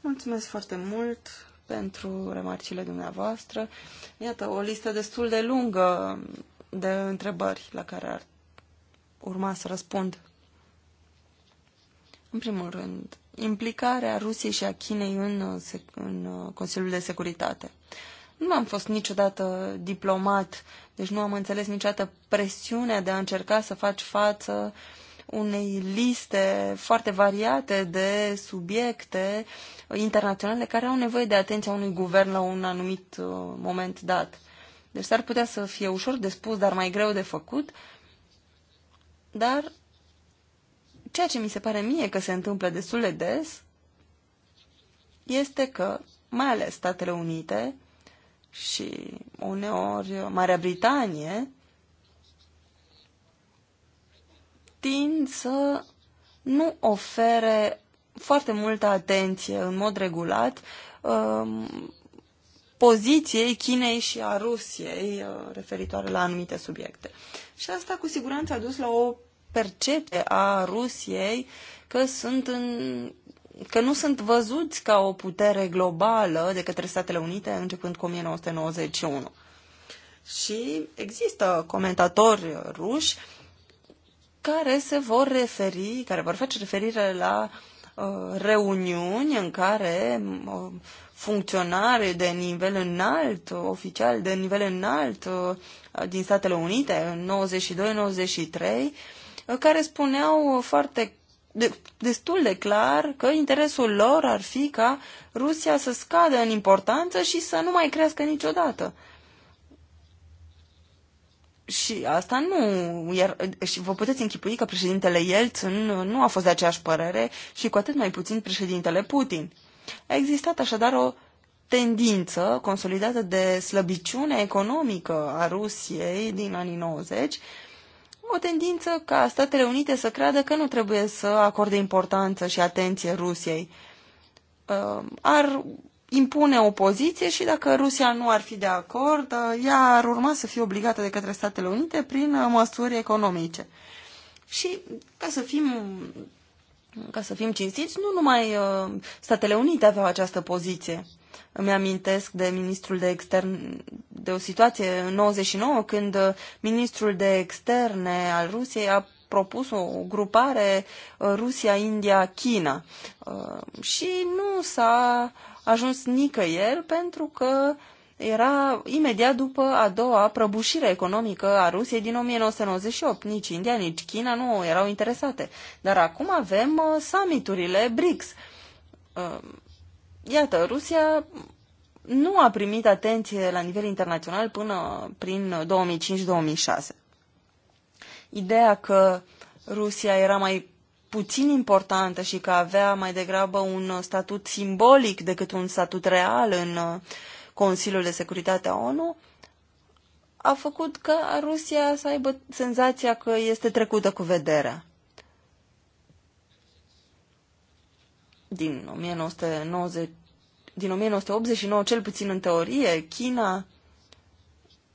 S3: Mulțumesc foarte mult pentru remarcile dumneavoastră. Iată, o listă destul de lungă de întrebări la care ar urma să răspund. În primul rând, implicarea Rusiei și a Chinei în, uh, în uh, Consiliul de Securitate. Nu am fost niciodată diplomat, deci nu am înțeles niciodată presiunea de a încerca să faci față unei liste foarte variate de subiecte internaționale care au nevoie de atenția unui guvern la un anumit uh, moment dat. Deci s-ar putea să fie ușor de spus, dar mai greu de făcut, dar ceea ce mi se pare mie că se întâmplă destul de des este că, mai ales Statele Unite și uneori Marea Britanie, tind să nu ofere foarte multă atenție în mod regulat um, poziției Chinei și a Rusiei uh, referitoare la anumite subiecte. Și asta cu siguranță a dus la o percepe a Rusiei că, sunt în, că nu sunt văzuți ca o putere globală de către Statele Unite începând cu 1991. Și există comentatori ruși care se vor referi, care vor face referire la uh, reuniuni în care uh, funcționari de nivel înalt, oficiali de nivel înalt uh, din Statele Unite în 92-93 care spuneau foarte de, destul de clar că interesul lor ar fi ca Rusia să scadă în importanță și să nu mai crească niciodată. Și asta nu. Iar, și vă puteți închipui că președintele Yeltsin nu a fost de aceeași părere și cu atât mai puțin președintele Putin. A existat așadar o tendință consolidată de slăbiciune economică a Rusiei din anii 90 o tendință ca Statele Unite să creadă că nu trebuie să acorde importanță și atenție Rusiei. Uh, ar impune o poziție și dacă Rusia nu ar fi de acord, uh, ea ar urma să fie obligată de către Statele Unite prin uh, măsuri economice. Și ca să fim ca să fim cinstiți, nu numai Statele Unite aveau această poziție. Îmi amintesc de ministrul de extern, de o situație în 99, când uh, ministrul de externe al Rusiei a propus o grupare uh, Rusia, India, China. Uh, și nu s-a ajuns nicăieri pentru că era imediat după a doua prăbușire economică a Rusiei din 1998. Nici India, nici China nu erau interesate. Dar acum avem summiturile BRICS. Iată, Rusia nu a primit atenție la nivel internațional până prin 2005-2006. Ideea că Rusia era mai puțin importantă și că avea mai degrabă un statut simbolic decât un statut real în Consiliul de Securitate a ONU, a făcut ca Rusia să aibă senzația că este trecută cu vederea. din 1990, din 1989, cel puțin în teorie, China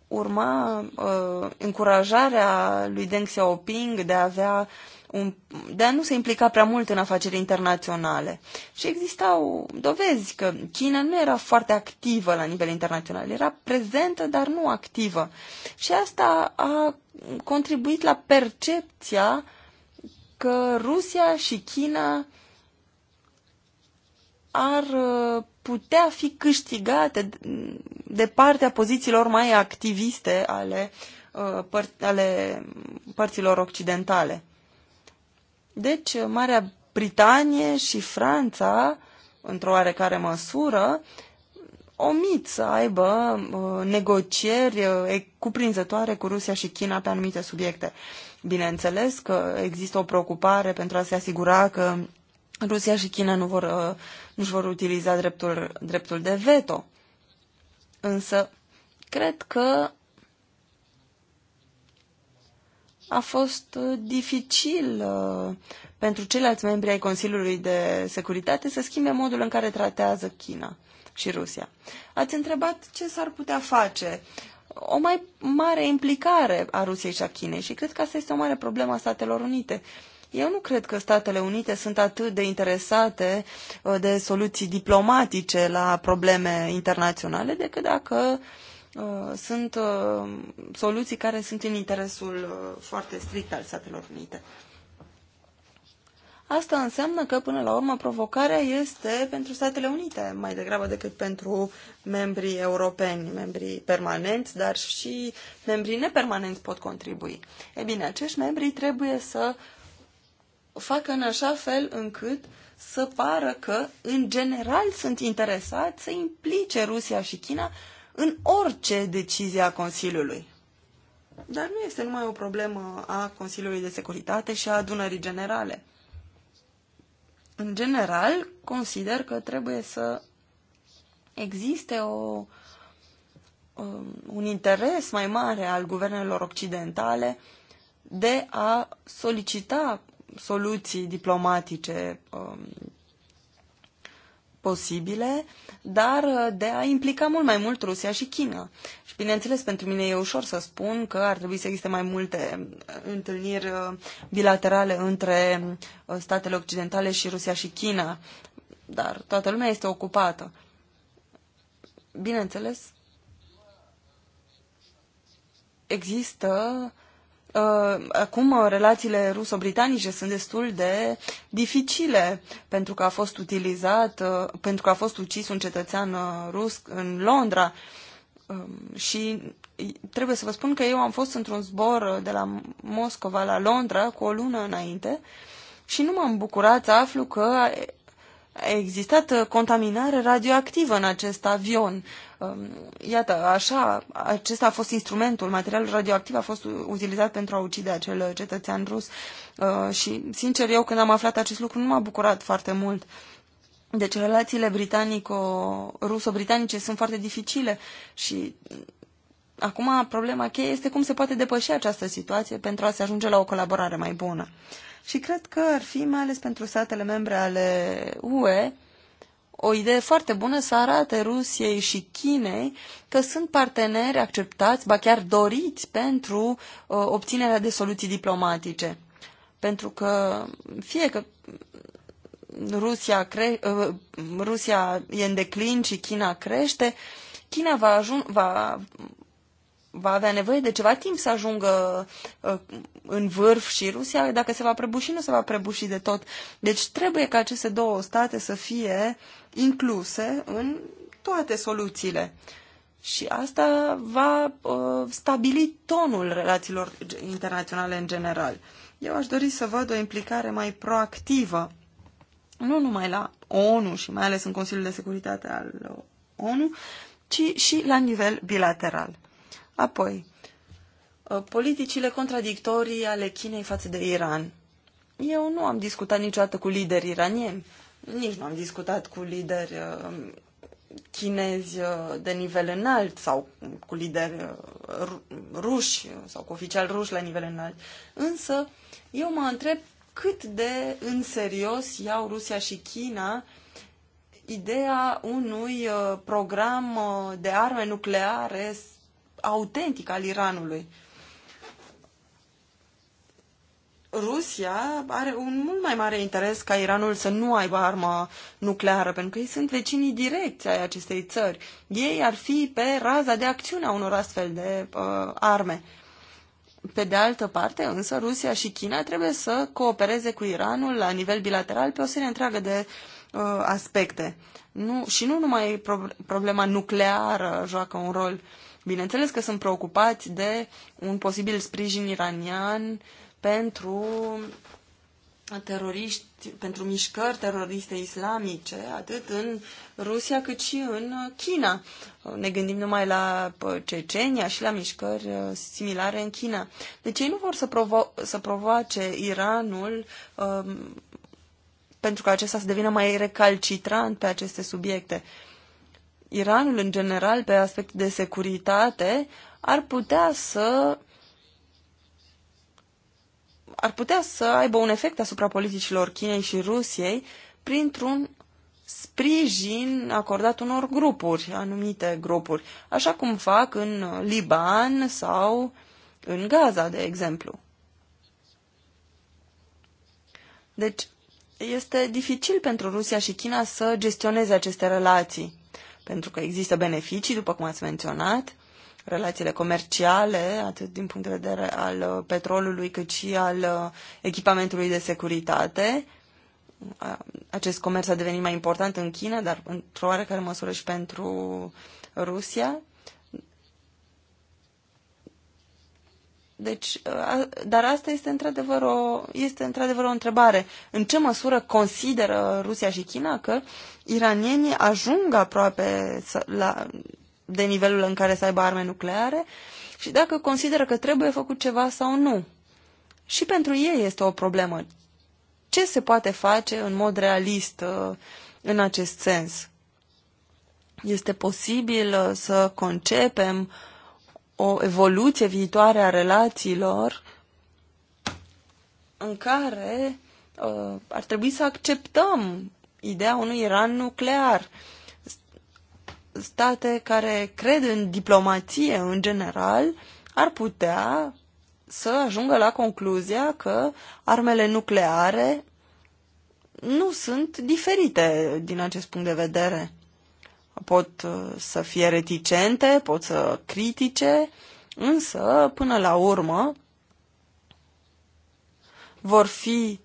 S3: urma uh, încurajarea lui Deng Xiaoping de a avea un, de a nu se implica prea mult în afaceri internaționale. Și existau dovezi că China nu era foarte activă la nivel internațional, era prezentă, dar nu activă. Și asta a contribuit la percepția că Rusia și China ar uh, putea fi câștigate de partea pozițiilor mai activiste ale, uh, păr ale părților occidentale. Deci, uh, Marea Britanie și Franța, într-o oarecare măsură, omit să aibă negocieri cuprinzătoare cu Rusia și China pe anumite subiecte. Bineînțeles că există o preocupare pentru a se asigura că Rusia și China nu vor, uh, nu vor utiliza dreptul, dreptul de veto. Însă, cred că a fost uh, dificil uh, pentru ceilalți membri ai Consiliului de Securitate să schimbe modul în care tratează China și Rusia. Ați întrebat ce s-ar putea face. O mai mare implicare a Rusiei și a Chinei și cred că asta este o mare problemă a Statelor Unite. Eu nu cred că Statele Unite sunt atât de interesate uh, de soluții diplomatice la probleme internaționale decât dacă uh, sunt uh, soluții care sunt în interesul foarte strict al Statelor Unite. Asta înseamnă că, până la urmă, provocarea este pentru Statele Unite, mai degrabă decât pentru membrii europeni, membrii permanenți, dar și membrii nepermanenți pot contribui. E bine, acești membri trebuie să fac în așa fel încât să pară că, în general, sunt interesați să implice Rusia și China în orice decizie a Consiliului. Dar nu este numai o problemă a Consiliului de Securitate și a adunării generale. În general, consider că trebuie să existe o, um, un interes mai mare al guvernelor occidentale de a solicita soluții diplomatice um, posibile, dar uh, de a implica mult mai mult Rusia și China. Și bineînțeles, pentru mine e ușor să spun că ar trebui să existe mai multe uh, întâlniri uh, bilaterale între statele occidentale și Rusia și China, dar toată lumea este ocupată. Bineînțeles, există Uh, acum uh, relațiile ruso-britanice sunt destul de dificile pentru că a fost utilizat, uh, pentru că a fost ucis un cetățean rus în Londra um, și trebuie să vă spun că eu am fost într-un zbor de la Moscova la Londra cu o lună înainte și nu m-am bucurat să aflu că a existat uh, contaminare radioactivă în acest avion. Um, iată, așa, acesta a fost instrumentul, materialul radioactiv a fost utilizat pentru a ucide acel uh, cetățean rus uh, și, sincer, eu când am aflat acest lucru nu m-a bucurat foarte mult. Deci relațiile britanico-ruso-britanice sunt foarte dificile și mm, acum problema cheie este cum se poate depăși această situație pentru a se ajunge la o colaborare mai bună. Uh, și cred că ar fi, mai ales pentru statele membre ale UE, o idee foarte bună să arate Rusiei și Chinei că sunt parteneri acceptați, ba chiar doriți pentru uh, obținerea de soluții diplomatice. Pentru că fie că Rusia, cre- uh, Rusia e în declin și China crește, China va, ajun- va va avea nevoie de ceva timp să ajungă uh, în vârf și Rusia, dacă se va prăbuși, nu se va prăbuși de tot. Deci trebuie ca aceste două state să fie incluse în toate soluțiile. Și asta va uh, stabili tonul relațiilor internaționale în general. Eu aș dori să văd o implicare mai proactivă, nu numai la ONU și mai ales în Consiliul de Securitate al uh, ONU, ci și la nivel bilateral. Apoi, uh, politicile contradictorii ale Chinei față de Iran. Eu nu am discutat niciodată cu lideri iranieni, nici nu am discutat cu lideri uh, chinezi uh, de nivel înalt sau cu lideri ruși sau cu oficiali ruși la nivel înalt. Însă, eu mă întreb cât de în serios iau Rusia și China ideea unui program de arme nucleare autentic al Iranului. Rusia are un mult mai mare interes ca Iranul să nu aibă armă nucleară, pentru că ei sunt vecinii direcți ai acestei țări. Ei ar fi pe raza de acțiune a unor astfel de uh, arme. Pe de altă parte, însă, Rusia și China trebuie să coopereze cu Iranul la nivel bilateral pe o serie întreagă de uh, aspecte. Nu, și nu numai pro- problema nucleară joacă un rol uh, Bineînțeles că sunt preocupați de un posibil sprijin iranian pentru teroriști, pentru mișcări teroriste islamice, atât în Rusia cât și în China. Ne gândim numai la Cecenia și la mișcări uh, similare în China. Deci ei nu vor să, provo- să provoace Iranul um, pentru că acesta să devină mai recalcitrant pe aceste subiecte. Uh, Iranul în general pe aspecte de securitate ar putea să ar putea să aibă un efect asupra politicilor Chinei și Rusiei printr-un sprijin acordat unor grupuri, anumite grupuri, așa cum fac în Liban sau în Gaza, de exemplu. Deci, este dificil pentru Rusia și China să gestioneze aceste relații pentru că există beneficii, după cum ați menționat, relațiile comerciale, atât din punct de vedere al uh, petrolului, cât și al uh, echipamentului de securitate. Acest comerț a devenit mai important în China, dar într-o oarecare măsură și pentru Rusia. Deci, ă, dar asta este într-adevăr, o, este într-adevăr o întrebare. În ce măsură consideră Rusia și China că iranienii ajung aproape să, la, de nivelul în care să aibă arme nucleare și dacă consideră că trebuie făcut ceva sau nu? Și pentru ei este o problemă. Ce se poate face în mod realist ă, în acest sens? Este posibil ă, să concepem uh, o evoluție viitoare a relațiilor în care uh, ar trebui să acceptăm ideea unui Iran nuclear. State care cred în diplomație în general ar putea să ajungă la concluzia că armele nucleare nu sunt diferite din acest punct de vedere pot uh, să fie reticente, pot să critique, însă, până la urmă, vor fi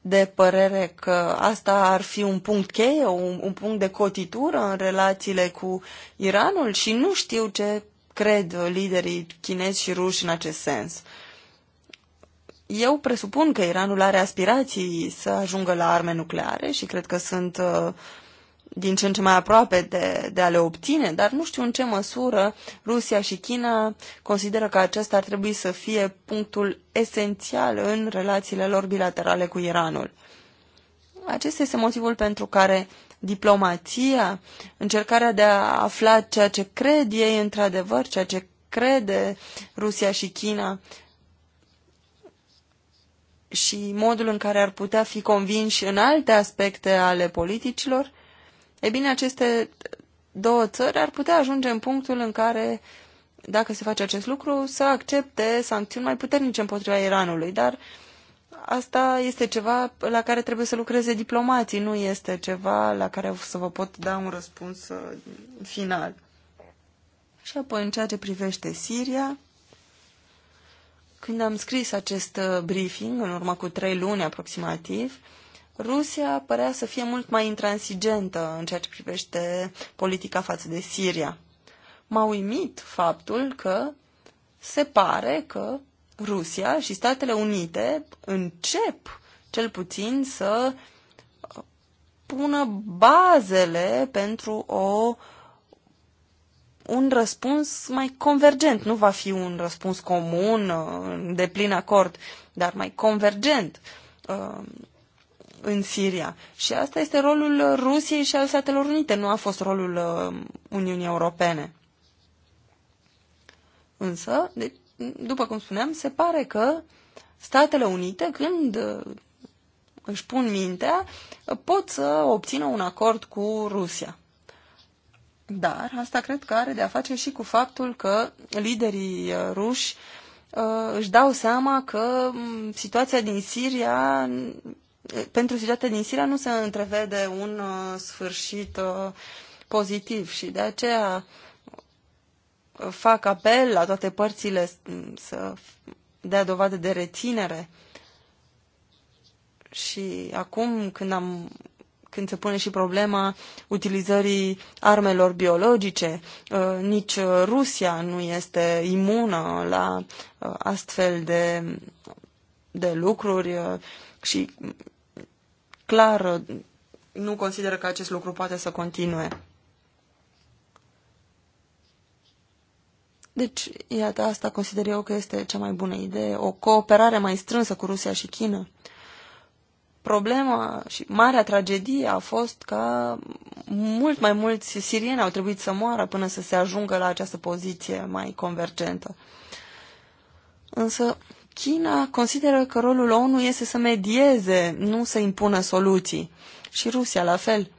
S3: de părere că asta ar fi un punct cheie, un, un punct de cotitură în relațiile cu Iranul și nu știu ce cred liderii chinezi și ruși în acest sens. Eu presupun că Iranul are aspirații să ajungă la arme nucleare și cred că sunt uh, din ce în ce mai aproape de, de a le obține, dar nu știu în ce măsură Rusia și China consideră că acesta ar trebui să fie punctul esențial în relațiile lor bilaterale cu Iranul. Acesta este motivul pentru care diplomația, încercarea de a afla ceea ce cred ei într-adevăr, ceea ce crede Rusia și China și modul în care ar putea fi convinși în alte aspecte ale politicilor, E bine, aceste două țări ar putea ajunge în punctul în care, dacă se face acest lucru, să accepte sancțiuni mai puternice împotriva Iranului, dar asta este ceva la care trebuie să lucreze diplomații, nu este ceva la care să vă pot da un răspuns uh, final. Și apoi, în ceea ce privește Siria, când am scris acest uh, briefing, în urmă cu trei luni aproximativ, uh, Rusia părea să fie mult mai intransigentă în ceea ce privește politica față de Siria. M-a uimit faptul că se pare că Rusia și Statele Unite încep cel puțin să uh, pună bazele pentru o, un răspuns mai convergent. Nu va fi un răspuns comun, uh, de plin acord, dar mai convergent uh, în Siria. Și asta este rolul uh, Rusiei și al Statelor Unite, nu a fost rolul uh, Uniunii Europene. Însă, de, după cum spuneam, se pare că Statele Unite, când uh, își pun mintea, pot să obțină un acord cu Rusia. Dar asta cred că are de a face și cu faptul că liderii ruși își dau seama că mm, situația din Siria pentru situația din Siria nu se întrevede un uh, sfârșit uh, pozitiv și de aceea uh, fac apel la toate părțile mm, să dea dovadă de reținere. Și acum când am când se pune și problema utilizării armelor biologice. Nici Rusia nu este imună la astfel de, de lucruri și clar nu consideră că acest lucru poate să continue. Deci, iată, asta consider eu că este cea mai bună idee, o cooperare mai strânsă cu Rusia și China. Problema și marea tragedie a fost că mult mai mulți sirieni au trebuit să moară până să se ajungă la această poziție mai convergentă. Însă, China consideră că rolul ONU este să medieze, nu să impună soluții. Și Rusia la fel.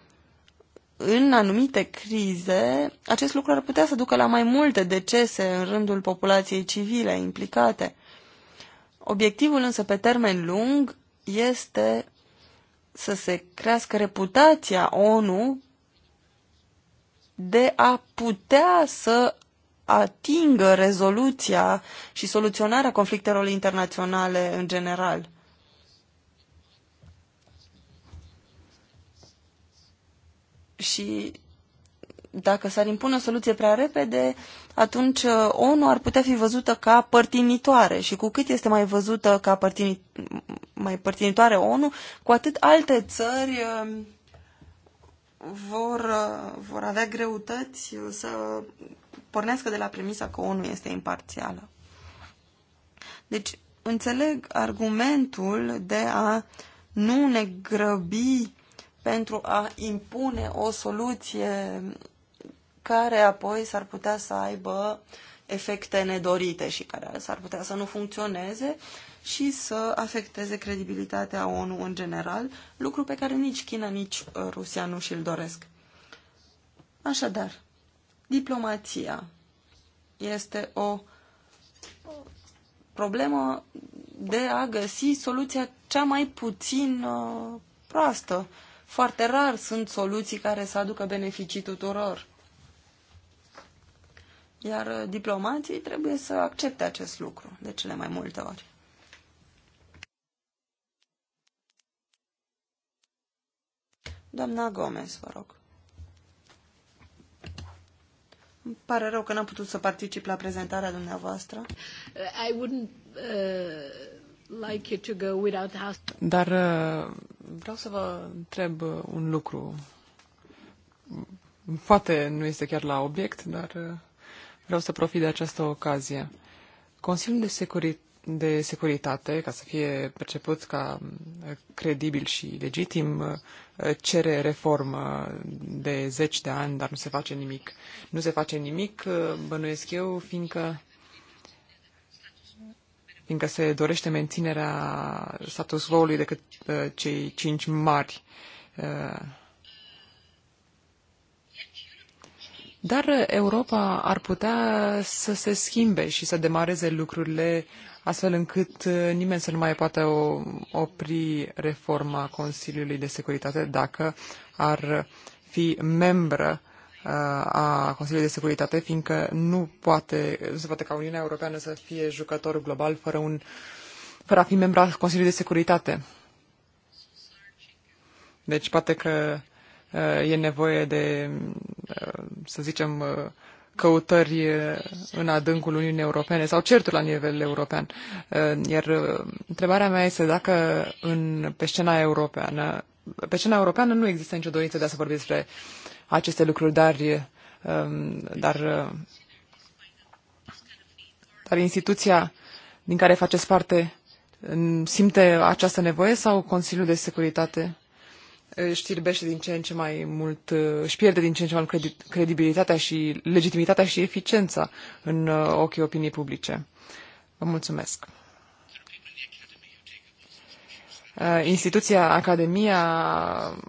S3: În anumite crize, acest lucru ar putea să ducă la mai multe decese în rândul populației civile implicate. Obiectivul însă pe termen lung este să se crească reputația ONU de a putea să atingă rezoluția și soluționarea conflictelor internaționale în general. Și dacă s-ar impune o soluție prea repede, atunci uh, ONU ar putea fi văzută ca părtinitoare și cu cât este mai văzută ca părtini, mai părtinitoare ONU, cu atât alte țări uh, vor, uh, vor avea greutăți să pornească de la premisa că ONU este imparțială. Deci, înțeleg argumentul de a nu ne grăbi pentru a impune o soluție care apoi s-ar putea să aibă efecte nedorite și care s-ar putea să nu funcționeze și să afecteze credibilitatea ONU în general, lucru pe care nici China, nici Rusia nu și-l doresc. Așadar, Diplomația este o problemă de a găsi soluția cea mai puțin uh, proastă. Foarte rar sunt soluții care să aducă beneficii tuturor. Iar uh, diplomații trebuie să accepte acest lucru de cele mai multe ori. Doamna Gomez, vă rog. Îmi pare rău că n-am putut să particip la prezentarea dumneavoastră.
S2: I wouldn't uh, like you to go without us.
S3: Dar
S1: uh, vreau să vă întreb un lucru. Poate nu este chiar la obiect, dar uh, vreau să profit de această ocazie. Consiliul de Securitate de securitate, ca să fie perceput ca uh, credibil și legitim, uh, cere reformă de zeci de ani, dar nu se face nimic. Nu se face nimic, uh, bănuiesc eu, fiindcă fiindcă se dorește menținerea status quo-ului decât cei cinci mari. dar Europa ar putea să se schimbe și să demareze lucrurile astfel încât uh, nimeni să nu mai poată opri reforma Consiliului de Securitate dacă ar fi membră uh, a Consiliului de Securitate, fiindcă nu, poate, nu se poate ca Uniunea Europeană să fie jucător global fără, un, fără a fi membru al Consiliului de Securitate. Deci poate că uh, e nevoie de, să zicem, căutări în adâncul Uniunii Europene sau certuri la nivel european. Iar întrebarea mea este dacă în, pe scena europeană pe scena europeană nu există nicio dorință de a să vorbi despre aceste lucruri, dar, um, dar, dar instituția din care faceți parte mm, simte această nevoie sau Consiliul de Securitate Știrbește din ce în ce mai mult, își pierde din ce în ce mai mult credibilitatea și legitimitatea și eficiența în uh, ochii opinii publice. Vă mulțumesc. Uh, instituția Academia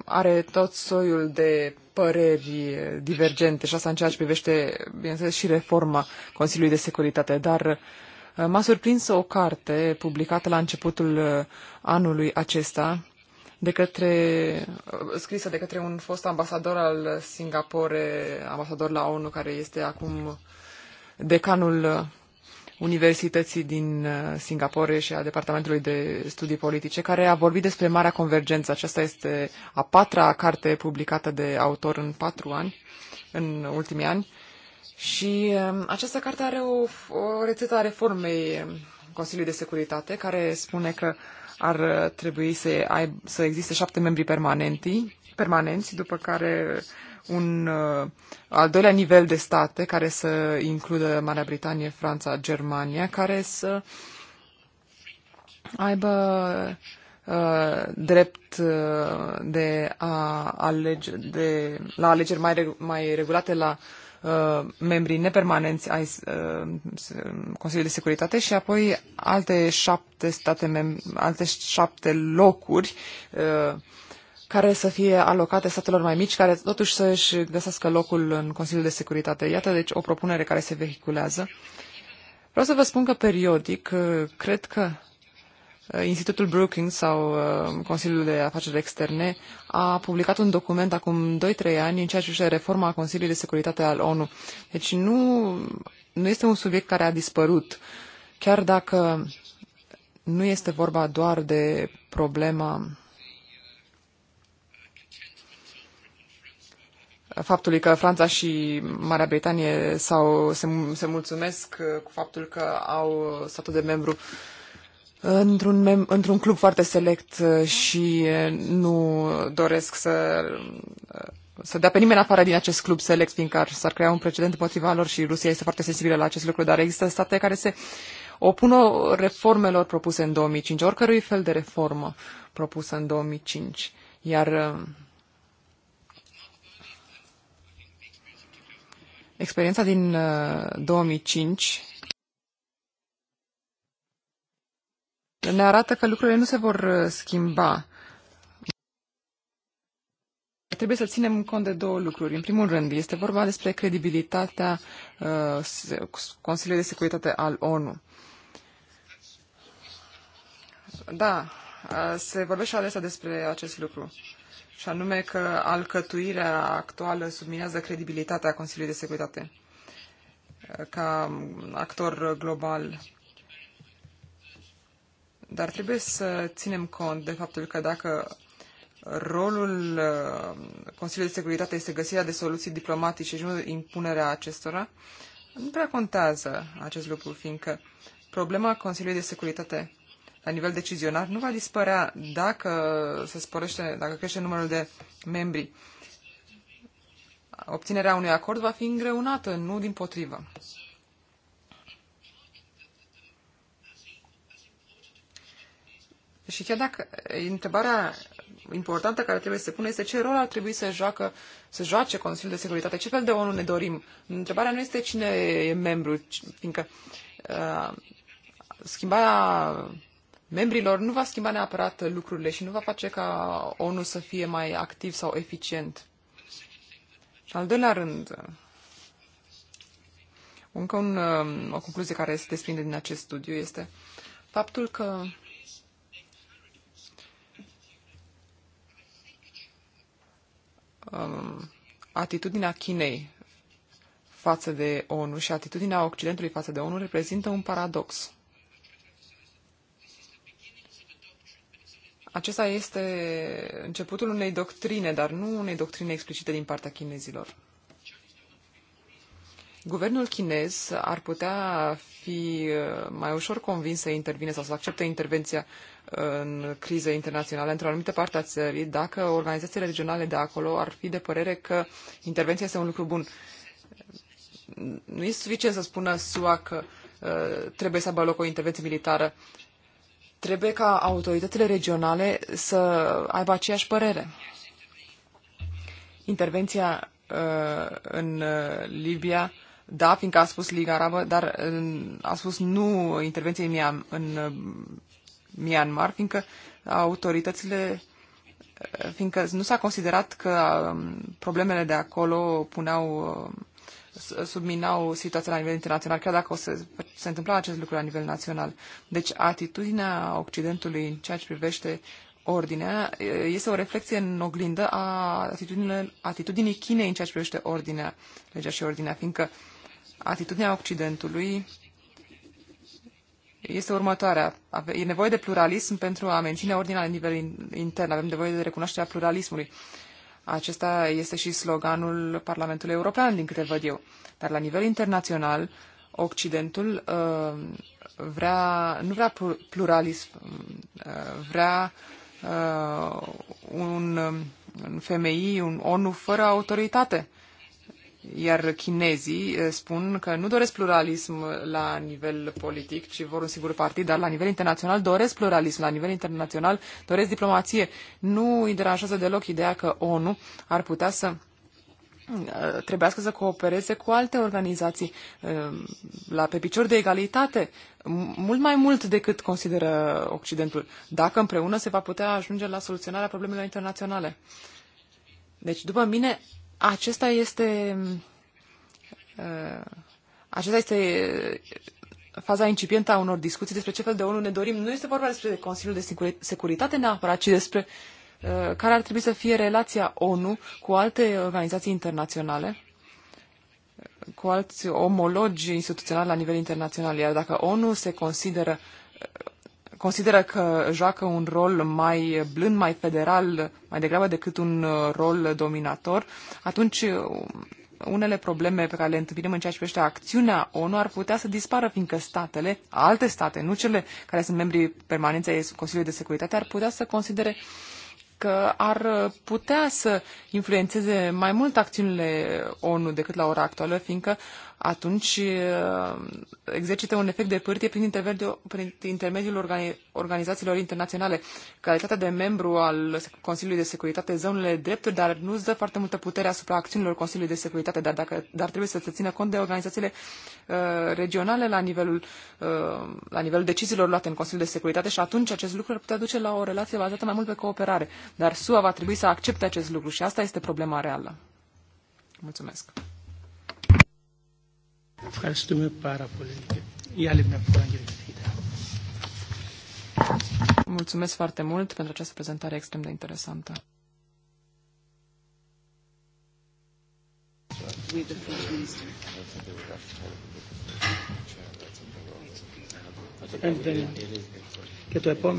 S1: are tot soiul de păreri divergente și asta în ceea ce privește, bineînțeles, și reforma Consiliului de Securitate, dar uh, m-a surprins o carte publicată la începutul anului acesta, de către, scrisă de către un fost ambasador al Singapore, ambasador la ONU, care este acum decanul Universității din uh, Singapore și a Departamentului de Studii Politice, care a vorbit despre Marea Convergență. Aceasta este a patra carte publicată de autor în patru ani, în ultimii ani. Și um, această carte are o, o rețetă a reformei Consiliului de Securitate, care spune că uh, ar trebui să, ai, să existe șapte membri permanenti, permanenți, după care un uh, al doilea nivel de state care să includă Marea Britanie, Franța, Germania, care să aibă uh, drept uh, de a alege, de, la alegeri mai, mai regulate la uh, Uh, membrii nepermanenți ai uh, Consiliului de Securitate și apoi alte șapte, state mem- alte șapte locuri uh, care să fie alocate statelor mai mici, care totuși să-și găsească locul în Consiliul de Securitate. Iată, deci, o propunere care se vehiculează. Vreau să vă spun că periodic, uh, cred că Uh, Institutul Brookings sau uh, Consiliul de Afaceri Externe a publicat un document acum 2-3 ani în ceea ce este reforma Consiliului de Securitate al ONU. Deci nu, nu este un subiect care a dispărut, chiar dacă nu este vorba doar de problema faptului că Franța și Marea Britanie sau se, se mulțumesc cu faptul că au statul de membru uh, într-un, într-un club foarte select uh, și uh, nu doresc să, uh, să dea pe nimeni afară din acest club select, fiindcă s-ar crea un precedent împotriva lor și Rusia este foarte sensibilă la acest lucru, dar există state care se opun reformelor propuse în 2005, oricărui fel de reformă propusă în 2005. Iar experiența din 2005 ne arată că lucrurile nu se vor uh, schimba. Trebuie să ținem cont de două lucruri. În primul rând, este vorba despre credibilitatea uh, Consiliului de Securitate al ONU. Da, uh, se vorbește adesea despre acest lucru. Și anume că alcătuirea actuală subminează credibilitatea Consiliului de Securitate uh, ca actor global dar trebuie să ținem cont de faptul că dacă rolul uh, Consiliului de Securitate este găsirea de soluții diplomatice și nu impunerea acestora, nu prea contează acest lucru, fiindcă problema Consiliului de Securitate la nivel decizionar nu va dispărea dacă se sporește, dacă crește numărul de membri. Obținerea unui acord va fi îngreunată, nu din potrivă. Și chiar dacă întrebarea importantă care trebuie să se pune este ce rol ar trebui să, joacă, să joace Consiliul de Securitate, ce fel de ONU ne dorim. Întrebarea nu este cine e membru, fiindcă uh, schimbarea membrilor nu va schimba neapărat lucrurile și nu va face ca ONU să fie mai activ sau eficient. Și al doilea rând, încă un, um, o concluzie care se desprinde din acest studiu este faptul că um, atitudinea Chinei față de ONU și atitudinea Occidentului față de ONU reprezintă un paradox. Acesta este începutul unei doctrine, dar nu unei doctrine explicite din partea chinezilor. Guvernul chinez ar putea fi uh, mai ușor convins să intervine sau să accepte intervenția uh, în crize internaționale într-o anumită parte a țării, dacă organizațiile regionale de acolo ar fi de părere că intervenția este un lucru bun. Nu este suficient să spună SUA că uh, trebuie să aibă loc o intervenție militară. Trebuie ca autoritățile regionale să aibă aceeași părere. Intervenția uh, în uh, Libia da, fiindcă a spus Liga Arabă, dar uh, a spus nu intervenției în, în Myanmar, fiindcă autoritățile fiindcă nu s-a considerat că um, problemele de acolo puneau um, subminau situația la nivel internațional, chiar dacă o să se întâmpla acest lucru la nivel național. Deci atitudinea Occidentului în ceea ce privește ordinea este o reflexie în oglindă a atitudinii, atitudinii Chinei în ceea ce privește ordinea, legea și ordinea, fiindcă atitudinea Occidentului este următoarea. E nevoie de pluralism pentru a menține ordinea la nivel intern. Avem nevoie de recunoașterea pluralismului. Acesta este și sloganul Parlamentului European, din câte văd eu. Dar la nivel internațional, Occidentul uh, vrea, nu vrea pluralism, uh, vrea uh, un, um, un FMI, un ONU fără autoritate. Uh, iar chinezii eh, spun că nu doresc pluralism la nivel politic, ci vor un singur partid, dar la nivel internațional doresc pluralism, la nivel internațional doresc diplomație. Nu îi deranjează deloc ideea că ONU ar putea să eh, trebuiască să coopereze cu alte organizații eh, la, pe picior de egalitate, mult mai mult decât consideră Occidentul, dacă împreună se va putea ajunge la soluționarea problemelor internaționale. Deci, după mine, acesta este, uh, acesta este uh, faza incipientă a unor discuții despre ce fel de ONU ne dorim. Nu este vorba despre Consiliul de Securitate neapărat, ci despre uh, care ar trebui să fie relația ONU cu alte organizații internaționale cu alți omologi instituționali la nivel internațional, iar dacă ONU se consideră consideră că joacă un rol mai blând, mai federal, mai degrabă decât un uh, rol dominator, atunci uh, unele probleme pe care le întâlnim în ceea ce privește acțiunea ONU ar putea să dispară, fiindcă statele, alte state, nu cele care sunt membrii permanenți ai Consiliului de Securitate, ar putea să considere că ar uh, putea să influențeze mai mult acțiunile ONU decât la ora actuală, fiindcă atunci uh, exercită un efect de pârtie prin intermediul, organizațiilor internaționale. Calitatea de membru al Consiliului de Securitate, zonele drepturi, dar nu îți dă foarte multă putere asupra acțiunilor Consiliului de Securitate, dar, dacă, dar trebuie să se țină cont de organizațiile uh, regionale la nivelul, uh, la nivelul deciziilor luate în Consiliul de Securitate și atunci acest lucru ar putea duce la o relație bazată mai mult pe cooperare. Dar SUA va trebui să accepte acest lucru și asta este problema reală. Mulțumesc. Ευχαριστούμε πάρα πολύ. Ia Λίμπνα Mulțumesc foarte mult pentru această prezentare extrem de interesantă. With the French minister. Και το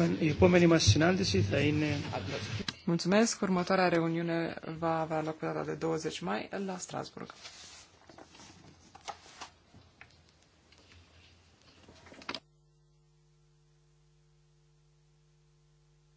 S1: Mulțumesc. Următoarea reuniune va avea loc pe data de 20 mai la Strasburg.